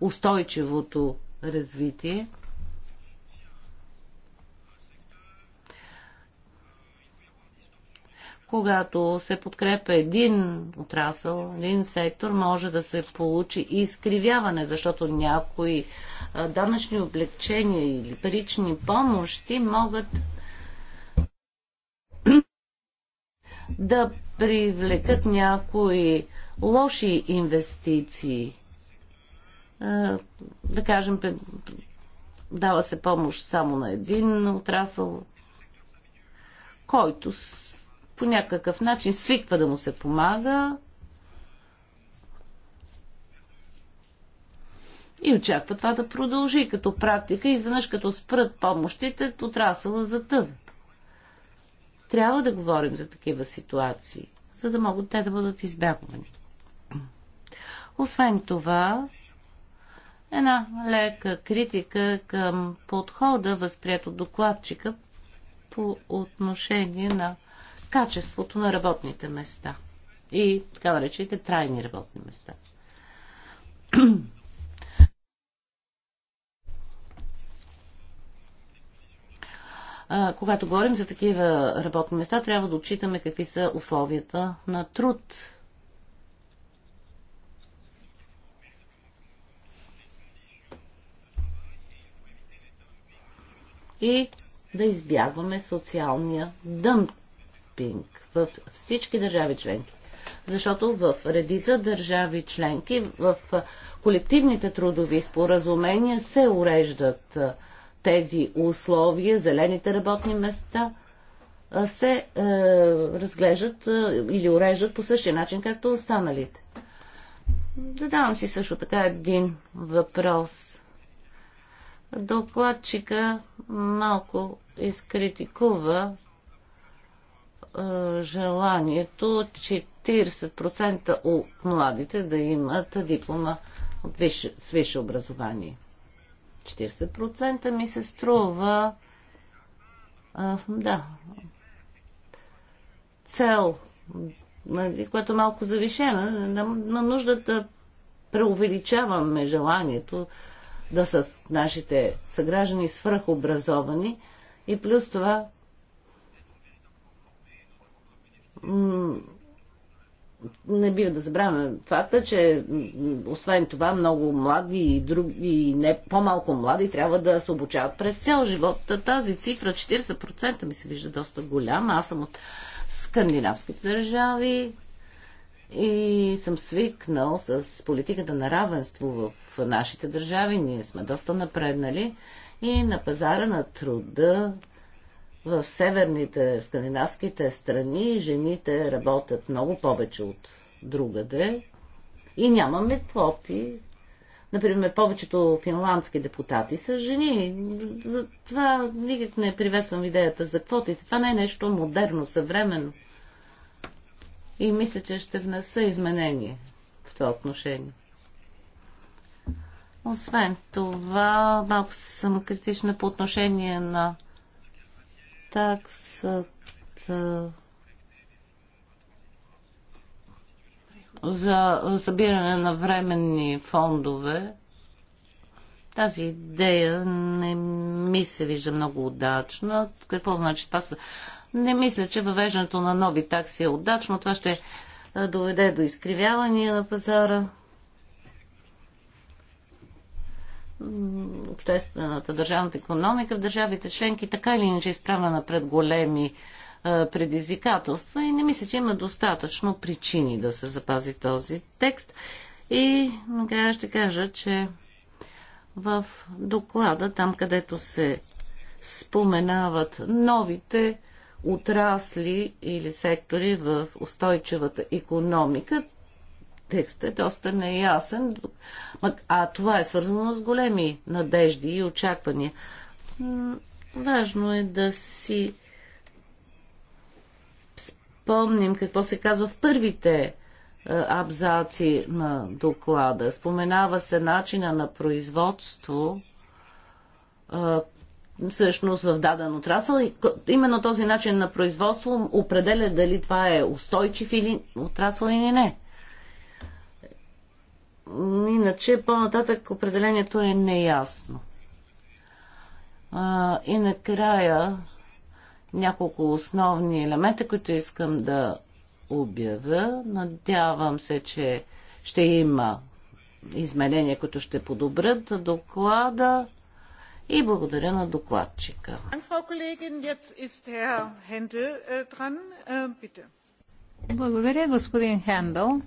устойчивото развитие. Когато се подкрепя един отрасъл, един сектор, може да се получи и изкривяване, защото някои данъчни облегчения или парични помощи могат да привлекат някои лоши инвестиции. Да кажем, дава се помощ само на един отрасъл, който по някакъв начин свиква да му се помага и очаква това да продължи като практика. Изведнъж като спрат помощите, отрасъла затъва. Трябва да говорим за такива ситуации, за да могат те да бъдат избягвани. Освен това, една лека критика към подхода, възприят от докладчика по отношение на качеството на работните места и така наречените трайни работни места. когато говорим за такива работни места, трябва да отчитаме какви са условията на труд. И да избягваме социалния дъмпинг в всички държави членки. Защото в редица държави членки, в колективните трудови споразумения се уреждат тези условия, зелените работни места се е, разглеждат е, или уреждат по същия начин, както останалите. Задавам си също така един въпрос. Докладчика малко изкритикува е, желанието 40% от младите да имат диплома от висше, с висше образование. 40% ми се струва а, да цел, нали, което е малко завишена, на, на нуждата да преувеличаваме желанието да са нашите съграждани свръхобразовани и плюс това не бива да забравяме факта, че освен това много млади и, други, и не по-малко млади трябва да се обучават през цял живот. Тази цифра 40% ми се вижда доста голяма. Аз съм от скандинавските държави и съм свикнал с политиката на равенство в нашите държави. Ние сме доста напреднали и на пазара на труда в северните скандинавските страни жените работят много повече от другаде и нямаме квоти. Например, повечето финландски депутати са жени. за това никак не приветствам идеята за квотите. Това не е нещо модерно, съвременно. И мисля, че ще внеса изменение в това отношение. Освен това, малко съм критична по отношение на таксата за събиране на временни фондове. Тази идея не ми се вижда много удачна. Какво значи това? Не мисля, че въвеждането на нови такси е удачно. Това ще доведе до изкривявания на пазара. обществената държавната економика в държавите членки така или иначе е изправена пред големи е, предизвикателства и не мисля, че има достатъчно причини да се запази този текст. И накрая ще кажа, че в доклада, там където се споменават новите отрасли или сектори в устойчивата економика, Текстът е доста неясен, а това е свързано с големи надежди и очаквания. Важно е да си спомним какво се казва в първите е, абзаци на доклада. Споменава се начина на производство, е, всъщност в даден отрасъл. И именно този начин на производство определя дали това е устойчив или отрасъл или не. Иначе по-нататък определението е неясно. А, и накрая няколко основни елемента, които искам да обявя. Надявам се, че ще има изменения, които ще подобрят доклада. И благодаря на докладчика. Äh, äh, благодаря, господин Хендъл.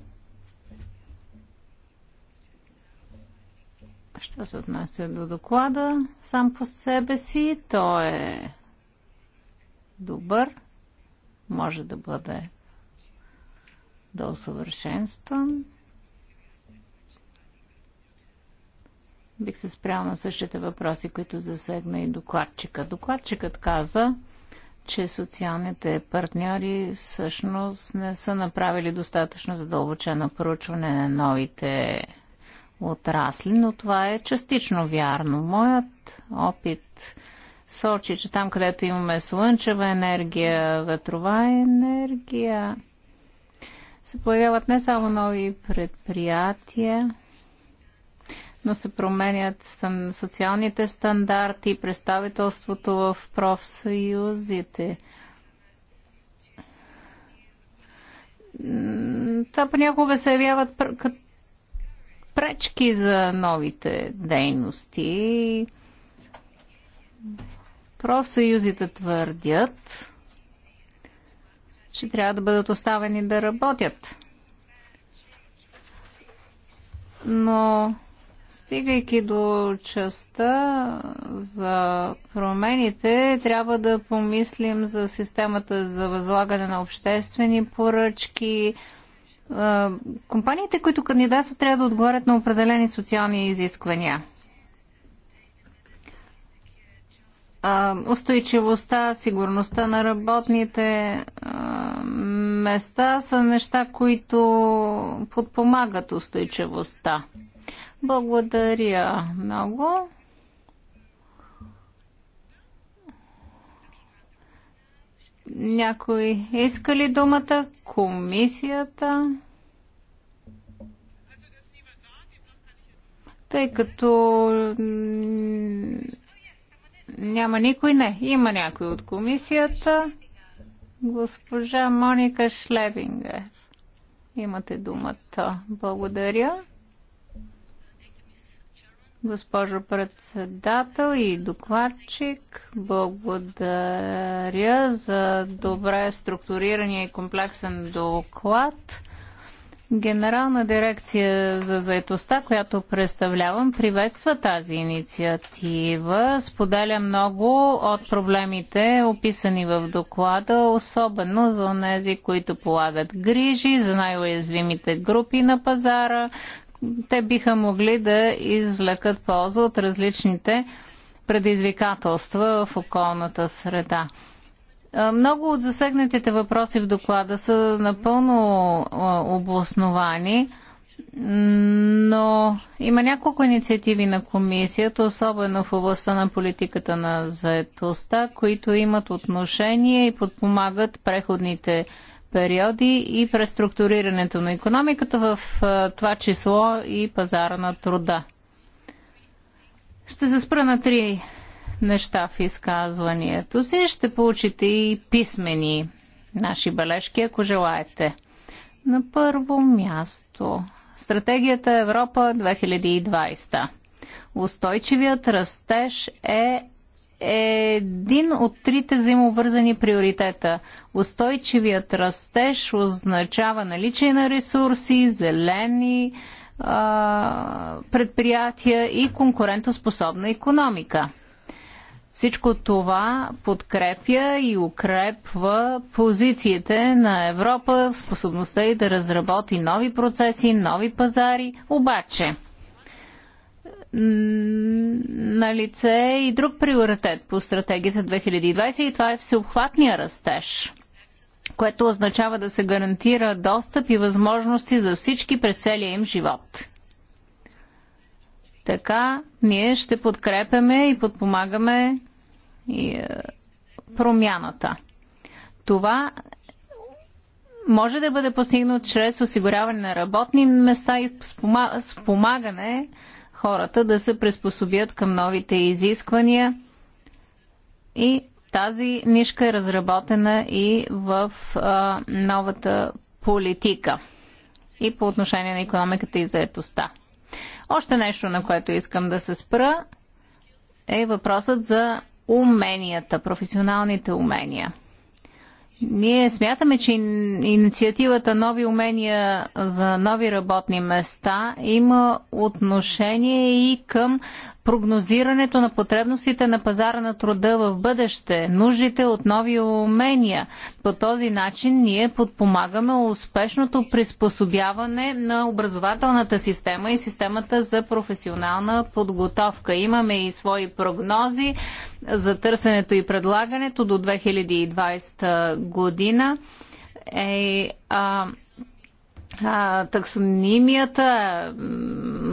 Що се отнася до доклада, сам по себе си той е добър, може да бъде да усъвършенстван. Бих се спрял на същите въпроси, които засегна и докладчика. Докладчикът каза, че социалните партньори всъщност не са направили достатъчно задълбочено проучване на новите отрасли, но това е частично вярно. Моят опит сочи, че там, където имаме слънчева енергия, ветрова енергия, се появяват не само нови предприятия, но се променят социалните стандарти, представителството в профсъюзите. Това понякога се явяват като пречки за новите дейности. Профсъюзите твърдят, че трябва да бъдат оставени да работят. Но стигайки до частта за промените, трябва да помислим за системата за възлагане на обществени поръчки, компаниите, които кандидатстват, трябва да отговарят на определени социални изисквания. устойчивостта, сигурността на работните места са неща, които подпомагат устойчивостта. Благодаря много. Някой иска ли думата? Комисията? Тъй като няма никой, не. Има някой от комисията. Госпожа Моника Шлебингер. Имате думата. Благодаря. Госпожо председател и докладчик, благодаря за добре структурирания и комплексен доклад. Генерална дирекция за заетостта, която представлявам, приветства тази инициатива. Споделя много от проблемите, описани в доклада, особено за тези, които полагат грижи за най-уязвимите групи на пазара, те биха могли да извлекат полза от различните предизвикателства в околната среда. Много от засегнатите въпроси в доклада са напълно обосновани, но има няколко инициативи на комисията, особено в областта на политиката на заетостта, които имат отношение и подпомагат преходните периоди и преструктурирането на економиката в това число и пазара на труда. Ще се спра на три неща в изказването си. Ще получите и писмени наши бележки, ако желаете. На първо място стратегията Европа 2020. Устойчивият растеж е е един от трите взаимовързани приоритета. Устойчивият растеж означава наличие на ресурси, зелени а, предприятия и конкурентоспособна економика. Всичко това подкрепя и укрепва позициите на Европа, способността и да разработи нови процеси, нови пазари. Обаче, на лице и друг приоритет по стратегията 2020 и това е всеобхватния растеж което означава да се гарантира достъп и възможности за всички през целия им живот. Така ние ще подкрепяме и подпомагаме и, е, промяната. Това може да бъде постигнато чрез осигуряване на работни места и спома, спомагане хората да се приспособят към новите изисквания и тази нишка е разработена и в а, новата политика и по отношение на економиката и заетостта. Още нещо, на което искам да се спра, е въпросът за уменията, професионалните умения – ние смятаме, че инициативата Нови умения за нови работни места има отношение и към прогнозирането на потребностите на пазара на труда в бъдеще, нуждите от нови умения. По този начин ние подпомагаме успешното приспособяване на образователната система и системата за професионална подготовка. Имаме и свои прогнози за търсенето и предлагането до 2020 година. Е, а, а, таксонимията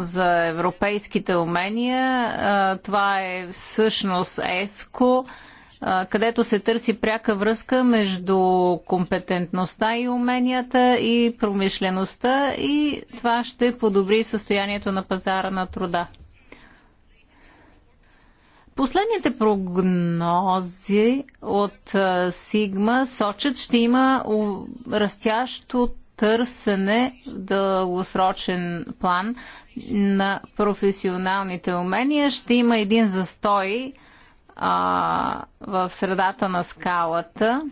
за европейските умения, а, това е всъщност ЕСКО, а, където се търси пряка връзка между компетентността и уменията и промишлеността и това ще подобри състоянието на пазара на труда. Последните прогнози от Сигма сочат, ще има растящо търсене в дългосрочен план на професионалните умения. Ще има един застой а, в средата на скалата.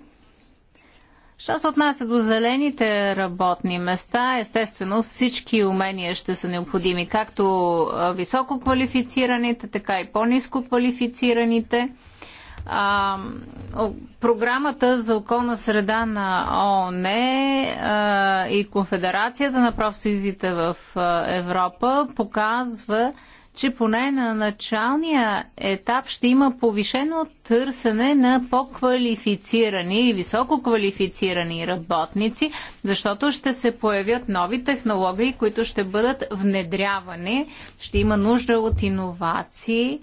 Що се отнася до зелените работни места, естествено всички умения ще са необходими, както високо квалифицираните, така и по-низко квалифицираните а, програмата за околна среда на ООН е, а, и Конфедерацията на профсъюзите в Европа показва, че поне на началния етап ще има повишено търсене на по-квалифицирани и високо квалифицирани работници, защото ще се появят нови технологии, които ще бъдат внедрявани, ще има нужда от иновации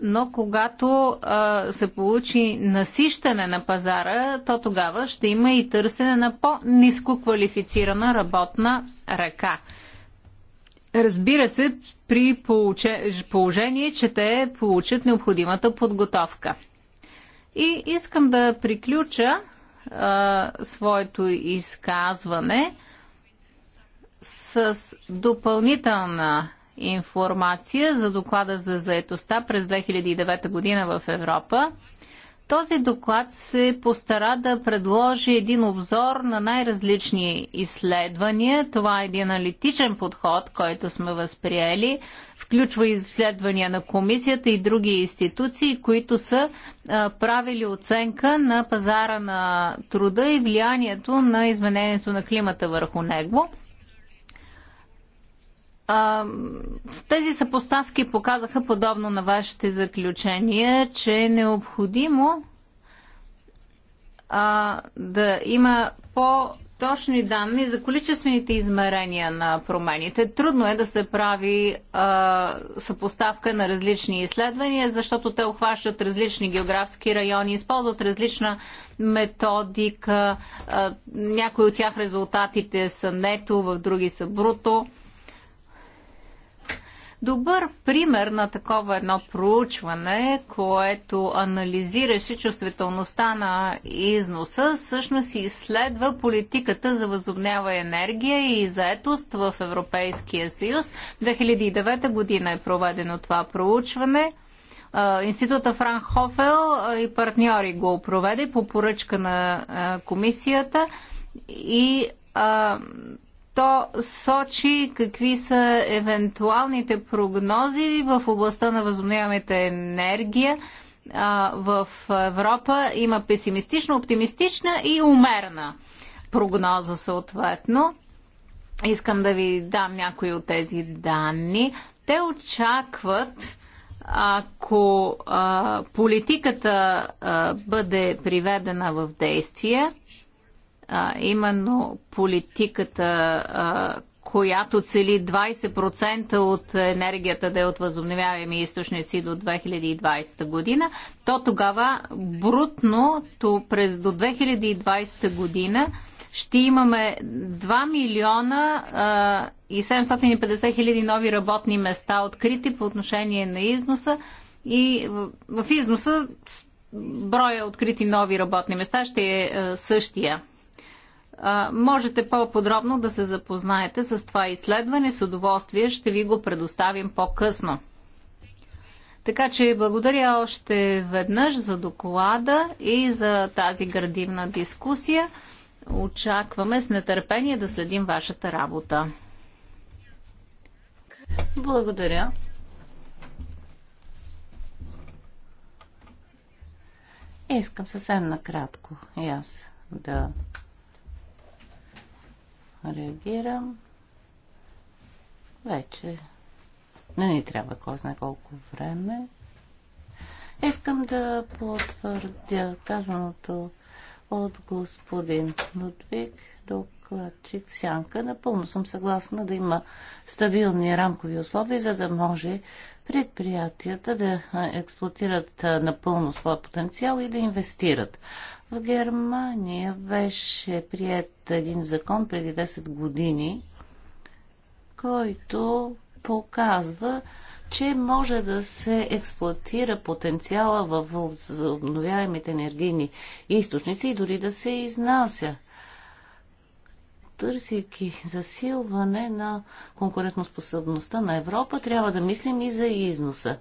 но когато а, се получи насищане на пазара, то тогава ще има и търсене на по-низко квалифицирана работна ръка. Разбира се, при положение, че те получат необходимата подготовка. И искам да приключа а, своето изказване с допълнителна информация за доклада за заетостта през 2009 година в Европа. Този доклад се постара да предложи един обзор на най-различни изследвания. Това е един аналитичен подход, който сме възприели. Включва изследвания на комисията и други институции, които са а, правили оценка на пазара на труда и влиянието на изменението на климата върху него. А, тези съпоставки показаха, подобно на вашите заключения, че е необходимо а, да има по- точни данни за количествените измерения на промените. Трудно е да се прави а, съпоставка на различни изследвания, защото те обхващат различни географски райони, използват различна методика. А, някои от тях резултатите са нето, в други са бруто. Добър пример на такова едно проучване, което анализираше чувствителността на износа, всъщност изследва политиката за възобнява енергия и заетост в Европейския съюз. 2009 година е проведено това проучване. Института Хофел и партньори го проведе по поръчка на комисията и то сочи какви са евентуалните прогнози в областта на възобновяемата енергия в Европа. Има песимистична, оптимистична и умерна прогноза съответно. Искам да ви дам някои от тези данни. Те очакват ако а, политиката а, бъде приведена в действие, а, именно политиката, а, която цели 20% от енергията да е от възобновяеми източници до 2020 година, то тогава брутно то през до 2020 година ще имаме 2 милиона а, и 750 хиляди нови работни места открити по отношение на износа и в, в износа броя открити нови работни места ще е а, същия а, можете по-подробно да се запознаете с това изследване. С удоволствие ще ви го предоставим по-късно. Така че благодаря още веднъж за доклада и за тази градивна дискусия. Очакваме с нетърпение да следим вашата работа. Благодаря. Искам съвсем накратко и аз да реагирам. Вече не ни трябва кой знае колко време. Искам да потвърдя казаното от господин Нудвик докладчик Сянка. Напълно съм съгласна да има стабилни рамкови условия, за да може предприятията да експлуатират напълно своя потенциал и да инвестират. В Германия беше прият един закон преди 10 години, който показва, че може да се експлуатира потенциала в обновяемите енергийни източници и дори да се изнася търсейки засилване на конкурентоспособността на Европа, трябва да мислим и за износа.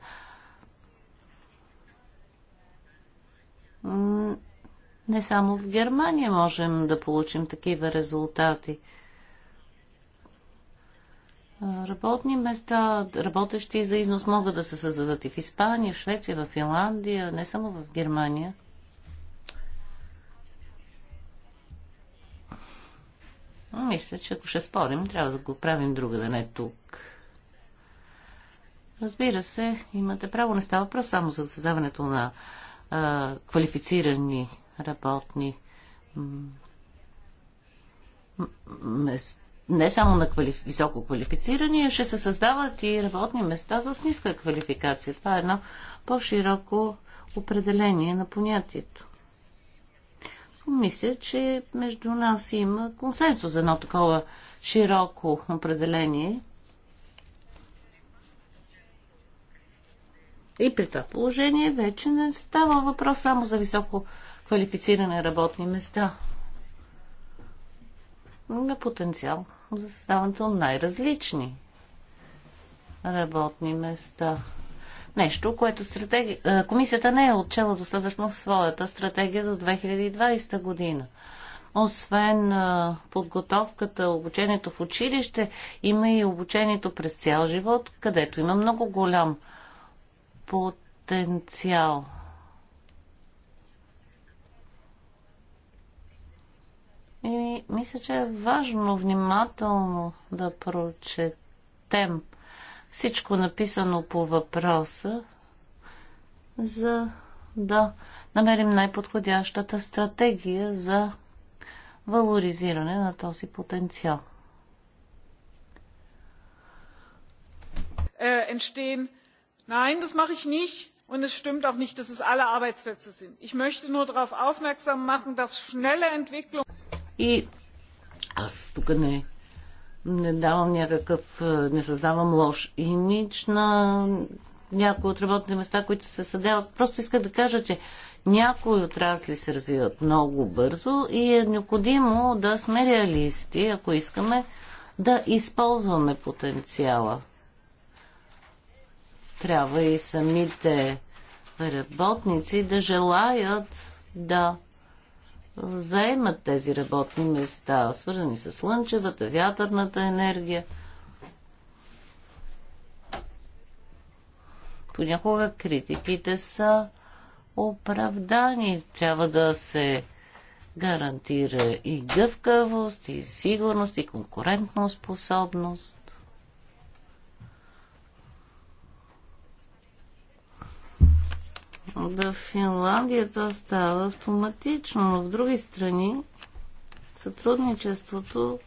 Не само в Германия можем да получим такива резултати. Работни места, работещи за износ могат да се създадат и в Испания, в Швеция, в Финландия, не само в Германия. Мисля, че ако ще спорим, трябва да го правим друга, да не тук. Разбира се, имате право. Не става въпрос само за създаването на а, квалифицирани работни места не само на квалиф... високо квалифицирани, а ще се създават и работни места с ниска квалификация. Това е едно по-широко определение на понятието. Мисля, че между нас има консенсус за едно такова широко определение. И при това положение вече не става въпрос само за високо квалифицирани работни места. Има потенциал за създаването на най-различни работни места. Нещо, което стратег... Е, комисията не е отчела достатъчно в своята стратегия до 2020 година. Освен е, подготовката, обучението в училище, има и обучението през цял живот, където има много голям потенциал. И мисля, че е важно внимателно да прочетем всичко написано по въпроса, за да намерим най-подходящата стратегия за валоризиране на този потенциал. entstehen. Nein, das mache ich nicht. Und es stimmt auch nicht, dass es alle Arbeitsplätze sind. Ich möchte nur darauf aufmerksam machen, dass schnelle Entwicklung и аз тук не, не давам някакъв, е, не създавам лош имидж на някои от работните места, които се съдяват. Просто иска да кажа, че някои отрасли се развиват много бързо и е необходимо да сме реалисти, ако искаме да използваме потенциала. Трябва и самите работници да желаят да заемат тези работни места, свързани с слънчевата, вятърната енергия. Понякога критиките са оправдани. Трябва да се гарантира и гъвкавост, и сигурност, и конкурентна способност. В Финландия това става автоматично, но в други страни сътрудничеството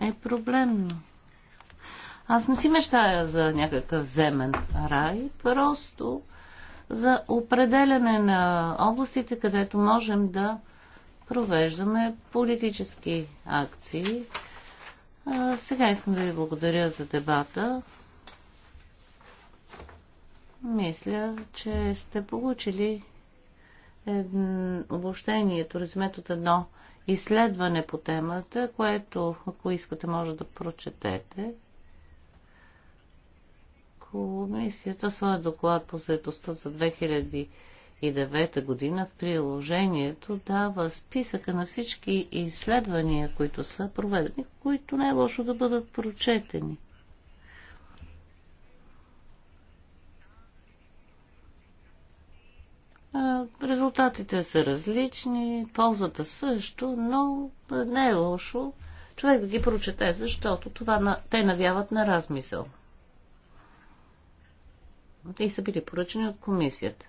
е проблемно. Аз не си мечтая за някакъв земен рай, просто за определене на областите, където можем да провеждаме политически акции. А, сега искам да ви благодаря за дебата. Мисля, че сте получили обобщението, резюмето от едно изследване по темата, което, ако искате, може да прочетете. Комисията своя доклад по заедостта за 2009 година в приложението дава списъка на всички изследвания, които са проведени, които не е лошо да бъдат прочетени. Резултатите са различни, ползата също, но не е лошо човек да ги прочете, защото това на... те навяват на размисъл. Те са били поръчени от комисията.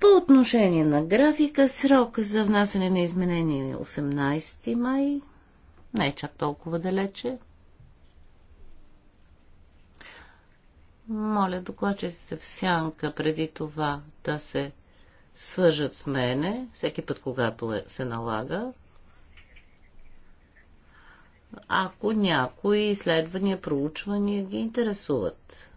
По отношение на графика, срок за внасяне на изменение е 18 май, не е чак толкова далече. Моля докладчиците в сянка преди това да се свържат с мене, всеки път, когато е, се налага, ако някои изследвания, проучвания ги интересуват.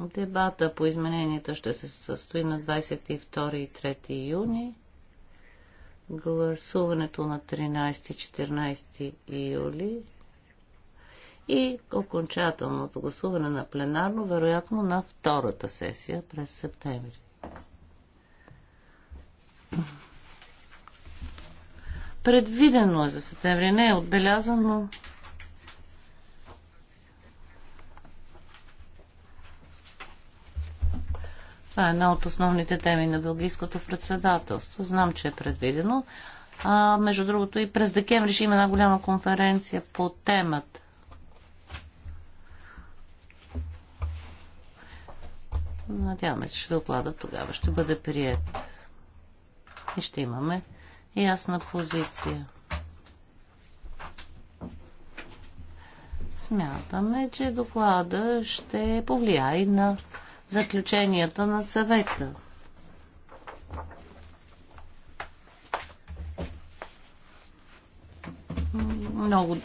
Дебата по измененията ще се състои на 22 и 3 юни. Гласуването на 13-14 и юли и окончателното гласуване на пленарно, вероятно на втората сесия през септември. Предвидено е за септември, не е отбелязано. Това е една от основните теми на Белгийското председателство. Знам, че е предвидено. А, между другото и през декември ще има една голяма конференция по темата Надяваме се, че доклада тогава ще бъде прият. И ще имаме ясна позиция. Смятаме, че доклада ще повлияе и на заключенията на съвета. Много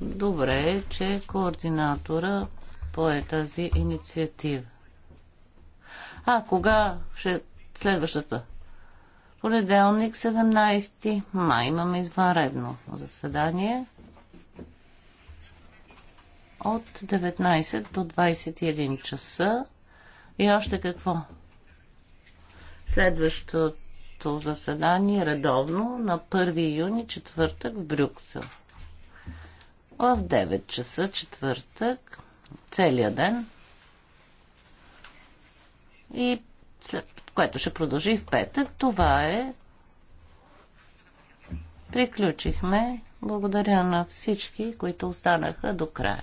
добре, е, че координатора пое тази инициатива. А кога ще следващата? Понеделник, 17 май, имаме извънредно заседание от 19 до 21 часа. И още какво? Следващото заседание редовно на 1 юни, четвъртък в Брюксел. В 9 часа четвъртък целия ден. И след което ще продължи в петък. Това е. Приключихме. Благодаря на всички, които останаха до края.